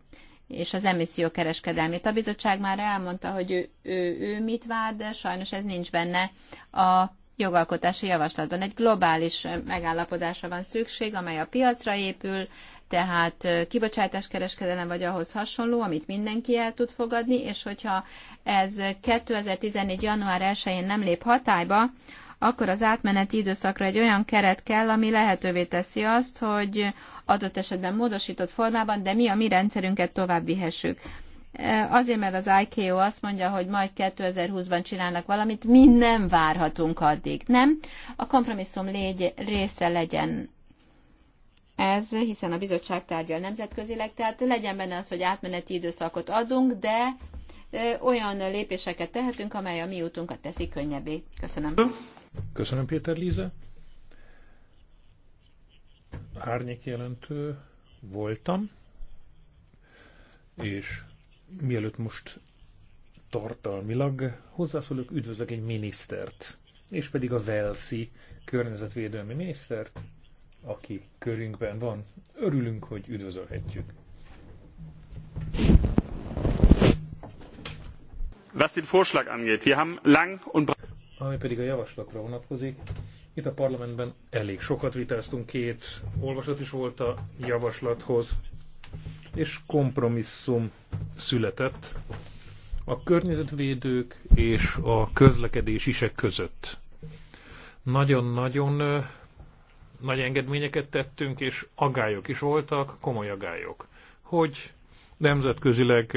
és az kereskedelmét. A bizottság már elmondta, hogy ő, ő, ő mit vár, de sajnos ez nincs benne a jogalkotási javaslatban. Egy globális megállapodásra van szükség, amely a piacra épül, tehát kibocsátáskereskedelem vagy ahhoz hasonló, amit mindenki el tud fogadni, és hogyha ez 2014. január 1-én nem lép hatályba, akkor az átmeneti időszakra egy olyan keret kell, ami lehetővé teszi azt, hogy adott esetben módosított formában, de mi a mi rendszerünket tovább vihessük. E, azért, mert az IKO azt mondja, hogy majd 2020-ban csinálnak valamit, mi nem várhatunk addig, nem? A kompromisszum légy, része legyen ez, hiszen a bizottság tárgyal nemzetközileg, tehát legyen benne az, hogy átmeneti időszakot adunk, de e, olyan lépéseket tehetünk, amely a mi útunkat teszi könnyebbé. Köszönöm. Köszönöm, Péter Líze. Árnyék jelentő voltam, és mielőtt most tartalmilag hozzászólok, üdvözlök egy minisztert, és pedig a Velszi környezetvédelmi minisztert, aki körünkben van. Örülünk, hogy üdvözölhetjük. Was den Vorschlag angeht, wir haben lang und ami pedig a javaslatra vonatkozik, itt a parlamentben elég sokat vitáztunk, két olvasat is volt a javaslathoz és kompromisszum született a környezetvédők és a isek között. Nagyon-nagyon nagy engedményeket tettünk, és agályok is voltak, komoly agályok, hogy nemzetközileg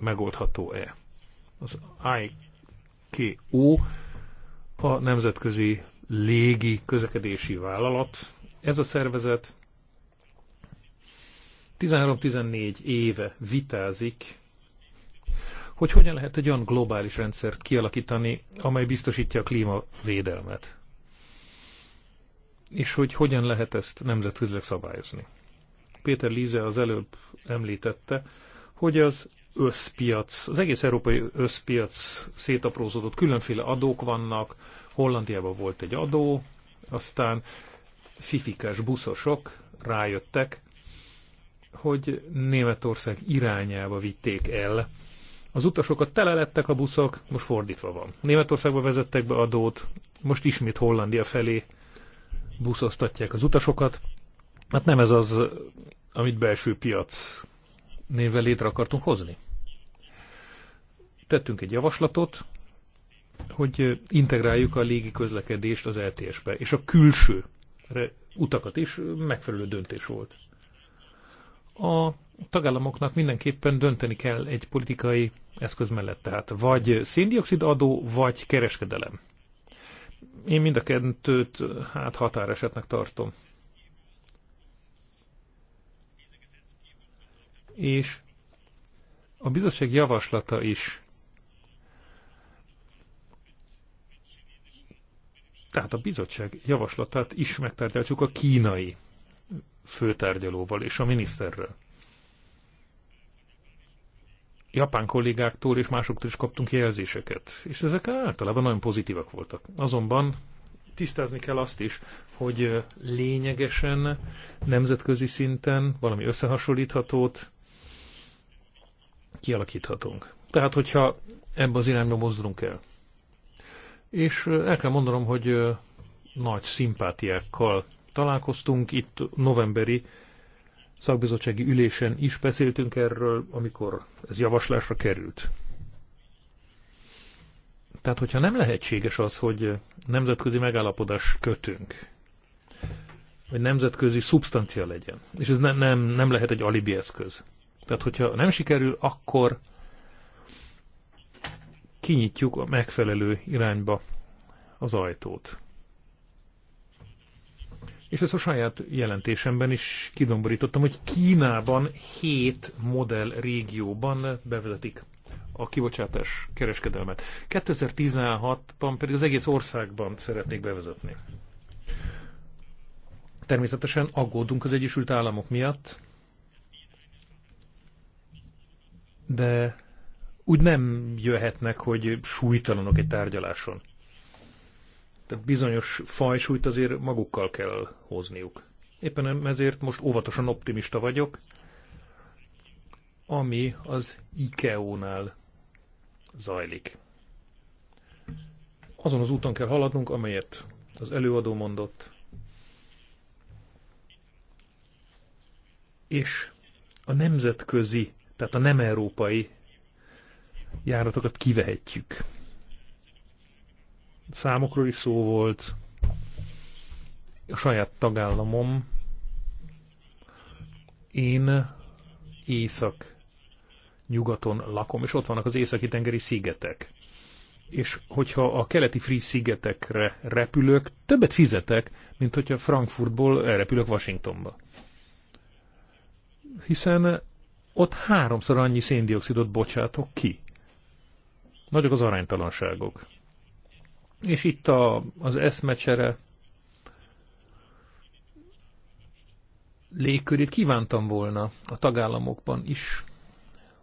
megoldható-e. Az IKO a Nemzetközi Légi Közlekedési Vállalat. Ez a szervezet 13-14 éve vitázik, hogy hogyan lehet egy olyan globális rendszert kialakítani, amely biztosítja a klímavédelmet. És hogy hogyan lehet ezt nemzetközileg szabályozni. Péter Líze az előbb említette, hogy az összpiac, az egész európai összpiac szétaprózódott, különféle adók vannak, Hollandiában volt egy adó, aztán fifikás buszosok rájöttek, hogy Németország irányába vitték el. Az utasokat tele lettek a buszok, most fordítva van. Németországba vezettek be adót, most ismét Hollandia felé buszoztatják az utasokat. Hát nem ez az, amit belső piac névvel létre akartunk hozni. Tettünk egy javaslatot, hogy integráljuk a légi közlekedést az LTS-be, e és a külső utakat is megfelelő döntés volt. A tagállamoknak mindenképpen dönteni kell egy politikai eszköz mellett, tehát vagy széndiokszid adó, vagy kereskedelem. Én mind a kettőt hát határesetnek tartom. És a bizottság javaslata is tehát a bizottság javaslatát is megtárgyaljuk a kínai főtárgyalóval és a miniszterrel. Japán kollégáktól és másoktól is kaptunk jelzéseket, és ezek általában nagyon pozitívak voltak. Azonban tisztázni kell azt is, hogy lényegesen nemzetközi szinten valami összehasonlíthatót kialakíthatunk. Tehát, hogyha ebbe az irányba mozdulunk el. És el kell mondanom, hogy nagy szimpátiákkal találkoztunk, itt novemberi szakbizottsági ülésen is beszéltünk erről, amikor ez javaslásra került. Tehát, hogyha nem lehetséges az, hogy nemzetközi megállapodás kötünk, vagy nemzetközi szubstancia legyen, és ez ne, nem, nem lehet egy alibi eszköz. Tehát, hogyha nem sikerül, akkor kinyitjuk a megfelelő irányba az ajtót. És ezt a saját jelentésemben is kidomborítottam, hogy Kínában hét modell régióban bevezetik a kibocsátás kereskedelmet. 2016-ban pedig az egész országban szeretnék bevezetni. Természetesen aggódunk az Egyesült Államok miatt, de úgy nem jöhetnek, hogy súlytalanok egy tárgyaláson. Tehát bizonyos fajsúlyt azért magukkal kell hozniuk. Éppen ezért most óvatosan optimista vagyok, ami az ikeo nál zajlik. Azon az úton kell haladnunk, amelyet az előadó mondott, és a nemzetközi, tehát a nem európai járatokat kivehetjük számokról is szó volt. A saját tagállamom, én észak nyugaton lakom, és ott vannak az északi tengeri szigetek. És hogyha a keleti Free szigetekre repülök, többet fizetek, mint hogyha Frankfurtból elrepülök Washingtonba. Hiszen ott háromszor annyi széndiokszidot bocsátok ki. Nagyok az aránytalanságok. És itt a, az eszmecsere légkörét kívántam volna a tagállamokban is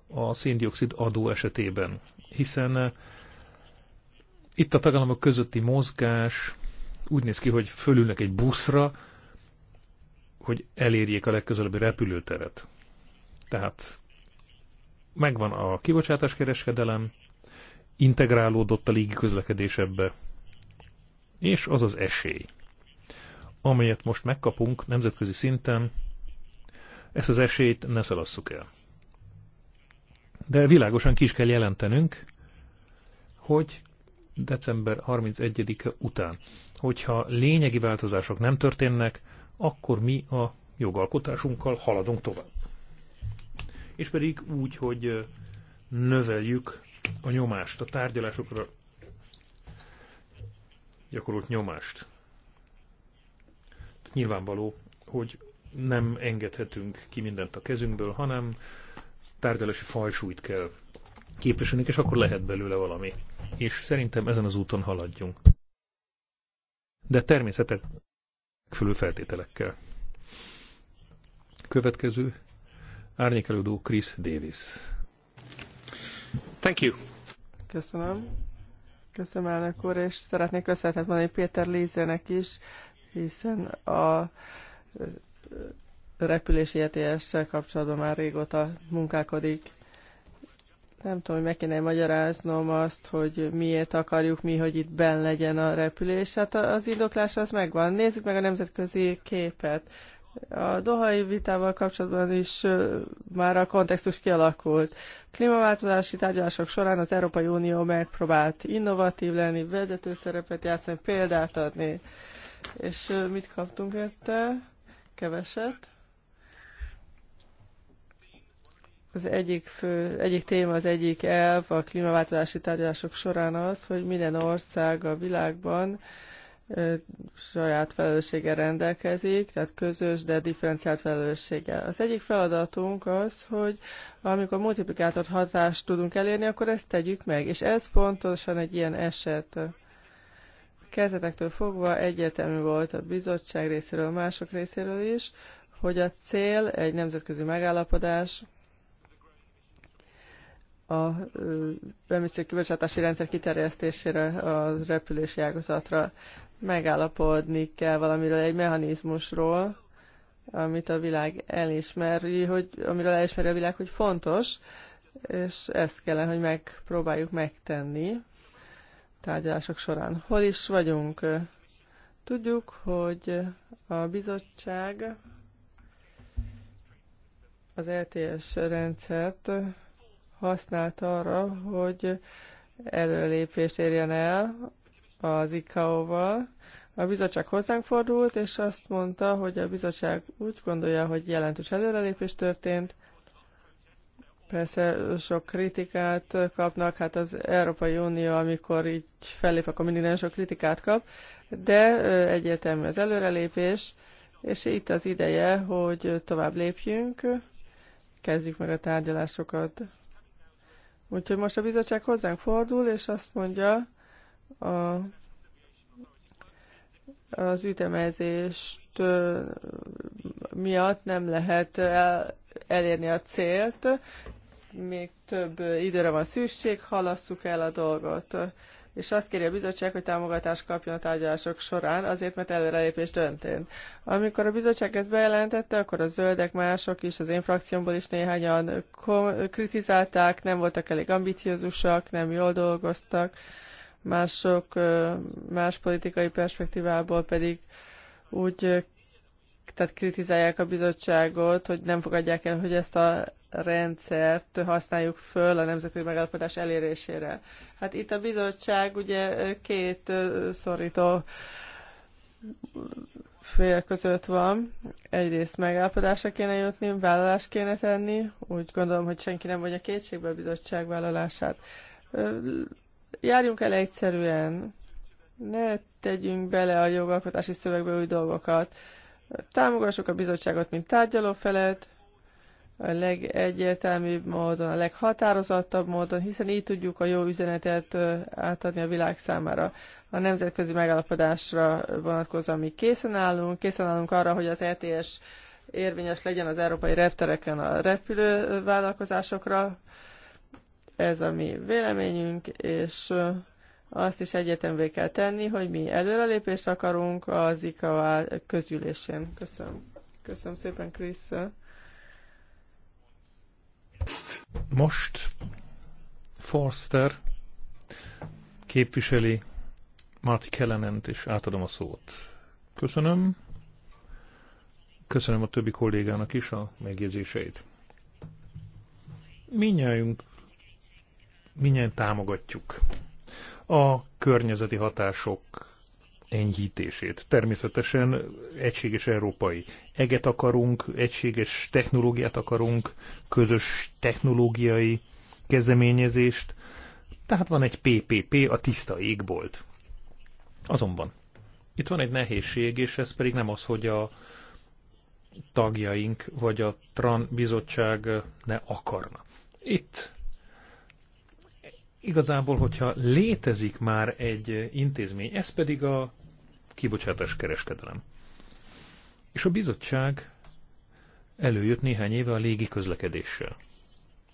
a széndiokszid adó esetében, hiszen eh, itt a tagállamok közötti mozgás úgy néz ki, hogy fölülnek egy buszra, hogy elérjék a legközelebbi repülőteret. Tehát megvan a kibocsátáskereskedelem, integrálódott a légi közlekedés ebbe, és az az esély, amelyet most megkapunk nemzetközi szinten, ezt az esélyt ne szalasszuk el. De világosan ki is kell jelentenünk, hogy december 31-e után, hogyha lényegi változások nem történnek, akkor mi a jogalkotásunkkal haladunk tovább. És pedig úgy, hogy növeljük a nyomást a tárgyalásokra gyakorolt nyomást. Nyilvánvaló, hogy nem engedhetünk ki mindent a kezünkből, hanem tárgyalási fajsúlyt kell képviselni, és akkor lehet belőle valami. És szerintem ezen az úton haladjunk. De természetek fölül feltételekkel. Következő árnyékelődő Chris Davis. Thank you. Köszönöm. Köszönöm, elnök úr, és szeretnék köszönetet mondani Péter Lízének is, hiszen a repülési ETS-sel kapcsolatban már régóta munkálkodik. Nem tudom, hogy meg kéne magyaráznom azt, hogy miért akarjuk mi, hogy itt benn legyen a repülés. Hát az indoklás az megvan. Nézzük meg a nemzetközi képet. A dohai vitával kapcsolatban is már a kontextus kialakult. Klímaváltozási tárgyalások során az Európai Unió megpróbált innovatív lenni, vezető szerepet játszani, példát adni. És mit kaptunk érte? Keveset. Az egyik, fő, egyik téma, az egyik elv a klímaváltozási tárgyalások során az, hogy minden ország a világban saját felelősséggel rendelkezik, tehát közös, de differenciált felelősséggel. Az egyik feladatunk az, hogy amikor multiplikátor hatást tudunk elérni, akkor ezt tegyük meg, és ez pontosan egy ilyen eset. Kezdetektől fogva egyértelmű volt a bizottság részéről, mások részéről is, hogy a cél egy nemzetközi megállapodás, a bemisztő kibocsátási rendszer kiterjesztésére a repülési ágazatra megállapodni kell valamiről, egy mechanizmusról, amit a világ elismeri, hogy, amiről elismeri a világ, hogy fontos, és ezt kellene, hogy megpróbáljuk megtenni tárgyalások során. Hol is vagyunk? Tudjuk, hogy a bizottság az LTS e rendszert használta arra, hogy előrelépést érjen el az ICAO-val. A bizottság hozzánk fordult, és azt mondta, hogy a bizottság úgy gondolja, hogy jelentős előrelépés történt. Persze sok kritikát kapnak, hát az Európai Unió, amikor így fellép, akkor mindig nagyon sok kritikát kap, de egyértelmű az előrelépés, és itt az ideje, hogy tovább lépjünk, kezdjük meg a tárgyalásokat. Úgyhogy most a bizottság hozzánk fordul, és azt mondja, a, az ütemezést miatt nem lehet el, elérni a célt, még több időre van szükség, halasszuk el a dolgot. És azt kéri a bizottság, hogy támogatást kapjon a tárgyalások során, azért, mert előrelépés döntén. Amikor a bizottság ezt bejelentette, akkor a zöldek, mások is, az én frakciómból is néhányan kritizálták, nem voltak elég ambiciózusak, nem jól dolgoztak mások más politikai perspektívából pedig úgy tehát kritizálják a bizottságot, hogy nem fogadják el, hogy ezt a rendszert használjuk föl a nemzetközi megállapodás elérésére. Hát itt a bizottság ugye két szorító fél között van. Egyrészt megállapodásra kéne jutni, vállalást kéne tenni. Úgy gondolom, hogy senki nem vagy a kétségbe a bizottság vállalását járjunk el egyszerűen. Ne tegyünk bele a jogalkotási szövegbe új dolgokat. Támogassuk a bizottságot, mint tárgyaló felett, a legegyértelműbb módon, a leghatározottabb módon, hiszen így tudjuk a jó üzenetet átadni a világ számára. A nemzetközi megállapodásra vonatkozóan mi készen állunk, készen állunk arra, hogy az ETS érvényes legyen az európai reptereken a repülővállalkozásokra, ez a mi véleményünk, és azt is egyetemvé kell tenni, hogy mi előrelépést akarunk az IKA közülésén. Köszönöm. Köszönöm szépen, Krisz. Most Forster képviseli Marty Kellenent, és átadom a szót. Köszönöm. Köszönöm a többi kollégának is a megjegyzéseit. Minnyájunk minnyien támogatjuk a környezeti hatások enyhítését. Természetesen egységes európai eget akarunk, egységes technológiát akarunk, közös technológiai kezdeményezést, tehát van egy PPP, a tiszta égbolt. Azonban itt van egy nehézség, és ez pedig nem az, hogy a tagjaink vagy a TRAN bizottság ne akarna. Itt igazából, hogyha létezik már egy intézmény, ez pedig a kibocsátás kereskedelem. És a bizottság előjött néhány éve a légi közlekedéssel.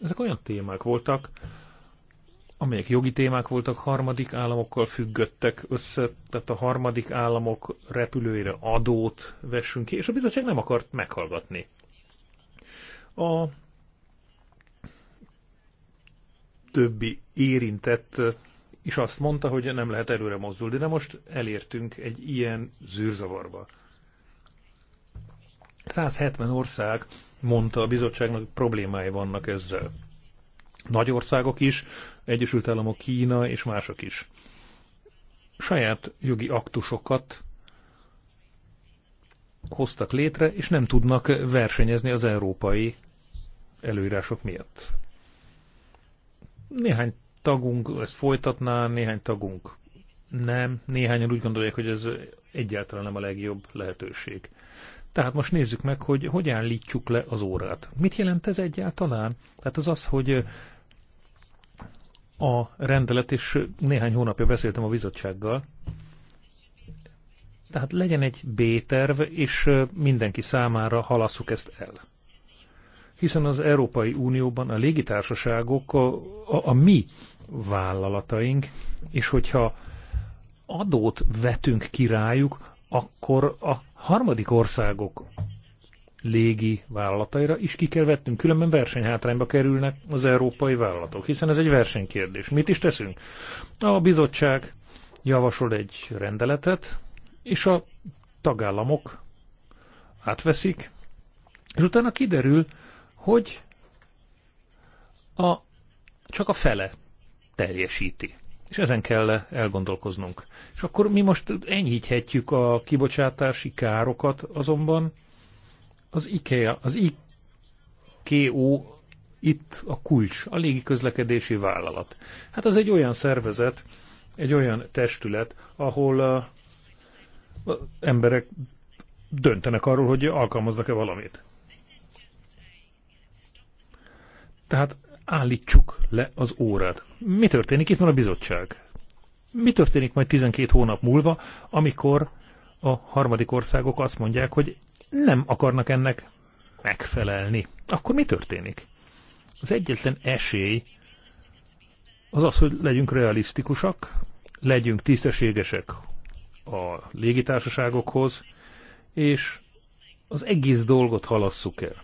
Ezek olyan témák voltak, amelyek jogi témák voltak, harmadik államokkal függöttek össze, tehát a harmadik államok repülőire adót vessünk ki, és a bizottság nem akart meghallgatni. A többi érintett is azt mondta, hogy nem lehet előre mozdulni, de most elértünk egy ilyen zűrzavarba. 170 ország mondta a bizottságnak, problémái vannak ezzel. Nagy országok is, Egyesült Államok, Kína és mások is. Saját jogi aktusokat hoztak létre, és nem tudnak versenyezni az európai előírások miatt. Néhány tagunk ezt folytatná, néhány tagunk nem. Néhányan úgy gondolják, hogy ez egyáltalán nem a legjobb lehetőség. Tehát most nézzük meg, hogy hogy állítsuk le az órát. Mit jelent ez egyáltalán? Tehát az az, hogy a rendelet, és néhány hónapja beszéltem a bizottsággal, tehát legyen egy B-terv, és mindenki számára halasszuk ezt el hiszen az Európai Unióban a légitársaságok a, a, a mi vállalataink, és hogyha adót vetünk királyuk, akkor a harmadik országok légi vállalataira is ki kell vettünk, különben versenyhátrányba kerülnek az európai vállalatok, hiszen ez egy versenykérdés. Mit is teszünk? A bizottság javasol egy rendeletet, és a tagállamok átveszik, és utána kiderül, hogy a, csak a fele teljesíti. És ezen kell elgondolkoznunk. És akkor mi most enyhíthetjük a kibocsátási károkat, azonban az IKEA, az IKO itt a kulcs, a légiközlekedési vállalat. Hát az egy olyan szervezet, egy olyan testület, ahol a, uh, a emberek döntenek arról, hogy alkalmaznak-e valamit. Tehát állítsuk le az órát. Mi történik? Itt van a bizottság. Mi történik majd 12 hónap múlva, amikor a harmadik országok azt mondják, hogy nem akarnak ennek megfelelni? Akkor mi történik? Az egyetlen esély az az, hogy legyünk realisztikusak, legyünk tisztességesek a légitársaságokhoz, és az egész dolgot halasszuk el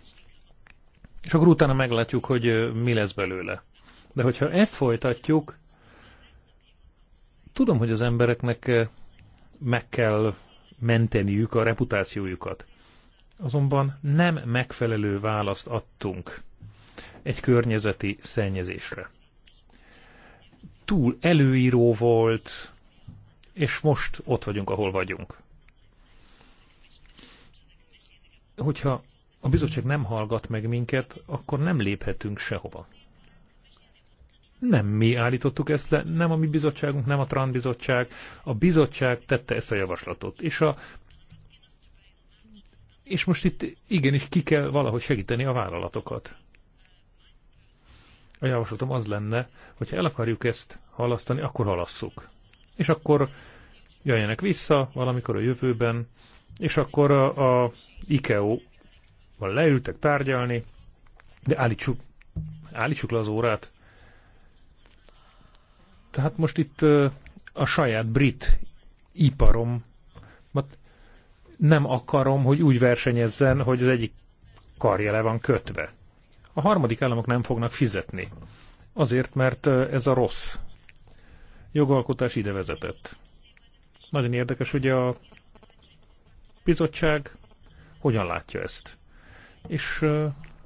és akkor utána meglátjuk, hogy mi lesz belőle. De hogyha ezt folytatjuk, tudom, hogy az embereknek meg kell menteniük a reputációjukat. Azonban nem megfelelő választ adtunk egy környezeti szennyezésre. Túl előíró volt, és most ott vagyunk, ahol vagyunk. Hogyha a bizottság nem hallgat meg minket, akkor nem léphetünk sehova. Nem mi állítottuk ezt le, nem a mi bizottságunk, nem a Trump bizottság. A bizottság tette ezt a javaslatot. És, a, és most itt igenis ki kell valahogy segíteni a vállalatokat. A javaslatom az lenne, hogy ha el akarjuk ezt halasztani, akkor halasszuk. És akkor jöjjenek vissza valamikor a jövőben, és akkor a, a ICAO van leültek tárgyalni, de állítsuk, állítsuk le az órát. Tehát most itt a saját brit iparom, hát nem akarom, hogy úgy versenyezzen, hogy az egyik karja le van kötve. A harmadik államok nem fognak fizetni. Azért, mert ez a rossz jogalkotás ide vezetett. Nagyon érdekes, hogy a bizottság hogyan látja ezt. És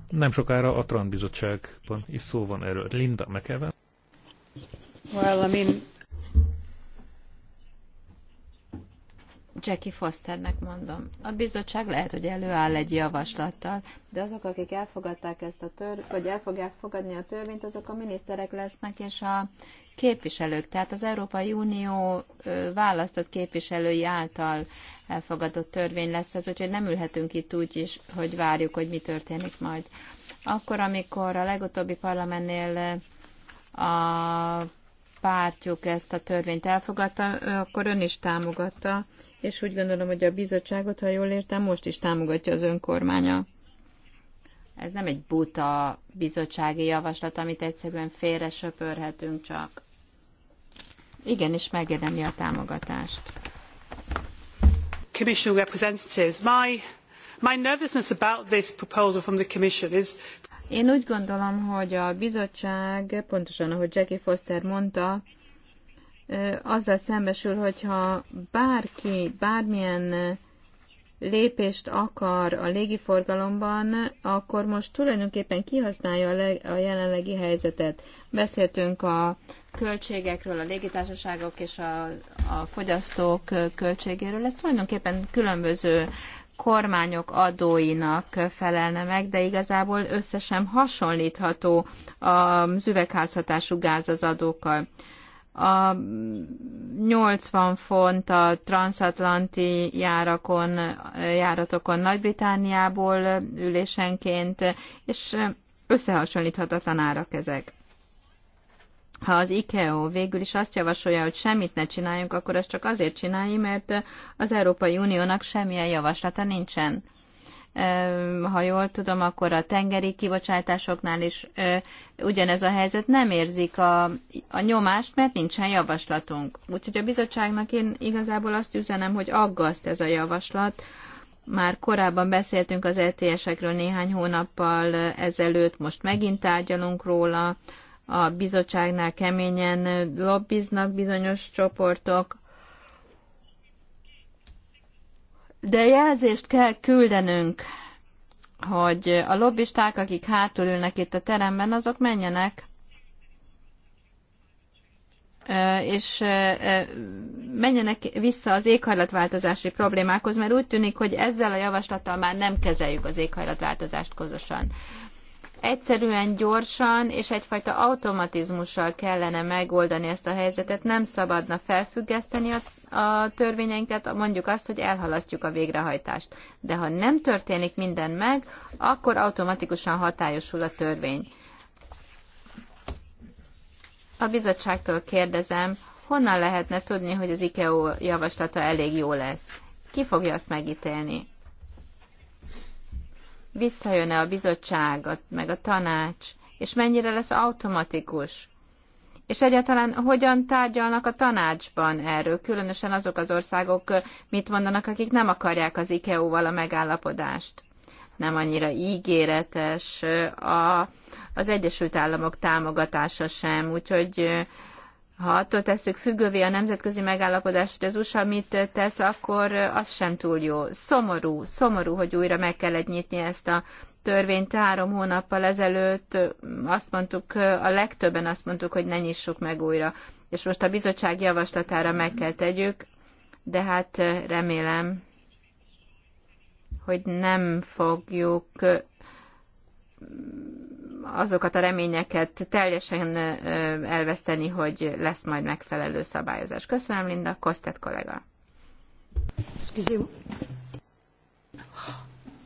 nem sokára a Trump bizottságban is szó van erről. Linda McEwen. Well, I mean... Jackie Fosternek mondom. A bizottság lehet, hogy előáll egy javaslattal, de azok, akik elfogadták ezt a tör, vagy el fogják fogadni a törvényt, azok a miniszterek lesznek, és a képviselők, tehát az Európai Unió választott képviselői által elfogadott törvény lesz ez, úgyhogy nem ülhetünk itt úgy is, hogy várjuk, hogy mi történik majd. Akkor, amikor a legutóbbi parlamentnél a pártjuk ezt a törvényt elfogadta, akkor ön is támogatta, és úgy gondolom, hogy a bizottságot, ha jól értem, most is támogatja az önkormánya. Ez nem egy buta bizottsági javaslat, amit egyszerűen félre söpörhetünk csak. Igen, és megérdemli a támogatást. Commission representatives, my, my nervousness about this proposal from the Commission is én úgy gondolom, hogy a bizottság, pontosan ahogy Jackie Foster mondta, azzal szembesül, hogyha bárki bármilyen lépést akar a légiforgalomban, akkor most tulajdonképpen kihasználja a, leg, a jelenlegi helyzetet. Beszéltünk a költségekről, a légitársaságok és a, a fogyasztók költségéről. Ez tulajdonképpen különböző kormányok adóinak felelne meg, de igazából összesen hasonlítható az üvegházhatású gáz az adókkal a 80 font a transatlanti járakon, járatokon Nagy-Britániából ülésenként, és összehasonlíthatatlan árak ezek. Ha az IKEO végül is azt javasolja, hogy semmit ne csináljunk, akkor ezt csak azért csinálni, mert az Európai Uniónak semmilyen javaslata nincsen ha jól tudom, akkor a tengeri kibocsátásoknál is ugyanez a helyzet, nem érzik a, a nyomást, mert nincsen javaslatunk. Úgyhogy a bizottságnak én igazából azt üzenem, hogy aggaszt ez a javaslat. Már korábban beszéltünk az ETS-ekről néhány hónappal ezelőtt, most megint tárgyalunk róla. A bizottságnál keményen lobbiznak bizonyos csoportok, De jelzést kell küldenünk, hogy a lobbisták, akik hátul ülnek itt a teremben, azok menjenek, és menjenek vissza az éghajlatváltozási problémákhoz, mert úgy tűnik, hogy ezzel a javaslattal már nem kezeljük az éghajlatváltozást közösen. Egyszerűen, gyorsan és egyfajta automatizmussal kellene megoldani ezt a helyzetet, nem szabadna felfüggeszteni a a törvényeinket, mondjuk azt, hogy elhalasztjuk a végrehajtást. De ha nem történik minden meg, akkor automatikusan hatályosul a törvény. A bizottságtól kérdezem, honnan lehetne tudni, hogy az IKEO javaslata elég jó lesz? Ki fogja azt megítélni? Visszajön-e a bizottság, meg a tanács, és mennyire lesz automatikus? és egyáltalán hogyan tárgyalnak a tanácsban erről, különösen azok az országok mit mondanak, akik nem akarják az IKEA-val a megállapodást. Nem annyira ígéretes a, az Egyesült Államok támogatása sem, úgyhogy ha attól tesszük függővé a nemzetközi megállapodást, hogy az USA mit tesz, akkor az sem túl jó. Szomorú, szomorú, hogy újra meg kellett nyitni ezt a törvényt három hónappal ezelőtt azt mondtuk, a legtöbben azt mondtuk, hogy ne nyissuk meg újra. És most a bizottság javaslatára meg kell tegyük, de hát eh, remélem, hogy nem fogjuk eh, azokat a reményeket teljesen eh, elveszteni, hogy lesz majd megfelelő szabályozás. Köszönöm, Linda. Kostet kollega. Excusez-moi.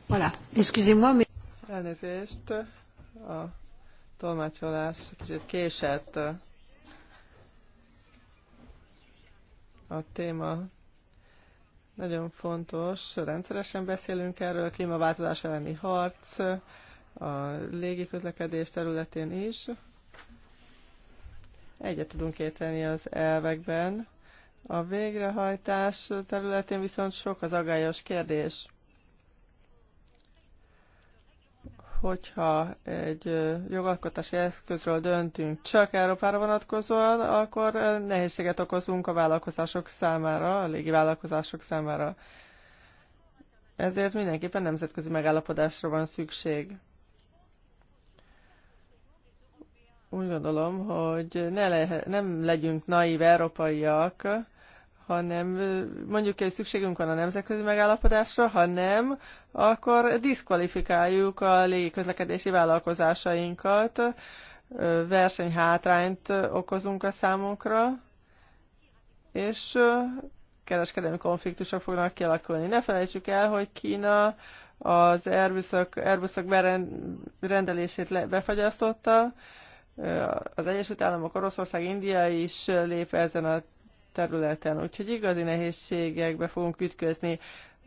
Voilà. Excusez-moi, mais... Elnézést, a tolmácsolás kicsit késett. A téma nagyon fontos, rendszeresen beszélünk erről, a klímaváltozás elleni harc, a közlekedés területén is. Egyet tudunk érteni az elvekben. A végrehajtás területén viszont sok az agályos kérdés. hogyha egy jogalkotási eszközről döntünk csak Európára vonatkozóan, akkor nehézséget okozunk a vállalkozások számára, a légi vállalkozások számára. Ezért mindenképpen nemzetközi megállapodásra van szükség. Úgy gondolom, hogy ne le, nem legyünk naív európaiak, hanem mondjuk, hogy szükségünk van a nemzetközi megállapodásra, ha nem, akkor diszkvalifikáljuk a légiközlekedési vállalkozásainkat, versenyhátrányt okozunk a számunkra, és kereskedelmi konfliktusok fognak kialakulni. Ne felejtsük el, hogy Kína az Airbusok, Airbusok berendelését befagyasztotta, az Egyesült Államok, Oroszország, India is lép ezen a területen. Úgyhogy igazi nehézségekbe fogunk ütközni.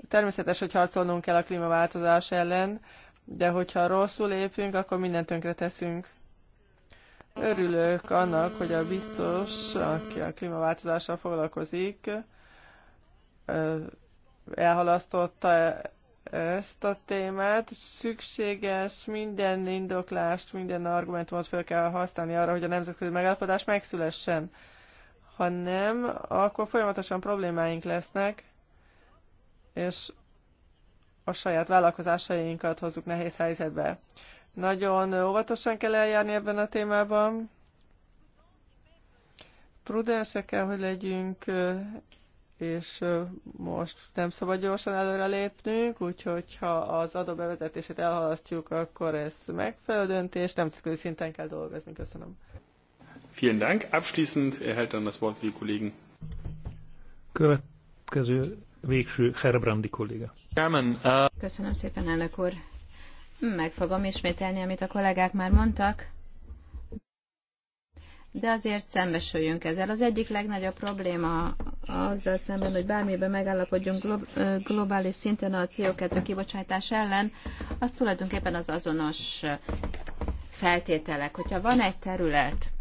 Természetes, hogy harcolnunk kell a klímaváltozás ellen, de hogyha rosszul lépünk, akkor mindent tönkre teszünk. Örülök annak, hogy a biztos, aki a klímaváltozással foglalkozik, elhalasztotta e-, ezt a témát. Szükséges minden indoklást, minden argumentumot fel kell használni arra, hogy a nemzetközi megállapodás megszülessen. Ha nem, akkor folyamatosan problémáink lesznek, és a saját vállalkozásainkat hozzuk nehéz helyzetbe. Nagyon óvatosan kell eljárni ebben a témában. Prudensek kell, hogy legyünk, és most nem szabad gyorsan előre lépnünk, úgyhogy ha az adóbevezetését elhalasztjuk, akkor ez megfelelő döntés, nemzetközi szinten kell dolgozni. Köszönöm. Vielen Dank. Abschließend erhält dann das Wort für die Kollegen. Következő végső Herbrandi kolléga. Uh, Köszönöm szépen, elnök úr. Meg fogom ismételni, amit a kollégák már mondtak. De azért szembesüljünk ezzel. Az egyik legnagyobb probléma azzal szemben, hogy bármiben megállapodjunk globális szinten a CO2 kibocsátás ellen, az tulajdonképpen az azonos feltételek. Hogyha van egy terület,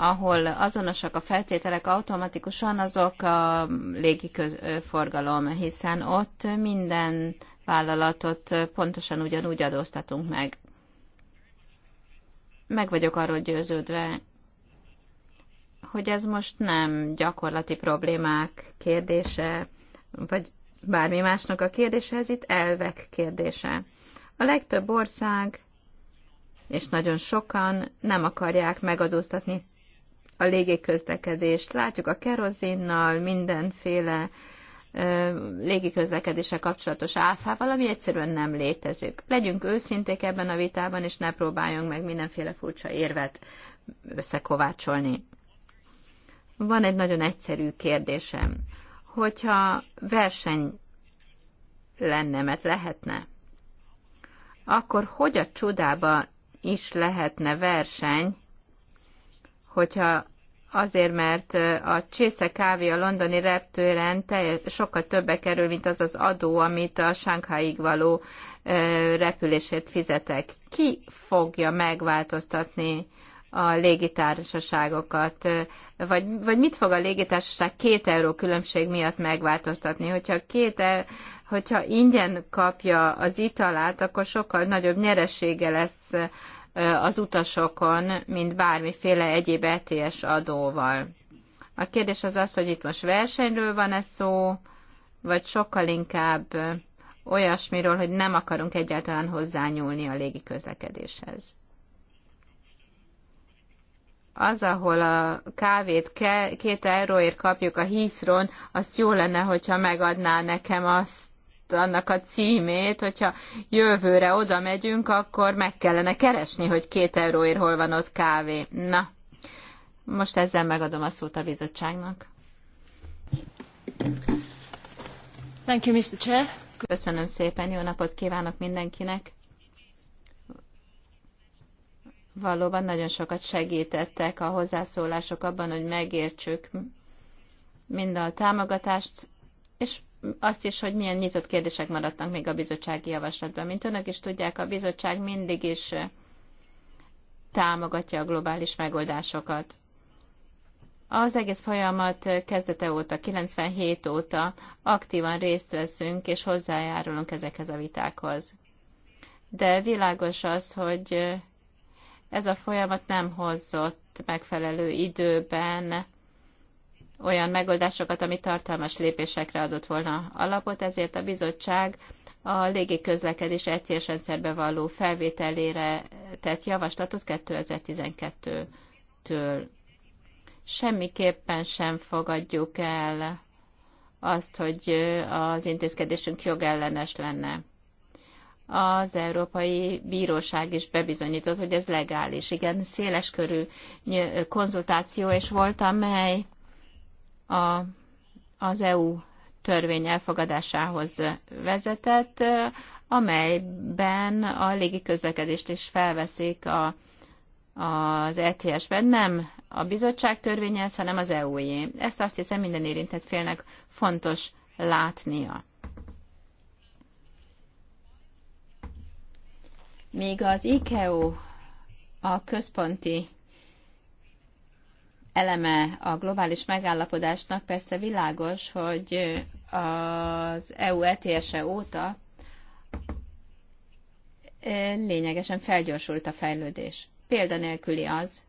ahol azonosak a feltételek automatikusan, azok a légiforgalom, hiszen ott minden vállalatot pontosan ugyanúgy adóztatunk meg. Meg vagyok arról győződve, hogy ez most nem gyakorlati problémák kérdése, vagy bármi másnak a kérdése, ez itt elvek kérdése. A legtöbb ország, és nagyon sokan nem akarják megadóztatni a légiközlekedést. Látjuk a kerozinnal, mindenféle légiközlekedéssel kapcsolatos áfával, ami egyszerűen nem létezik. Legyünk őszinték ebben a vitában, és ne próbáljunk meg mindenféle furcsa érvet összekovácsolni. Van egy nagyon egyszerű kérdésem. Hogyha verseny lenne, mert lehetne, akkor hogy a csodába is lehetne verseny hogyha azért, mert a csésze kávé a londoni reptőren sokkal többe kerül, mint az az adó, amit a Sánkháig való repülésért fizetek. Ki fogja megváltoztatni a légitársaságokat, vagy, vagy mit fog a légitársaság két euró különbség miatt megváltoztatni? Hogyha két e-, hogyha ingyen kapja az italát, akkor sokkal nagyobb nyeressége lesz az utasokon, mint bármiféle egyéb ETS adóval. A kérdés az az, hogy itt most versenyről van-e szó, vagy sokkal inkább olyasmiről, hogy nem akarunk egyáltalán hozzányúlni a légi közlekedéshez. Az, ahol a kávét két euróért kapjuk a hízron, azt jó lenne, hogyha megadná nekem azt annak a címét, hogyha jövőre oda megyünk, akkor meg kellene keresni, hogy két euróért hol van ott kávé. Na, most ezzel megadom a szót a bizottságnak. Thank you, Mr. Chair. Köszönöm szépen, jó napot kívánok mindenkinek. Valóban nagyon sokat segítettek a hozzászólások abban, hogy megértsük mind a támogatást, és azt is, hogy milyen nyitott kérdések maradtak még a bizottsági javaslatban. Mint önök is tudják, a bizottság mindig is támogatja a globális megoldásokat. Az egész folyamat kezdete óta, 97 óta aktívan részt veszünk és hozzájárulunk ezekhez a vitákhoz. De világos az, hogy ez a folyamat nem hozott megfelelő időben olyan megoldásokat, ami tartalmas lépésekre adott volna alapot, ezért a bizottság a közlekedés egyes rendszerbe való felvételére tett javaslatot 2012-től. Semmiképpen sem fogadjuk el azt, hogy az intézkedésünk jogellenes lenne. Az Európai Bíróság is bebizonyított, hogy ez legális. Igen, széleskörű konzultáció is volt, amely a, az EU törvény elfogadásához vezetett, amelyben a légiközlekedést is felveszik a, az ETS-ben, nem a bizottság törvénye hanem az EU-jé. Ezt azt hiszem minden érintett félnek fontos látnia. Míg az ICAO e a központi eleme a globális megállapodásnak, persze világos, hogy az EU ETS-e óta lényegesen felgyorsult a fejlődés. nélküli az,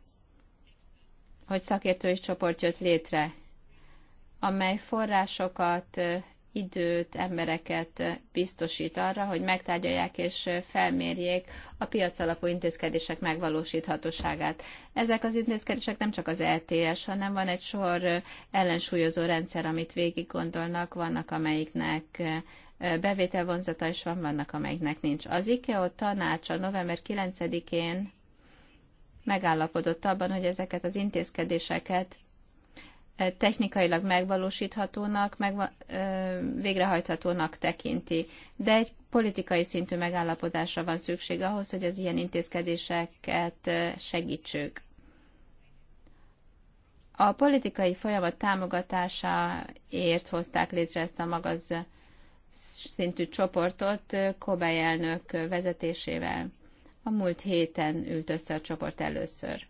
hogy szakértői csoport jött létre, amely forrásokat időt, embereket biztosít arra, hogy megtárgyalják és felmérjék a alapú intézkedések megvalósíthatóságát. Ezek az intézkedések nem csak az LTS, e hanem van egy sor ellensúlyozó rendszer, amit végig gondolnak, vannak amelyiknek bevételvonzata is van, vannak amelyiknek nincs. Az IKEA tanácsa november 9-én megállapodott abban, hogy ezeket az intézkedéseket technikailag megvalósíthatónak, megva, végrehajthatónak tekinti. De egy politikai szintű megállapodásra van szükség ahhoz, hogy az ilyen intézkedéseket segítsük. A politikai folyamat támogatásáért hozták létre ezt a magas szintű csoportot Kobe elnök vezetésével. A múlt héten ült össze a csoport először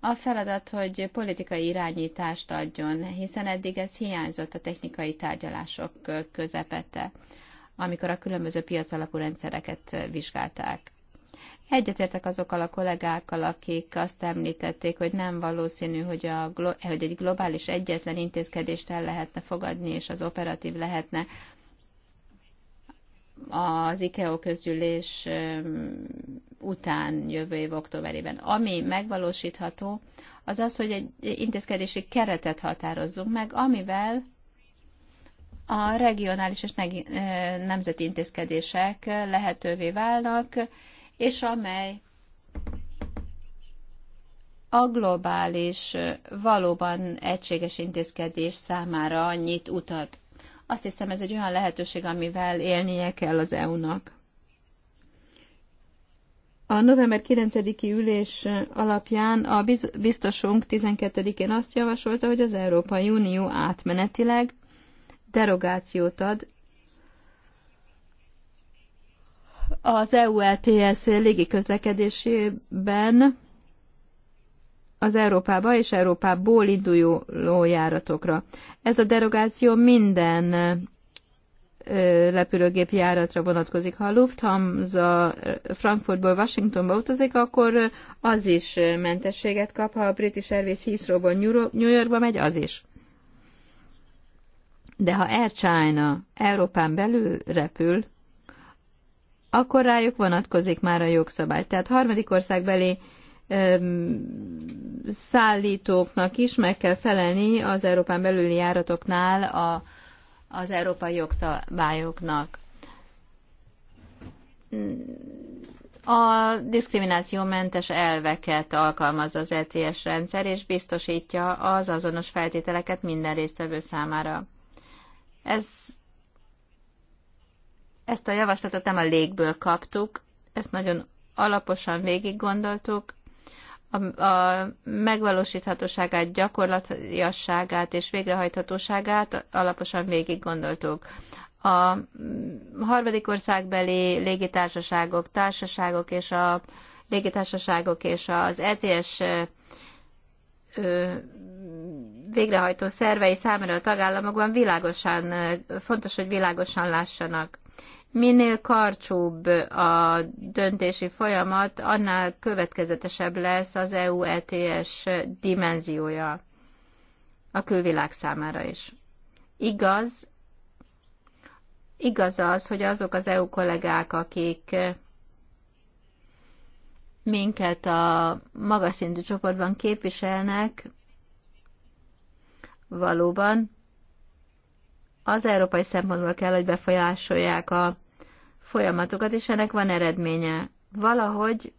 a feladat, hogy politikai irányítást adjon, hiszen eddig ez hiányzott a technikai tárgyalások közepette, amikor a különböző piacalapú rendszereket vizsgálták. Egyetértek azokkal a kollégákkal, akik azt említették, hogy nem valószínű, hogy, a, hogy egy globális egyetlen intézkedést el lehetne fogadni, és az operatív lehetne, az IKEA közgyűlés után jövő év októberében. Ami megvalósítható, az az, hogy egy intézkedési keretet határozzunk meg, amivel a regionális és nemzeti intézkedések lehetővé válnak, és amely a globális, valóban egységes intézkedés számára nyit utat. Azt hiszem, ez egy olyan lehetőség, amivel élnie kell az EU-nak. A november 9-i ülés alapján a biztosunk 12-én azt javasolta, hogy az Európai Unió átmenetileg derogációt ad az EU LTS e légiközlekedésében az Európába és Európából induló járatokra. Ez a derogáció minden repülőgép járatra vonatkozik. Ha a Lufthansa Frankfurtból Washingtonba utazik, akkor az is mentességet kap, ha a British Airways Heathrowból New Yorkba megy, az is. De ha Air China Európán belül repül, akkor rájuk vonatkozik már a jogszabály. Tehát harmadik országbeli beli szállítóknak is meg kell felelni az Európán belüli járatoknál a, az európai jogszabályoknak. A diszkriminációmentes elveket alkalmaz az ETS rendszer, és biztosítja az azonos feltételeket minden résztvevő számára. Ez, ezt a javaslatot nem a légből kaptuk, ezt nagyon alaposan végig gondoltuk, a, a megvalósíthatóságát, gyakorlatiasságát és végrehajthatóságát alaposan végig gondoltuk. A harmadik országbeli légitársaságok, társaságok és a légitársaságok és az ECS végrehajtó szervei számára a tagállamokban világosan, fontos, hogy világosan lássanak. Minél karcsúbb a döntési folyamat, annál következetesebb lesz az EU ETS dimenziója a külvilág számára is. Igaz, igaz az, hogy azok az EU kollégák, akik minket a magas szintű csoportban képviselnek, valóban az európai szempontból kell, hogy befolyásolják a folyamatokat, és ennek van eredménye. Valahogy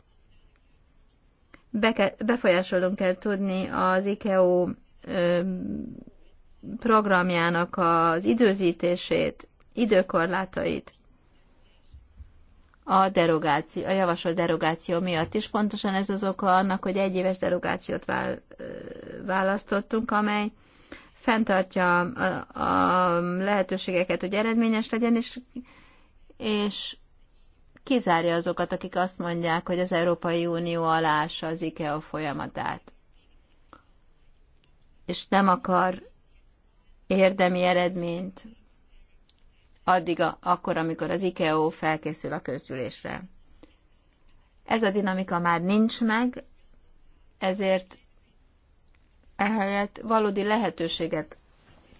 beke, befolyásolunk kell tudni az IKEO programjának az időzítését, időkorlátait a derogáció, a javasolt derogáció miatt is. Pontosan ez az oka annak, hogy egy éves derogációt választottunk, amely fenntartja a, a lehetőségeket, hogy eredményes legyen, és, és kizárja azokat, akik azt mondják, hogy az Európai Unió alása az IKEA folyamatát, és nem akar érdemi eredményt addig, a, akkor, amikor az IKEA felkészül a közgyűlésre. Ez a dinamika már nincs meg, ezért ehelyett valódi lehetőséget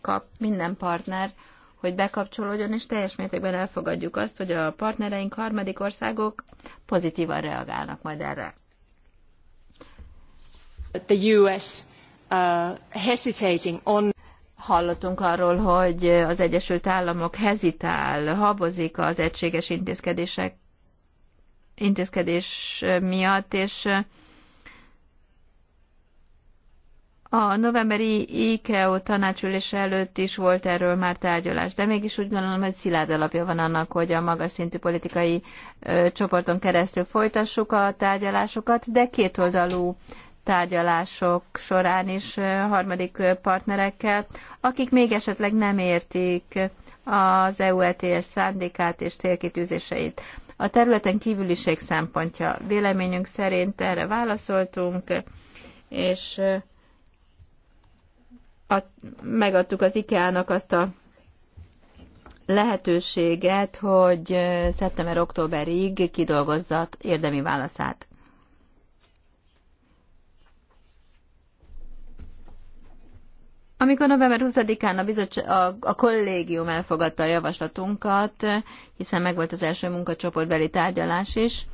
kap minden partner, hogy bekapcsolódjon, és teljes mértékben elfogadjuk azt, hogy a partnereink, harmadik országok pozitívan reagálnak majd erre. The US uh, hesitating on Hallottunk arról, hogy az Egyesült Államok hezitál, habozik az egységes intézkedések intézkedés miatt, és a novemberi IKEO tanácsülés előtt is volt erről már tárgyalás, de mégis úgy gondolom, hogy szilárd alapja van annak, hogy a magas szintű politikai ö, csoporton keresztül folytassuk a tárgyalásokat, de kétoldalú tárgyalások során is ö, harmadik partnerekkel, akik még esetleg nem értik az EU ETS szándékát és célkitűzéseit. A területen kívüliség szempontja véleményünk szerint erre válaszoltunk, és ad, megadtuk az IKEA-nak azt a lehetőséget, hogy szeptember-októberig kidolgozza érdemi válaszát. Amikor november 20-án a, bizottság, a, a kollégium elfogadta a javaslatunkat, hiszen megvolt az első munkacsoportbeli tárgyalás is,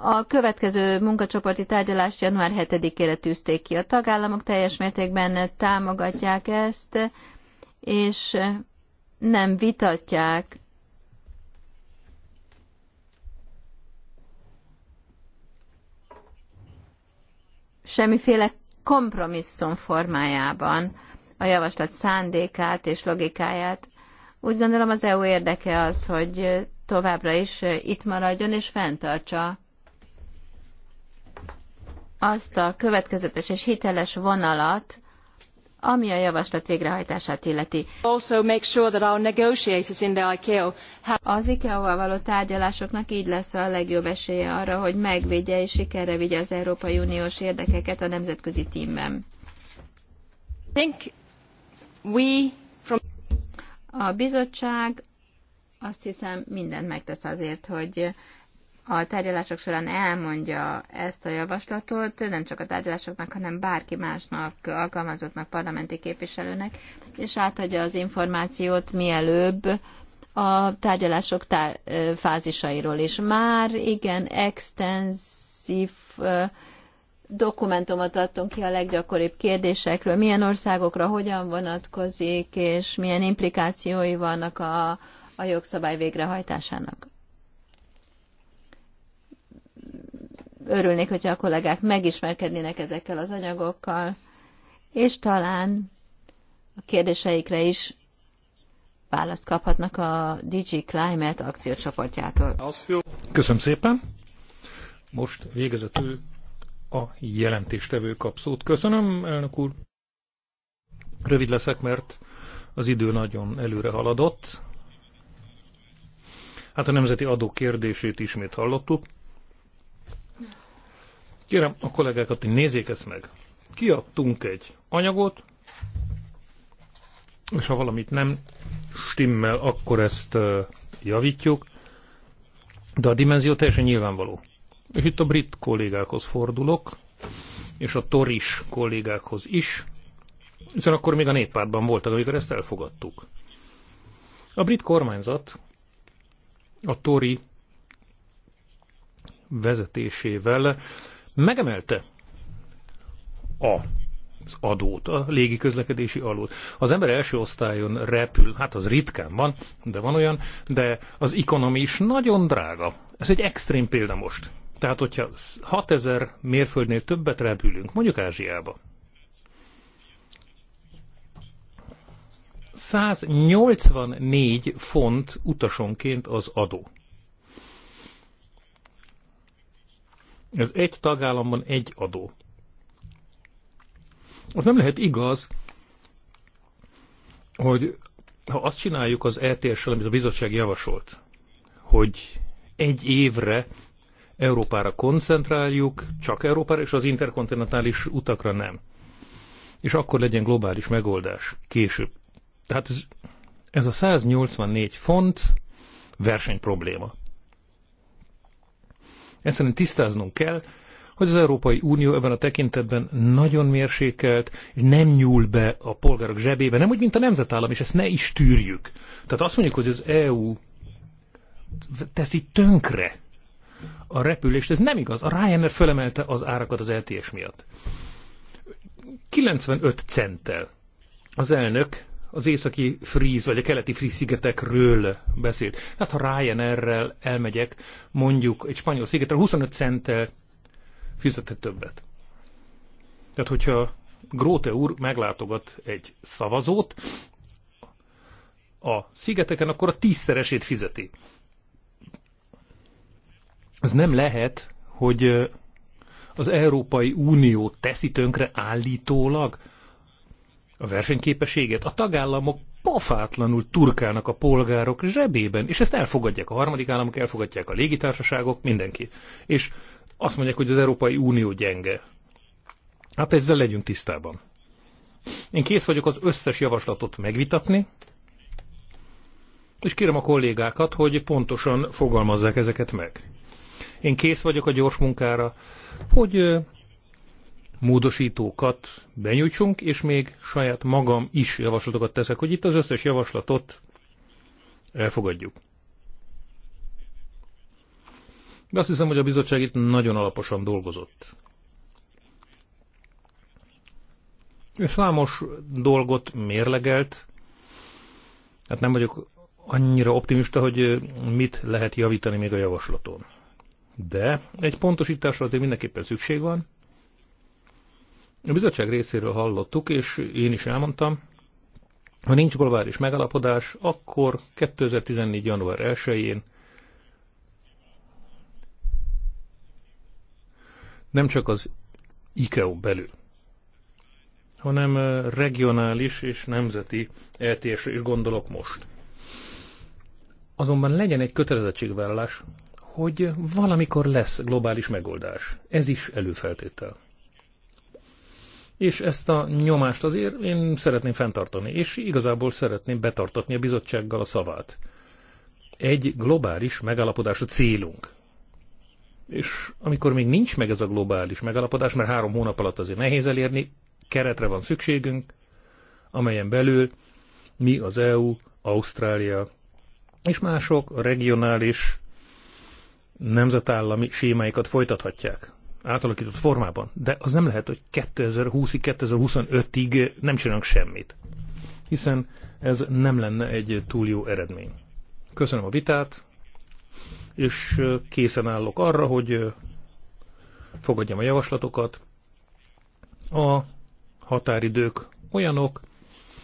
a következő munkacsoporti tárgyalást január 7-ére tűzték ki. A tagállamok teljes mértékben támogatják ezt, és nem vitatják semmiféle kompromisszum formájában a javaslat szándékát és logikáját. Úgy gondolom az EU érdeke az, hogy továbbra is itt maradjon és fenntartsa azt a következetes és hiteles vonalat, ami a javaslat végrehajtását illeti. Az ICAO-val való tárgyalásoknak így lesz a legjobb esélye arra, hogy megvédje és sikerre vigye az Európai Uniós érdekeket a nemzetközi tímben. A bizottság azt hiszem mindent megtesz azért, hogy a tárgyalások során elmondja ezt a javaslatot, nem csak a tárgyalásoknak, hanem bárki másnak, alkalmazottnak, parlamenti képviselőnek, és átadja az információt mielőbb a tárgyalások tá- fázisairól is. Már igen, extenzív dokumentumot adtunk ki a leggyakoribb kérdésekről, milyen országokra hogyan vonatkozik, és milyen implikációi vannak a, a jogszabály végrehajtásának. örülnék, hogyha a kollégák megismerkednének ezekkel az anyagokkal, és talán a kérdéseikre is választ kaphatnak a DG Climate akciócsoportjától. Köszönöm szépen! Most végezetül a jelentéstevő kapszót. Köszönöm, elnök úr! Rövid leszek, mert az idő nagyon előre haladott. Hát a nemzeti adó kérdését ismét hallottuk. Kérem a kollégákat, hogy nézzék ezt meg. Kiadtunk egy anyagot, és ha valamit nem stimmel, akkor ezt javítjuk, de a dimenzió teljesen nyilvánvaló. És itt a brit kollégákhoz fordulok, és a toris kollégákhoz is, hiszen akkor még a néppártban voltak, amikor ezt elfogadtuk. A brit kormányzat a tori vezetésével megemelte a az adót, a légi közlekedési adót. Az ember első osztályon repül, hát az ritkán van, de van olyan, de az ekonomi is nagyon drága. Ez egy extrém példa most. Tehát, hogyha 6000 mérföldnél többet repülünk, mondjuk Ázsiába, 184 font utasonként az adó. Ez egy tagállamban egy adó. Az nem lehet igaz, hogy ha azt csináljuk az ETS-sel, amit a bizottság javasolt, hogy egy évre Európára koncentráljuk, csak Európára, és az interkontinentális utakra nem. És akkor legyen globális megoldás később. Tehát ez, ez a 184 font versenyprobléma. Egyszerűen tisztáznunk kell, hogy az Európai Unió ebben a tekintetben nagyon mérsékelt, és nem nyúl be a polgárok zsebébe, nem úgy, mint a nemzetállam, és ezt ne is tűrjük. Tehát azt mondjuk, hogy az EU teszi tönkre a repülést, ez nem igaz. A Ryanair fölemelte az árakat az LTS e miatt. 95 centtel. Az elnök az északi fríz vagy a keleti fríz szigetekről beszélt. Hát ha Ryanairrel elmegyek mondjuk egy spanyol szigetre, 25 centtel fizethet többet. Tehát hogyha Gróte úr meglátogat egy szavazót a szigeteken, akkor a tízszeresét fizeti. Az nem lehet, hogy az Európai Unió teszi tönkre állítólag a versenyképességet a tagállamok pofátlanul turkálnak a polgárok zsebében, és ezt elfogadják a harmadik államok, elfogadják a légitársaságok, mindenki. És azt mondják, hogy az Európai Unió gyenge. Hát ezzel legyünk tisztában. Én kész vagyok az összes javaslatot megvitatni, és kérem a kollégákat, hogy pontosan fogalmazzák ezeket meg. Én kész vagyok a gyors munkára, hogy módosítókat benyújtsunk, és még saját magam is javaslatokat teszek, hogy itt az összes javaslatot elfogadjuk. De azt hiszem, hogy a bizottság itt nagyon alaposan dolgozott. Számos dolgot mérlegelt. Hát nem vagyok annyira optimista, hogy mit lehet javítani még a javaslaton. De egy pontosításra azért mindenképpen szükség van, a bizottság részéről hallottuk, és én is elmondtam, ha nincs globális megalapodás, akkor 2014. január 1-én nem csak az ICAO belül, hanem regionális és nemzeti eltérésre is gondolok most. Azonban legyen egy kötelezettségvállalás, hogy valamikor lesz globális megoldás. Ez is előfeltétel és ezt a nyomást azért én szeretném fenntartani, és igazából szeretném betartatni a bizottsággal a szavát. Egy globális megállapodás a célunk. És amikor még nincs meg ez a globális megállapodás, mert három hónap alatt azért nehéz elérni, keretre van szükségünk, amelyen belül mi az EU, Ausztrália és mások regionális nemzetállami sémáikat folytathatják átalakított formában, de az nem lehet, hogy 2020-ig, 2025-ig nem csinálunk semmit. Hiszen ez nem lenne egy túl jó eredmény. Köszönöm a vitát, és készen állok arra, hogy fogadjam a javaslatokat. A határidők olyanok,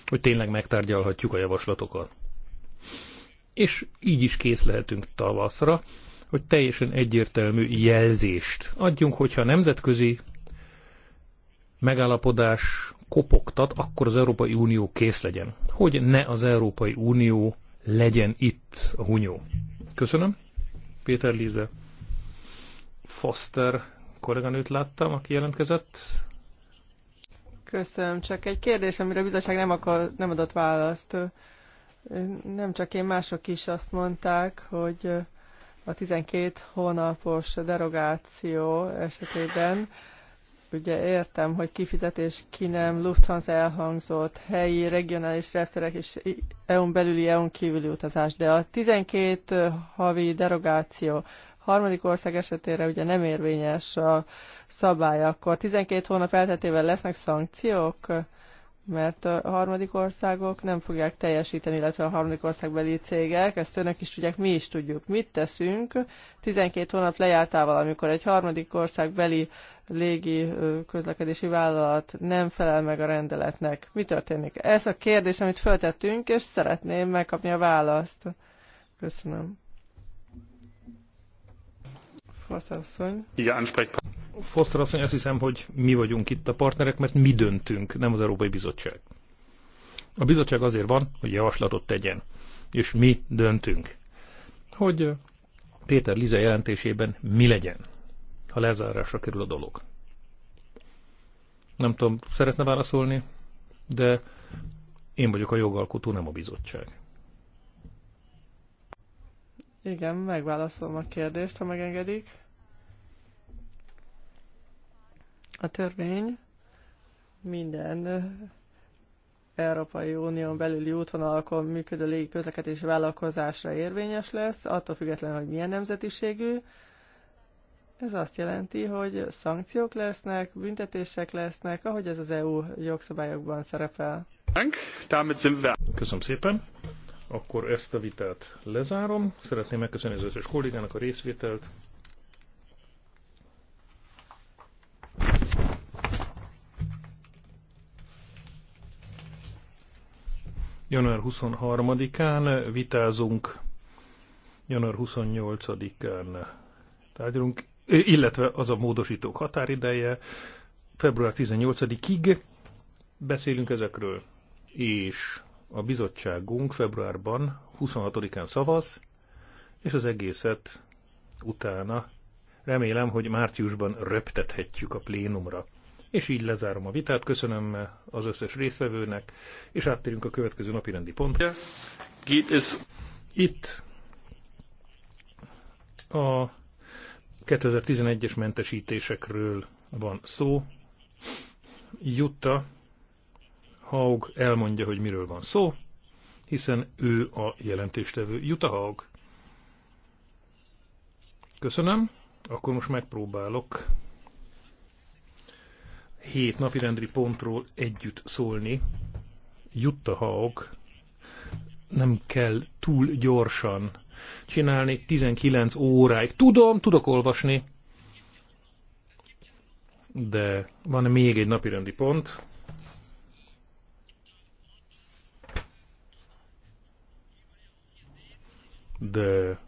hogy tényleg megtárgyalhatjuk a javaslatokat. És így is kész lehetünk tavaszra, hogy teljesen egyértelmű jelzést adjunk, hogyha a nemzetközi megállapodás kopogtat, akkor az Európai Unió kész legyen. Hogy ne az Európai Unió legyen itt a hunyó. Köszönöm. Péter Líze. Foster kolléganőt láttam, aki jelentkezett. Köszönöm. Csak egy kérdés, amire a bizottság nem, akar, nem adott választ. Nem csak én, mások is azt mondták, hogy a 12 hónapos derogáció esetében ugye értem, hogy kifizetés ki nem, Lufthansa elhangzott, helyi, regionális repterek és EU-n belüli, EU-n kívüli utazás, de a 12 havi derogáció harmadik ország esetére ugye nem érvényes a szabály, akkor 12 hónap elteltével lesznek szankciók, mert a harmadik országok nem fogják teljesíteni, illetve a harmadik országbeli cégek, ezt önök is tudják, mi is tudjuk. Mit teszünk 12 hónap lejártával, amikor egy harmadik országbeli légi közlekedési vállalat nem felel meg a rendeletnek? Mi történik? Ez a kérdés, amit föltettünk, és szeretném megkapni a választ. Köszönöm. Foster asszony. Igen, Foster asszony, azt hiszem, hogy mi vagyunk itt a partnerek, mert mi döntünk, nem az Európai Bizottság. A bizottság azért van, hogy javaslatot tegyen, és mi döntünk. Hogy Péter Lize jelentésében mi legyen, ha lezárásra kerül a dolog. Nem tudom, szeretne válaszolni, de én vagyok a jogalkotó, nem a bizottság. Igen, megválaszolom a kérdést, ha megengedik. A törvény minden Európai Unión belüli útvonalakon működő közlekedési vállalkozásra érvényes lesz, attól függetlenül, hogy milyen nemzetiségű. Ez azt jelenti, hogy szankciók lesznek, büntetések lesznek, ahogy ez az EU jogszabályokban szerepel. Köszönöm szépen! Akkor ezt a vitát lezárom. Szeretném megköszönni az összes kollégának a részvételt. Január 23-án vitázunk, január 28-án tárgyalunk, illetve az a módosítók határideje, február 18-ig beszélünk ezekről, és a bizottságunk februárban 26-án szavaz, és az egészet utána remélem, hogy márciusban röptethetjük a plénumra. És így lezárom a vitát, köszönöm az összes résztvevőnek, és áttérünk a következő napi rendi pontra. Itt a 2011-es mentesítésekről van szó. Jutta Haug elmondja, hogy miről van szó, hiszen ő a jelentéstevő. Jutta Haug. Köszönöm. Akkor most megpróbálok hét napirendi pontról együtt szólni. Jutta Haug nem kell túl gyorsan csinálni 19 óráig. Tudom, tudok olvasni, de van még egy napirendi pont, de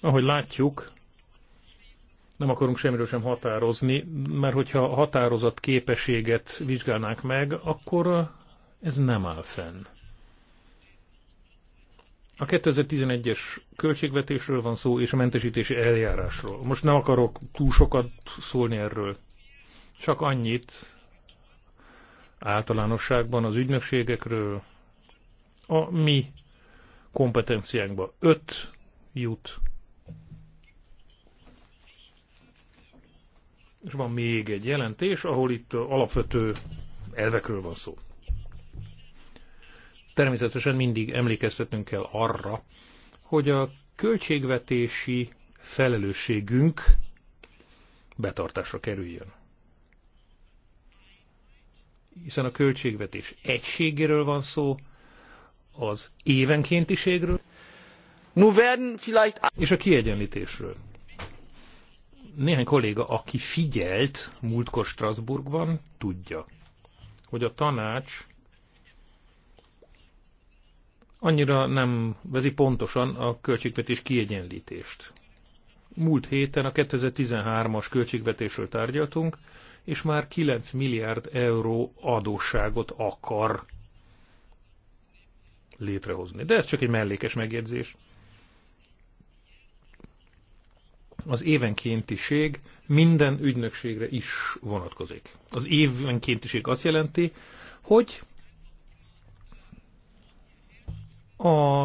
ahogy látjuk, nem akarunk semmiről sem határozni, mert hogyha a határozat képességet vizsgálnánk meg, akkor ez nem áll fenn. A 2011-es költségvetésről van szó, és a mentesítési eljárásról. Most nem akarok túl sokat szólni erről. Csak annyit általánosságban az ügynökségekről, a mi kompetenciánkba. Öt jut. És van még egy jelentés, ahol itt alapvető elvekről van szó. Természetesen mindig emlékeztetnünk kell arra, hogy a költségvetési felelősségünk betartásra kerüljön. Hiszen a költségvetés egységéről van szó, az évenkéntiségről, és a kiegyenlítésről. Néhány kolléga, aki figyelt múltkor Strasbourgban, tudja, hogy a tanács annyira nem vezi pontosan a költségvetés kiegyenlítést. Múlt héten a 2013-as költségvetésről tárgyaltunk, és már 9 milliárd euró adósságot akar létrehozni. De ez csak egy mellékes megjegyzés. Az évenkéntiség minden ügynökségre is vonatkozik. Az évenkéntiség azt jelenti, hogy a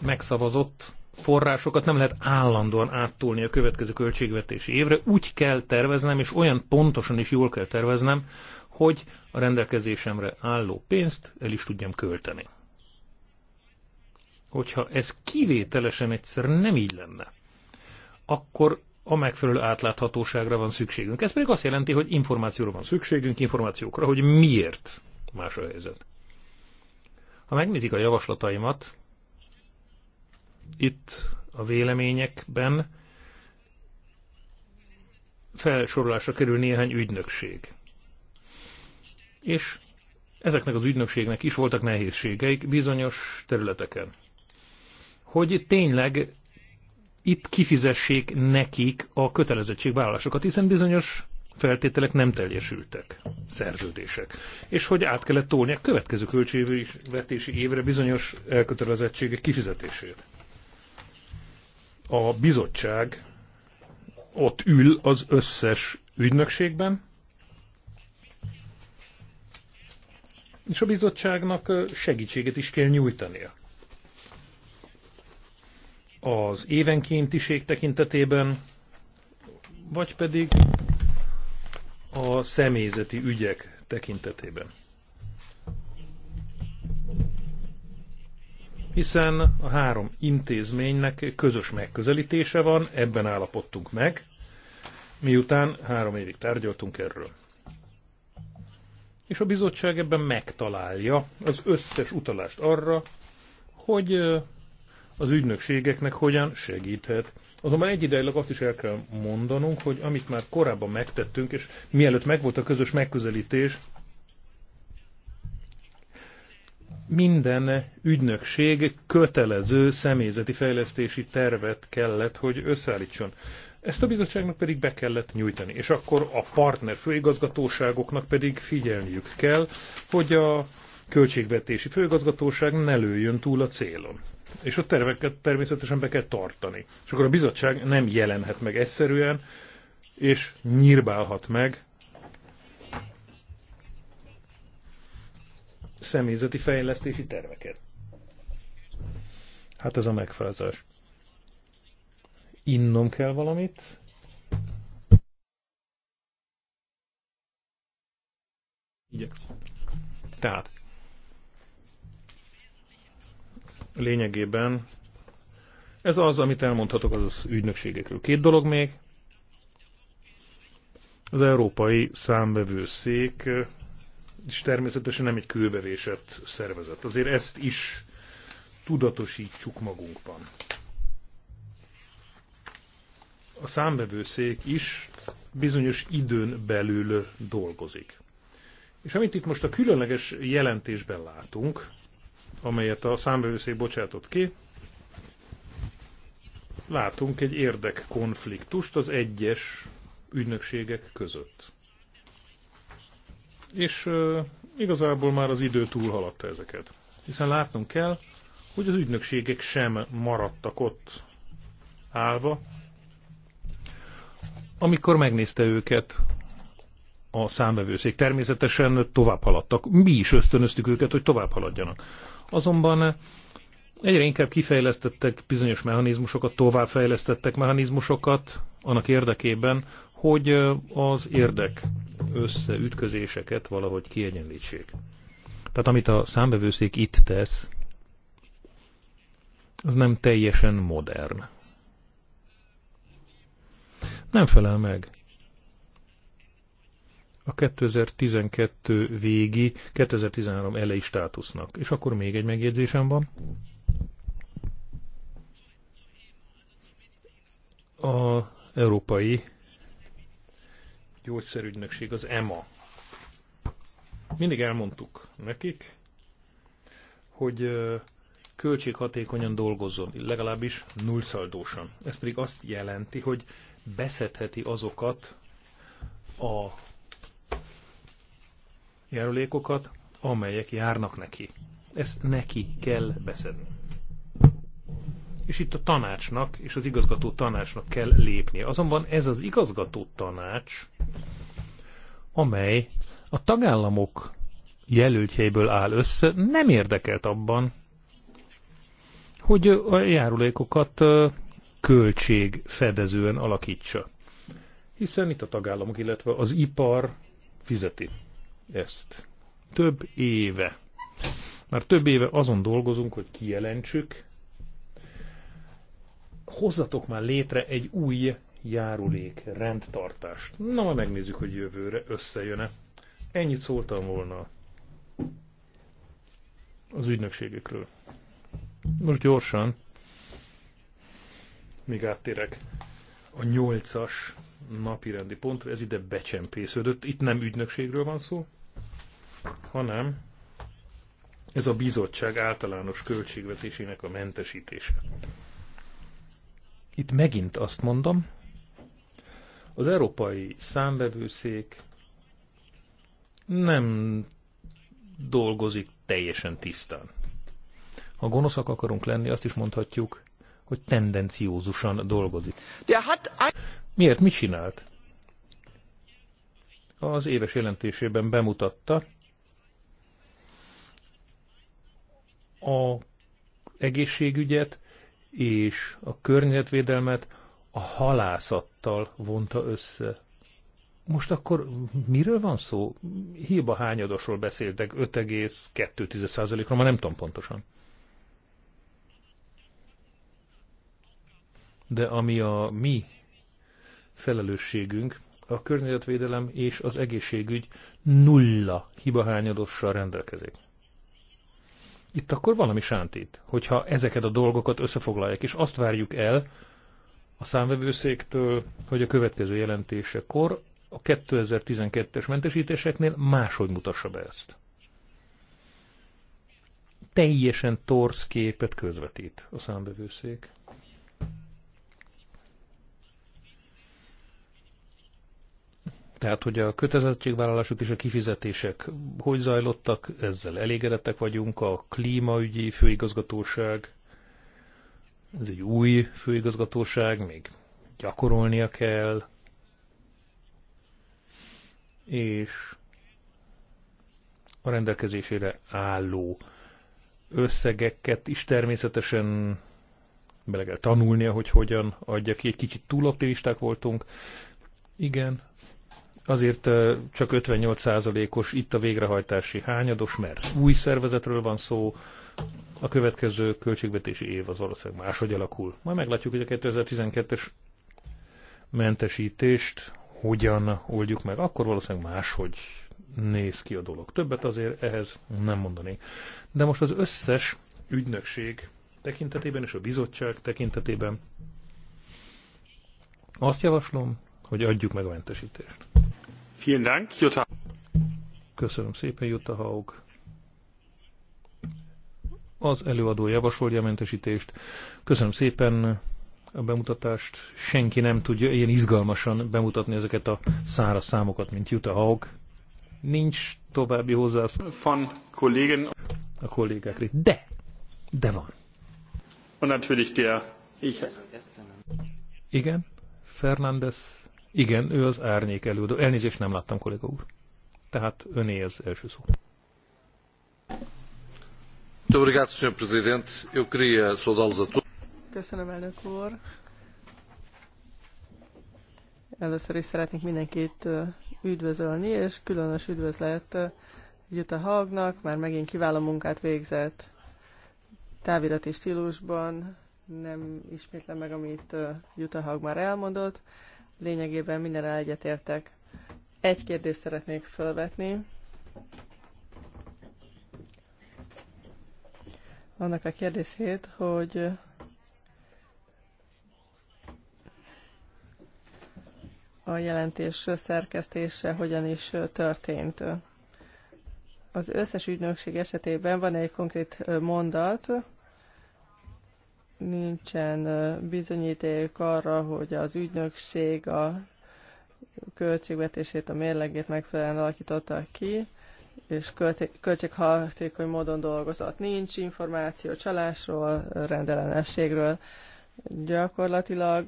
megszavazott forrásokat nem lehet állandóan áttolni a következő költségvetési évre. Úgy kell terveznem, és olyan pontosan is jól kell terveznem, hogy a rendelkezésemre álló pénzt el is tudjam költeni hogyha ez kivételesen egyszer nem így lenne, akkor a megfelelő átláthatóságra van szükségünk. Ez pedig azt jelenti, hogy információra van szükségünk, információkra, hogy miért más a helyzet. Ha megnézik a javaslataimat, itt a véleményekben felsorolásra kerül néhány ügynökség. És ezeknek az ügynökségnek is voltak nehézségeik bizonyos területeken hogy tényleg itt kifizessék nekik a kötelezettségvállalásokat, hiszen bizonyos feltételek nem teljesültek, szerződések. És hogy át kellett tolni a következő költségvetési évre bizonyos elkötelezettségek kifizetését. A bizottság ott ül az összes ügynökségben, és a bizottságnak segítséget is kell nyújtania az évenkéntiség tekintetében, vagy pedig a személyzeti ügyek tekintetében. Hiszen a három intézménynek közös megközelítése van, ebben állapodtunk meg, miután három évig tárgyaltunk erről. És a bizottság ebben megtalálja az összes utalást arra, hogy az ügynökségeknek hogyan segíthet. Azonban egyidejleg azt is el kell mondanunk, hogy amit már korábban megtettünk, és mielőtt megvolt a közös megközelítés, minden ügynökség kötelező személyzeti fejlesztési tervet kellett, hogy összeállítson. Ezt a bizottságnak pedig be kellett nyújtani, és akkor a partner főigazgatóságoknak pedig figyelniük kell, hogy a költségvetési főigazgatóság ne lőjön túl a célon és a terveket természetesen be kell tartani. És akkor a bizottság nem jelenhet meg egyszerűen, és nyírbálhat meg személyzeti fejlesztési terveket. Hát ez a megfázás. Innom kell valamit. Igen. Tehát lényegében ez az, amit elmondhatok az, az ügynökségekről. Két dolog még. Az Európai Számbevőszék és természetesen nem egy kőbevésett szervezet. Azért ezt is tudatosítsuk magunkban. A számbevőszék is bizonyos időn belül dolgozik. És amit itt most a különleges jelentésben látunk, amelyet a számbevőszék bocsátott ki, látunk egy érdekkonfliktust az egyes ügynökségek között. És uh, igazából már az idő túlhaladta ezeket. Hiszen látnunk kell, hogy az ügynökségek sem maradtak ott állva, amikor megnézte őket a számbevőszék. Természetesen tovább haladtak. Mi is ösztönöztük őket, hogy tovább haladjanak. Azonban egyre inkább kifejlesztettek bizonyos mechanizmusokat, továbbfejlesztettek mechanizmusokat annak érdekében, hogy az érdek összeütközéseket valahogy kiegyenlítsék. Tehát amit a számbevőszék itt tesz, az nem teljesen modern. Nem felel meg a 2012 végi, 2013 elejé státusznak. És akkor még egy megjegyzésem van. A Európai Gyógyszerügynökség, az EMA. Mindig elmondtuk nekik, hogy költséghatékonyan dolgozzon, legalábbis nullszaldósan. Ez pedig azt jelenti, hogy beszedheti azokat a járulékokat, amelyek járnak neki. Ezt neki kell beszedni. És itt a tanácsnak és az igazgató tanácsnak kell lépnie. Azonban ez az igazgató tanács, amely a tagállamok jelöltjeiből áll össze, nem érdekelt abban, hogy a járulékokat költségfedezően alakítsa. Hiszen itt a tagállamok, illetve az ipar fizeti ezt. Több éve. Már több éve azon dolgozunk, hogy kijelentsük, hozzatok már létre egy új járulék rendtartást. Na, majd megnézzük, hogy jövőre összejön-e. Ennyit szóltam volna az ügynökségükről. Most gyorsan, még áttérek a nyolcas napirendi pontra, ez ide becsempésződött. Itt nem ügynökségről van szó, hanem ez a bizottság általános költségvetésének a mentesítése. Itt megint azt mondom, az Európai számbevőszék nem dolgozik teljesen tisztán. Ha gonoszak akarunk lenni, azt is mondhatjuk, hogy tendenciózusan dolgozik. Hát Miért? Mit csinált? Az éves jelentésében bemutatta a egészségügyet és a környezetvédelmet a halászattal vonta össze. Most akkor miről van szó? Hiba hányadosról beszéltek, 52 ról ma nem tudom pontosan. de ami a mi felelősségünk, a környezetvédelem és az egészségügy nulla hibahányadossal rendelkezik. Itt akkor valami sántít, hogyha ezeket a dolgokat összefoglalják, és azt várjuk el a számvevőszéktől, hogy a következő jelentésekor a 2012-es mentesítéseknél máshogy mutassa be ezt. Teljesen torz képet közvetít a számbevőszék. Tehát, hogy a kötelezettségvállalások és a kifizetések hogy zajlottak, ezzel elégedettek vagyunk, a klímaügyi főigazgatóság, ez egy új főigazgatóság, még gyakorolnia kell, és a rendelkezésére álló összegeket is természetesen bele kell tanulnia, hogy hogyan adja ki. Egy kicsit túl optimisták voltunk. Igen, azért csak 58%-os itt a végrehajtási hányados, mert új szervezetről van szó, a következő költségvetési év az valószínűleg máshogy alakul. Majd meglátjuk, hogy a 2012-es mentesítést hogyan oldjuk meg, akkor valószínűleg máshogy néz ki a dolog. Többet azért ehhez nem mondani. De most az összes ügynökség tekintetében és a bizottság tekintetében azt javaslom, hogy adjuk meg a mentesítést. Vielen Dank, Jutta. Köszönöm szépen, Jutta Haug. Az előadó javasolja a mentesítést. Köszönöm szépen a bemutatást. Senki nem tudja ilyen izgalmasan bemutatni ezeket a száraz számokat, mint Jutta Haug. Nincs további hozzász. Van kollégen. A kollégákra. De! De van. Und natürlich der. Ich. Igen? Fernández igen, ő az árnyék előadó. Elnézést nem láttam, kolléga úr. Tehát öné az első szó. Köszönöm, elnök úr. Először is szeretnék mindenkit üdvözölni, és különös üdvözlet Jutta Hagnak, már megint kiváló munkát végzett távirati stílusban, nem ismétlem meg, amit Jutta Hag már elmondott. Lényegében mindenre egyetértek. Egy kérdést szeretnék felvetni. Annak a kérdését, hogy a jelentés szerkesztése hogyan is történt. Az összes ügynökség esetében van egy konkrét mondat, nincsen bizonyíték arra, hogy az ügynökség a költségvetését, a mérlegét megfelelően alakította ki, és költséghatékony módon dolgozott. Nincs információ csalásról, rendellenességről. Gyakorlatilag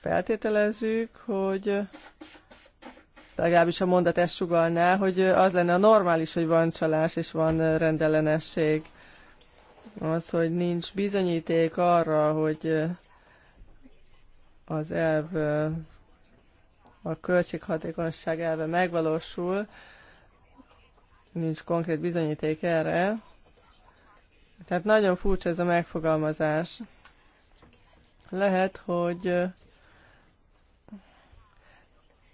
feltételezzük, hogy legalábbis a mondat ezt sugalná, hogy az lenne a normális, hogy van csalás és van rendellenesség az, hogy nincs bizonyíték arra, hogy az elv, a költséghatékonyság elve megvalósul, nincs konkrét bizonyíték erre. Tehát nagyon furcsa ez a megfogalmazás. Lehet, hogy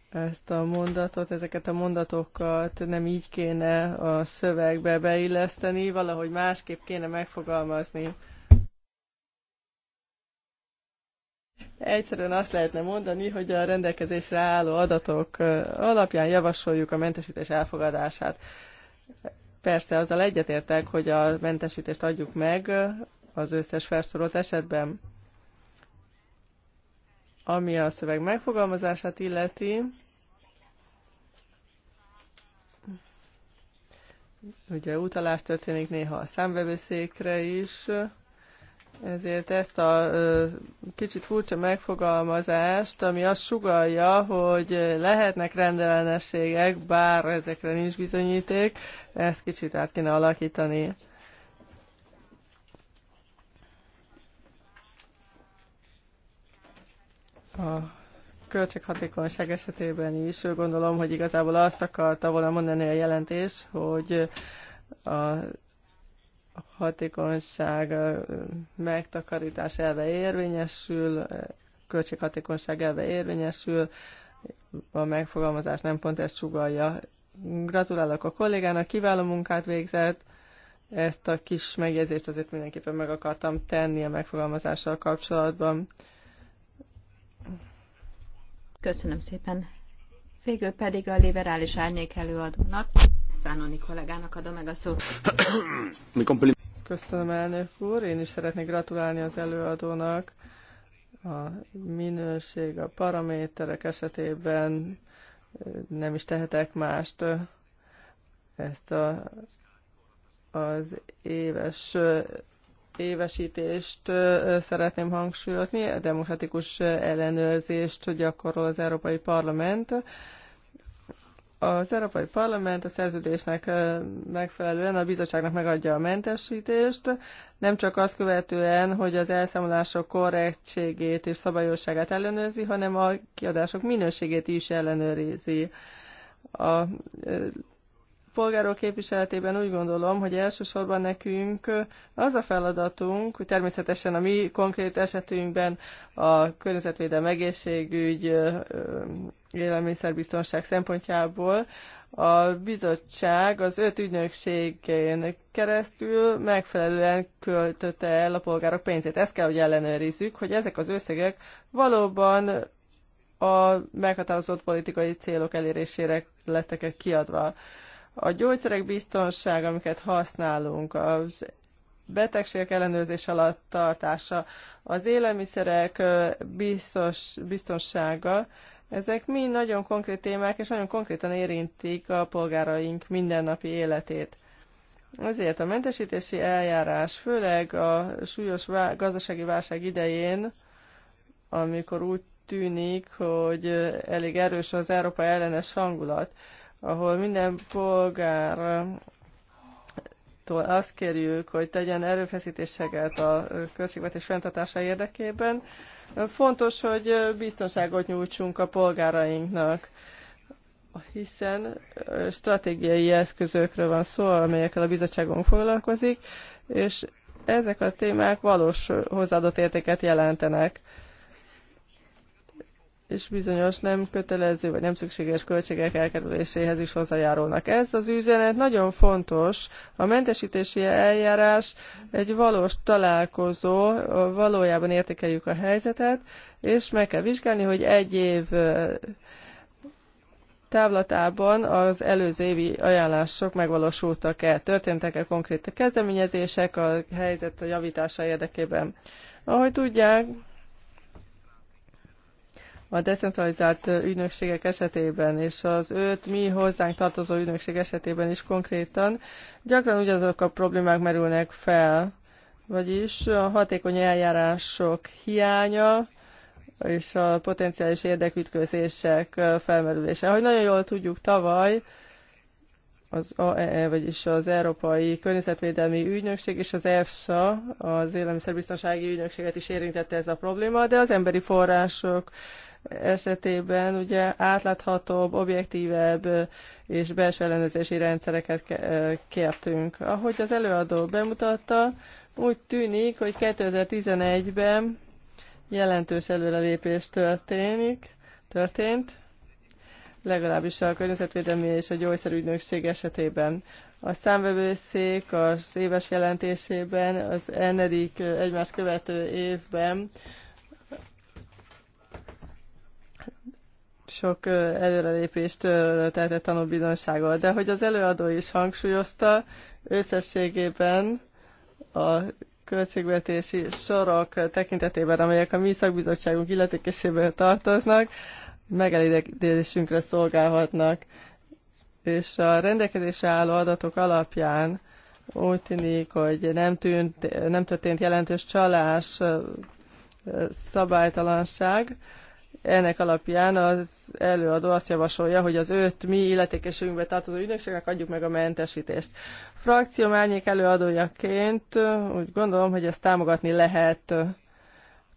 ezt a mondatot, ezeket a mondatokat nem így kéne a szövegbe beilleszteni, valahogy másképp kéne megfogalmazni. Egyszerűen azt lehetne mondani, hogy a rendelkezésre álló adatok alapján javasoljuk a mentesítés elfogadását. Persze azzal egyetértek, hogy a mentesítést adjuk meg az összes felszorolt esetben, ami a szöveg megfogalmazását illeti, ugye utalás történik néha a számvevőszékre is, ezért ezt a kicsit furcsa megfogalmazást, ami azt sugalja, hogy lehetnek rendellenességek, bár ezekre nincs bizonyíték, ezt kicsit át kéne alakítani. a költséghatékonyság esetében is gondolom, hogy igazából azt akarta volna mondani a jelentés, hogy a hatékonyság megtakarítás elve érvényesül, költséghatékonyság elve érvényesül, a megfogalmazás nem pont ezt csugalja. Gratulálok a kollégának, kiváló munkát végzett, ezt a kis megjegyzést azért mindenképpen meg akartam tenni a megfogalmazással kapcsolatban. Köszönöm szépen. Végül pedig a liberális árnyék előadónak, Szánoni kollégának adom meg a szót. Köszönöm, elnök úr. Én is szeretnék gratulálni az előadónak. A minőség, a paraméterek esetében nem is tehetek mást. Ezt a, az éves évesítést szeretném hangsúlyozni, a demokratikus ellenőrzést gyakorol az Európai Parlament. Az Európai Parlament a szerződésnek megfelelően a bizottságnak megadja a mentesítést, nem csak azt követően, hogy az elszámolások korrektségét és szabályosságát ellenőrzi, hanem a kiadások minőségét is ellenőrizi. A polgárok képviseletében úgy gondolom, hogy elsősorban nekünk az a feladatunk, hogy természetesen a mi konkrét esetünkben a környezetvédelem, egészségügy, élelmiszerbiztonság szempontjából a bizottság az öt ügynökségén keresztül megfelelően költötte el a polgárok pénzét. Ezt kell, hogy ellenőrizzük, hogy ezek az összegek valóban a meghatározott politikai célok elérésére lettek -e kiadva. A gyógyszerek biztonság, amiket használunk, a betegségek ellenőrzés alatt tartása, az élelmiszerek biztos, biztonsága, ezek mind nagyon konkrét témák, és nagyon konkrétan érintik a polgáraink mindennapi életét. Ezért a mentesítési eljárás, főleg a súlyos vá- gazdasági válság idején, amikor úgy tűnik, hogy elég erős az Európa ellenes hangulat, ahol minden polgár azt kérjük, hogy tegyen erőfeszítéseket a költségvetés fenntartása érdekében. Fontos, hogy biztonságot nyújtsunk a polgárainknak, hiszen stratégiai eszközökről van szó, amelyekkel a bizottságunk foglalkozik, és ezek a témák valós hozzáadott értéket jelentenek és bizonyos nem kötelező vagy nem szükséges költségek elkerüléséhez is hozzájárulnak. Ez az üzenet nagyon fontos. A mentesítési eljárás egy valós találkozó, valójában értékeljük a helyzetet, és meg kell vizsgálni, hogy egy év távlatában az előző évi ajánlások megvalósultak-e, történtek-e konkrét kezdeményezések a helyzet javítása érdekében. Ahogy tudják, a decentralizált ügynökségek esetében és az öt mi hozzánk tartozó ügynökség esetében is konkrétan gyakran ugyanazok a problémák merülnek fel, vagyis a hatékony eljárások hiánya és a potenciális érdekütközések felmerülése. Ahogy nagyon jól tudjuk tavaly, az AEE, e, vagyis az Európai Környezetvédelmi Ügynökség és az EFSA, az Élelmiszerbiztonsági Ügynökséget is érintette ez a probléma, de az emberi források esetében ugye átláthatóbb, objektívebb és belső ellenőrzési rendszereket kértünk. Ahogy az előadó bemutatta, úgy tűnik, hogy 2011-ben jelentős előrelépés történik, történt, legalábbis a környezetvédelmi és a gyógyszerügynökség esetében. A számvevőszék az éves jelentésében az ennedik egymás követő évben sok előrelépést tehetett tanúbizonsággal. De hogy az előadó is hangsúlyozta, összességében a költségvetési sorok tekintetében, amelyek a mi szakbizottságunk illetékesébe tartoznak, megelégedésünkre szolgálhatnak. És a rendelkezésre álló adatok alapján úgy tűnik, hogy nem, tűnt, nem történt jelentős csalás, szabálytalanság, ennek alapján az előadó azt javasolja, hogy az öt mi illetékesünkbe tartozó ügynökségnek adjuk meg a mentesítést. Frakció árnyék előadójaként uh, úgy gondolom, hogy ezt támogatni lehet.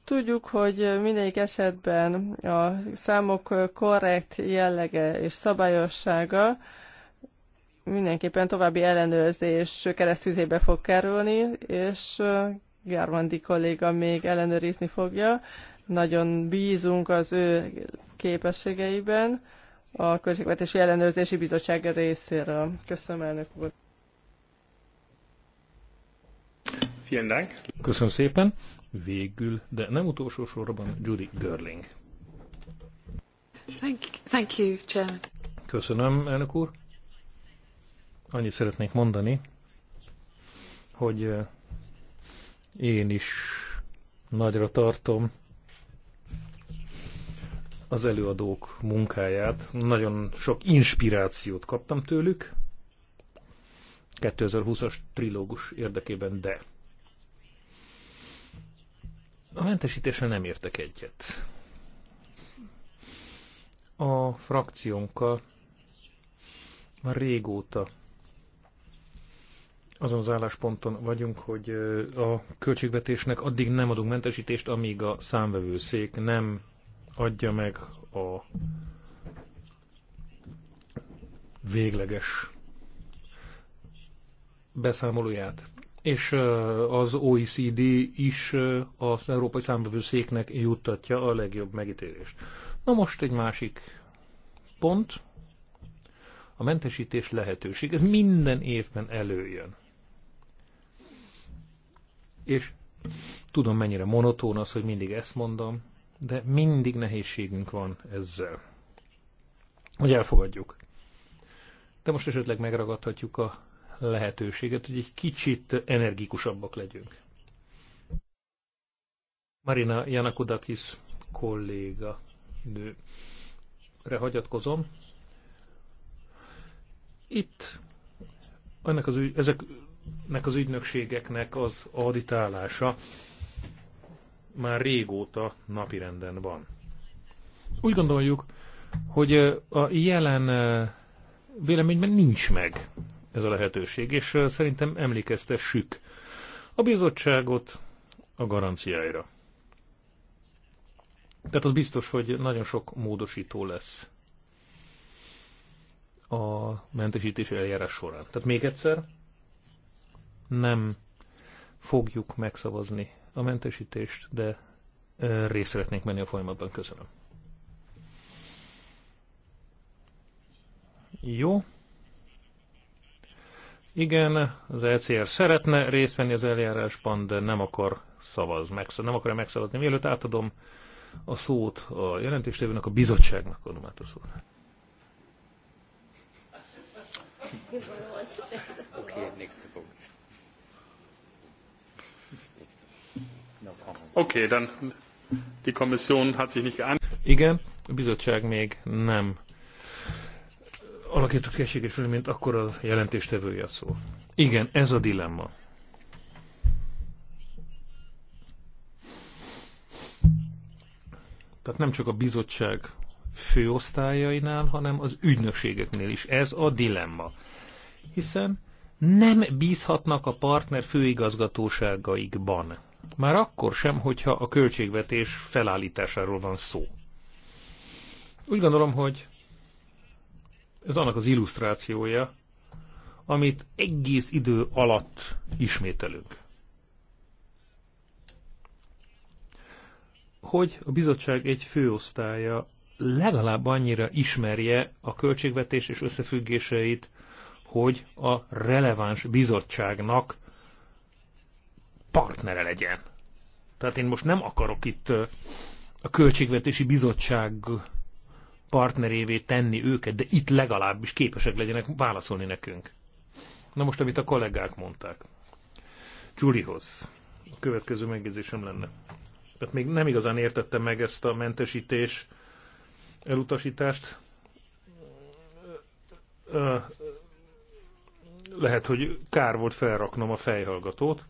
Tudjuk, hogy mindegyik esetben a számok korrekt jellege és szabályossága mindenképpen további ellenőrzés keresztüzébe fog kerülni, és uh, Gármandi kolléga még ellenőrizni fogja, nagyon bízunk az ő képességeiben a Költségvetési Ellenőrzési Bizottság részéről. Köszönöm, elnök úr. Köszönöm szépen. Végül, de nem utolsó sorban Judy Görling. Thank, thank you, Köszönöm, elnök úr. Annyit szeretnék mondani, hogy eh, én is nagyra tartom az előadók munkáját. Nagyon sok inspirációt kaptam tőlük 2020-as trilógus érdekében, de a mentesítésre nem értek egyet. A frakciónkkal már régóta azon az állásponton vagyunk, hogy a költségvetésnek addig nem adunk mentesítést, amíg a számvevőszék nem adja meg a végleges beszámolóját. És az OECD is az Európai Számbevőszéknek juttatja a legjobb megítélést. Na most egy másik pont, a mentesítés lehetőség. Ez minden évben előjön. És tudom, mennyire monotón az, hogy mindig ezt mondom, de mindig nehézségünk van ezzel, hogy elfogadjuk. De most esetleg megragadhatjuk a lehetőséget, hogy egy kicsit energikusabbak legyünk. Marina Janakudakis kolléga nőre hagyatkozom. Itt ennek az ügy, ezeknek az ügynökségeknek az auditálása már régóta napirenden van. Úgy gondoljuk, hogy a jelen véleményben nincs meg ez a lehetőség, és szerintem emlékeztessük a bizottságot a garanciáira. Tehát az biztos, hogy nagyon sok módosító lesz a mentesítés eljárás során. Tehát még egyszer, nem fogjuk megszavazni a mentesítést, de részt szeretnék menni a folyamatban. Köszönöm. Jó. Igen, az LCR e szeretne részt venni az eljárásban, de nem akar szavaz, megszavaz, nem akarja megszavazni. Mielőtt átadom a szót a jelentéstévőnek, a bizottságnak adom át a szót. Oké, okay, next point. *laughs* Oké, okay, die Kommission hat sich nicht geeinigt. Igen, a bizottság még nem alakított készséges mint akkor a jelentéstevője szó. Igen, ez a dilemma. Tehát nem csak a bizottság főosztályainál, hanem az ügynökségeknél is. Ez a dilemma. Hiszen nem bízhatnak a partner főigazgatóságaikban. Már akkor sem, hogyha a költségvetés felállításáról van szó. Úgy gondolom, hogy ez annak az illusztrációja, amit egész idő alatt ismételünk. Hogy a bizottság egy főosztálya legalább annyira ismerje a költségvetés és összefüggéseit, hogy a releváns bizottságnak partnere legyen. Tehát én most nem akarok itt a Költségvetési Bizottság partnerévé tenni őket, de itt legalábbis képesek legyenek válaszolni nekünk. Na most, amit a kollégák mondták. Julihoz. A következő megjegyzésem lenne. Tehát még nem igazán értettem meg ezt a mentesítés elutasítást. Lehet, hogy kár volt felraknom a fejhallgatót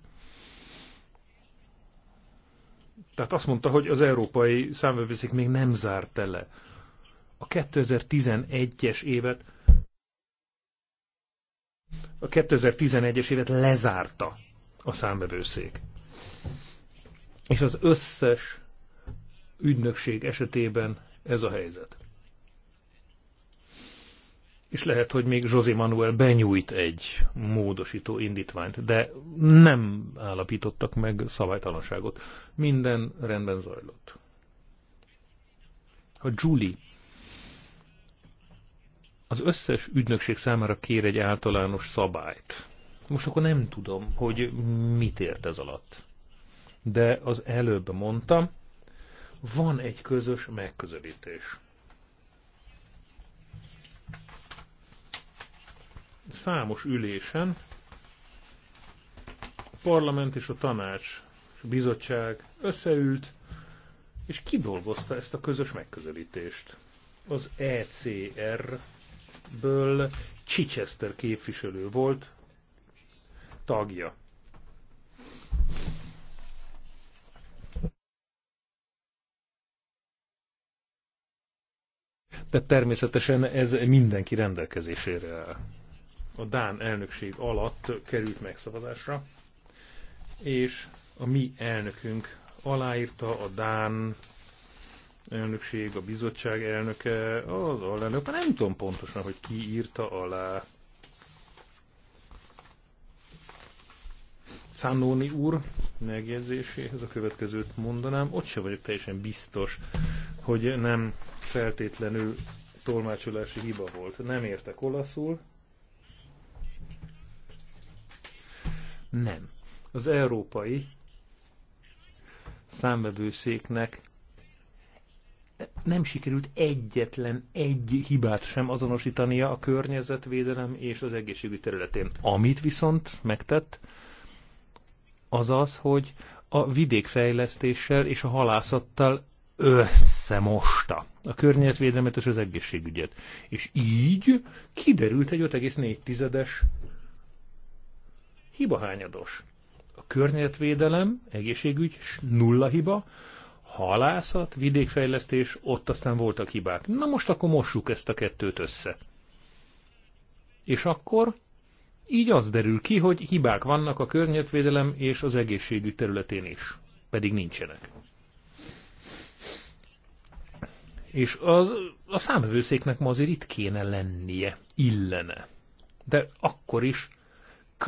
tehát azt mondta, hogy az európai számvevőszék még nem zárt tele a 2011-es évet a 2011-es évet lezárta a számvevőszék. És az összes ügynökség esetében ez a helyzet és lehet, hogy még José Manuel benyújt egy módosító indítványt, de nem állapítottak meg szabálytalanságot. Minden rendben zajlott. Ha Julie az összes ügynökség számára kér egy általános szabályt, most akkor nem tudom, hogy mit ért ez alatt. De az előbb mondtam, van egy közös megközelítés. számos ülésen a parlament és a tanács, a bizottság összeült, és kidolgozta ezt a közös megközelítést. Az ECR-ből Chichester képviselő volt tagja. De természetesen ez mindenki rendelkezésére áll a Dán elnökség alatt került megszavazásra, és a mi elnökünk aláírta a Dán elnökség, a bizottság elnöke, az alelnök, nem tudom pontosan, hogy ki írta alá. Cannoni úr megjegyzéséhez a következőt mondanám. Ott se vagyok teljesen biztos, hogy nem feltétlenül tolmácsolási hiba volt. Nem értek olaszul, Nem. Az európai számvevőszéknek nem sikerült egyetlen egy hibát sem azonosítania a környezetvédelem és az egészségügy területén. Amit viszont megtett, az az, hogy a vidékfejlesztéssel és a halászattal összemosta a környezetvédelmet és az egészségügyet. És így kiderült egy 5,4-es hibahányados. A környezetvédelem, egészségügy nulla hiba, halászat, vidékfejlesztés, ott aztán voltak hibák. Na most akkor mossuk ezt a kettőt össze. És akkor így az derül ki, hogy hibák vannak a környezetvédelem és az egészségügy területén is, pedig nincsenek. És a, a számvevőszéknek ma azért itt kéne lennie, illene. De akkor is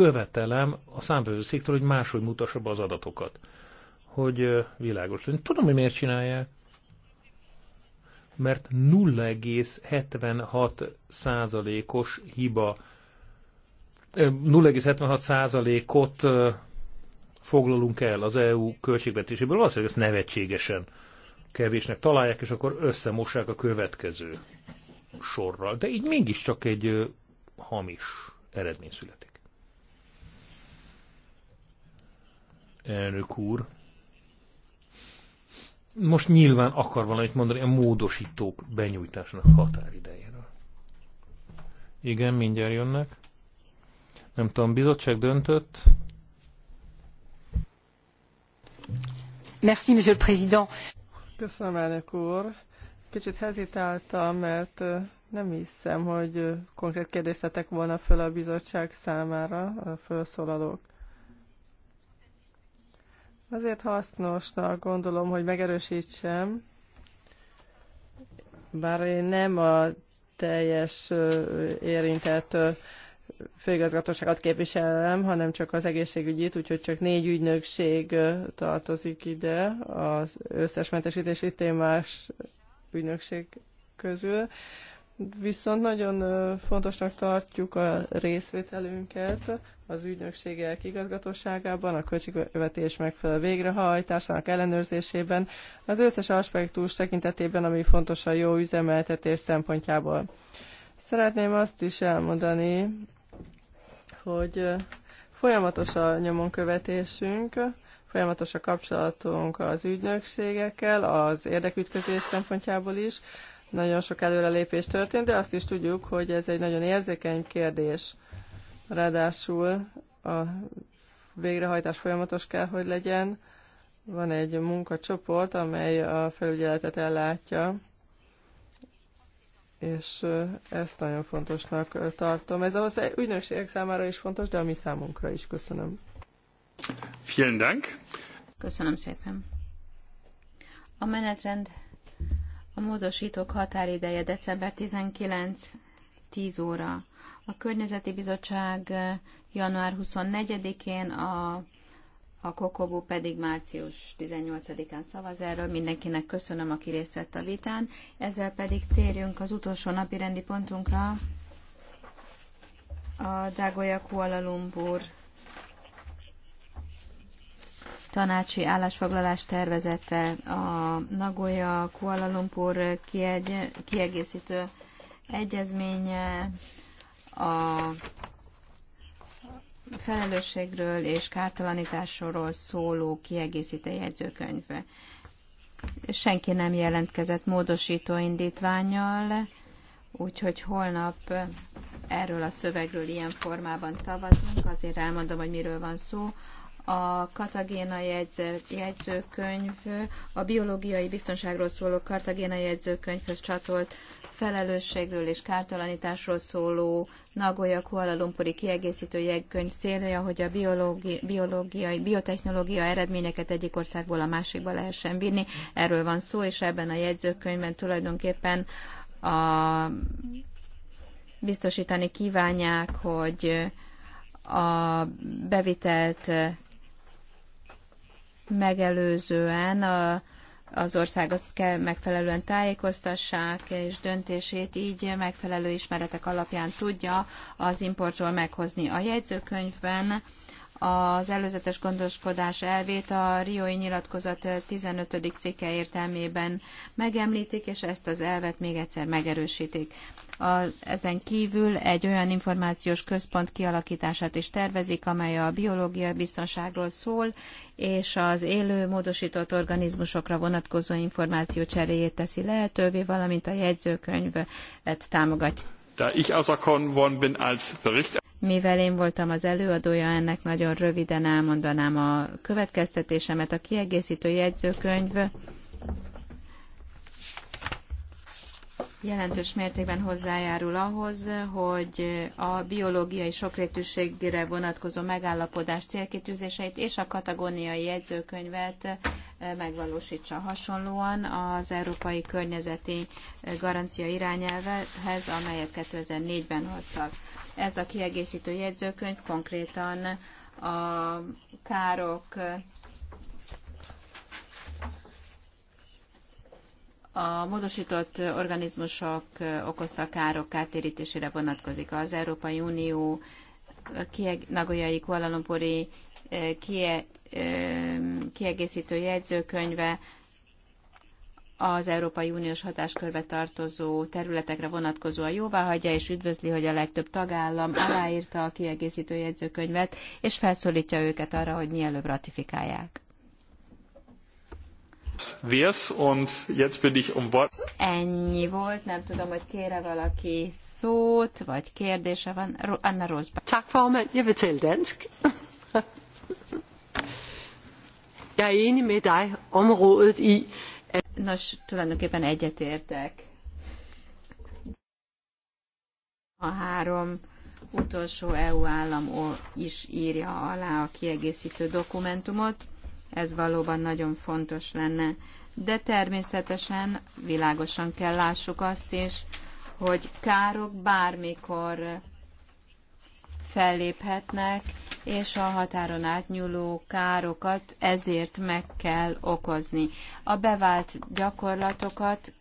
követelem a számvevőszéktől, hogy máshogy mutassa be az adatokat. Hogy világos legyen. Tudom, hogy miért csinálják. Mert 0,76 százalékos hiba 0,76 százalékot foglalunk el az EU költségvetéséből, valószínűleg ezt nevetségesen kevésnek találják, és akkor összemossák a következő sorral. De így mégiscsak egy hamis eredmény születik. elnök úr. Most nyilván akar valamit mondani a módosítók benyújtásnak határidejéről. Igen, mindjárt jönnek. Nem tudom, bizottság döntött. Merci, monsieur le président. Köszönöm, elnök úr. Kicsit hezitáltam, mert nem hiszem, hogy konkrét kérdést volna föl a bizottság számára a felszólalók. Azért hasznosnak gondolom, hogy megerősítsem, bár én nem a teljes érintett főigazgatóságot képviselem, hanem csak az egészségügyit, úgyhogy csak négy ügynökség tartozik ide az összes mentesítési témás ügynökség közül. Viszont nagyon fontosnak tartjuk a részvételünket az ügynökségek igazgatóságában, a költségvetés megfelelő végrehajtásának ellenőrzésében, az összes aspektus tekintetében, ami fontos a jó üzemeltetés szempontjából. Szeretném azt is elmondani, hogy folyamatos a nyomon követésünk, folyamatos a kapcsolatunk az ügynökségekkel, az érdekütközés szempontjából is. Nagyon sok előrelépés történt, de azt is tudjuk, hogy ez egy nagyon érzékeny kérdés Ráadásul a végrehajtás folyamatos kell, hogy legyen. Van egy munkacsoport, amely a felügyeletet ellátja, és ezt nagyon fontosnak tartom. Ez az ügynökségek számára is fontos, de a mi számunkra is. Köszönöm. Vielen Dank. Köszönöm szépen. A menetrend a módosítók határideje december 19, 10 óra. A Környezeti Bizottság január 24-én, a, a Kokobu pedig március 18-án szavaz erről. Mindenkinek köszönöm, aki részt vett a vitán. Ezzel pedig térjünk az utolsó napi rendi pontunkra, a Dagoya Kuala Lumpur tanácsi állásfoglalás tervezete a Nagoya Kuala Lumpur kiegy, kiegészítő egyezménye a felelősségről és kártalanításról szóló kiegészítő jegyzőkönyvbe. Senki nem jelentkezett módosító indítványjal, úgyhogy holnap erről a szövegről ilyen formában tavazunk Azért elmondom, hogy miről van szó a Katagéna jegyzőkönyv, a biológiai biztonságról szóló Katagéna jegyzőkönyvhöz csatolt felelősségről és kártalanításról szóló Nagoya Kuala Lumpuri kiegészítő jegykönyv célja, hogy a biológi, biológiai, biotechnológia eredményeket egyik országból a másikba lehessen vinni. Erről van szó, és ebben a jegyzőkönyvben tulajdonképpen a, biztosítani kívánják, hogy a bevitelt megelőzően a, az országot kell megfelelően tájékoztassák, és döntését így megfelelő ismeretek alapján tudja az importról meghozni. A jegyzőkönyvben az előzetes gondoskodás elvét a Riói nyilatkozat 15. cikke értelmében megemlítik, és ezt az elvet még egyszer megerősítik. A, ezen kívül egy olyan információs központ kialakítását is tervezik, amely a biológiai biztonságról szól, és az élő módosított organizmusokra vonatkozó információ cseréjét teszi lehetővé, valamint a jegyzőkönyvet támogatja. Da ich bin als mivel én voltam az előadója, ennek nagyon röviden elmondanám a következtetésemet. A kiegészítő jegyzőkönyv jelentős mértékben hozzájárul ahhoz, hogy a biológiai sokrétűségre vonatkozó megállapodás célkitűzéseit és a katagóniai jegyzőkönyvet eh, megvalósítsa hasonlóan az Európai Környezeti Garancia irányelvehez, amelyet 2004-ben hoztak. Ez a kiegészítő jegyzőkönyv konkrétan a károk a módosított organizmusok okozta károk kártérítésére vonatkozik. Az Európai Unió kieg, Nagoyai Kuala Lumpuri eh, kie, eh, kiegészítő jegyzőkönyve az Európai Uniós hatáskörbe tartozó területekre vonatkozóan jóváhagyja, és üdvözli, hogy a legtöbb tagállam aláírta a kiegészítő jegyzőkönyvet, és felszólítja őket arra, hogy mielőbb ratifikálják. Um Ennyi volt, nem tudom, hogy kére valaki szót, vagy kérdése van. Anna Rosba. Tak formand, jeg vil tale dansk. *laughs* jeg er enig med dig området i, Nos, tulajdonképpen egyetértek. A három utolsó EU állam is írja alá a kiegészítő dokumentumot. Ez valóban nagyon fontos lenne. De természetesen világosan kell lássuk azt is, hogy károk bármikor felléphetnek, és a határon átnyúló károkat ezért meg kell okozni. A bevált gyakorlatokat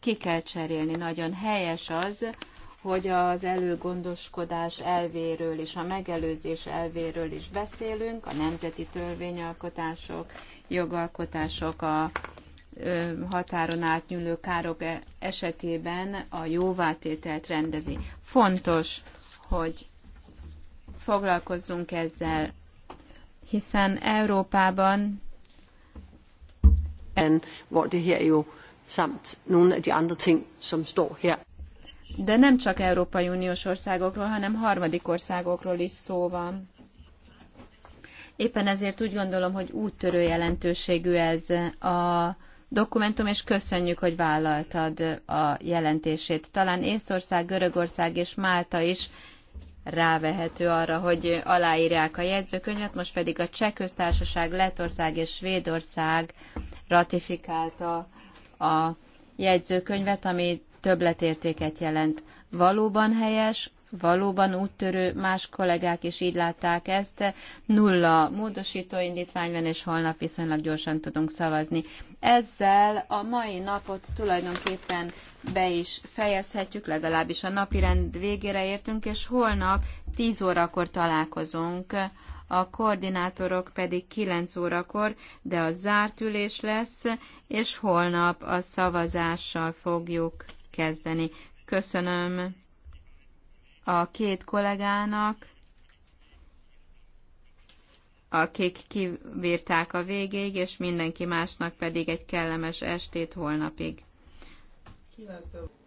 ki kell cserélni. Nagyon helyes az, hogy az előgondoskodás elvéről és a megelőzés elvéről is beszélünk, a nemzeti törvényalkotások, jogalkotások, a határon átnyúló károk e- esetében a jóvátételt rendezi. Fontos, hogy foglalkozzunk ezzel, hiszen Európában hvor det her er jo samt nogle af de andre ting, som står her. De nem csak Európai Uniós országokról, hanem harmadik országokról is szó van. Éppen ezért úgy gondolom, hogy úttörő jelentőségű ez a dokumentum, és köszönjük, hogy vállaltad a jelentését. Talán Észtország, Görögország és Málta is rávehető arra, hogy aláírják a jegyzőkönyvet, most pedig a Cseh köztársaság, Lettország és Svédország ratifikálta a jegyzőkönyvet, ami többletértéket jelent. Valóban helyes, valóban úttörő, más kollégák is így látták ezt. Nulla módosító indítvány van, és holnap viszonylag gyorsan tudunk szavazni. Ezzel a mai napot tulajdonképpen be is fejezhetjük, legalábbis a napirend végére értünk, és holnap 10 órakor találkozunk, a koordinátorok pedig 9 órakor, de a zárt ülés lesz, és holnap a szavazással fogjuk kezdeni. Köszönöm a két kollégának, akik kivírták a végéig, és mindenki másnak pedig egy kellemes estét holnapig. Kíváncsi.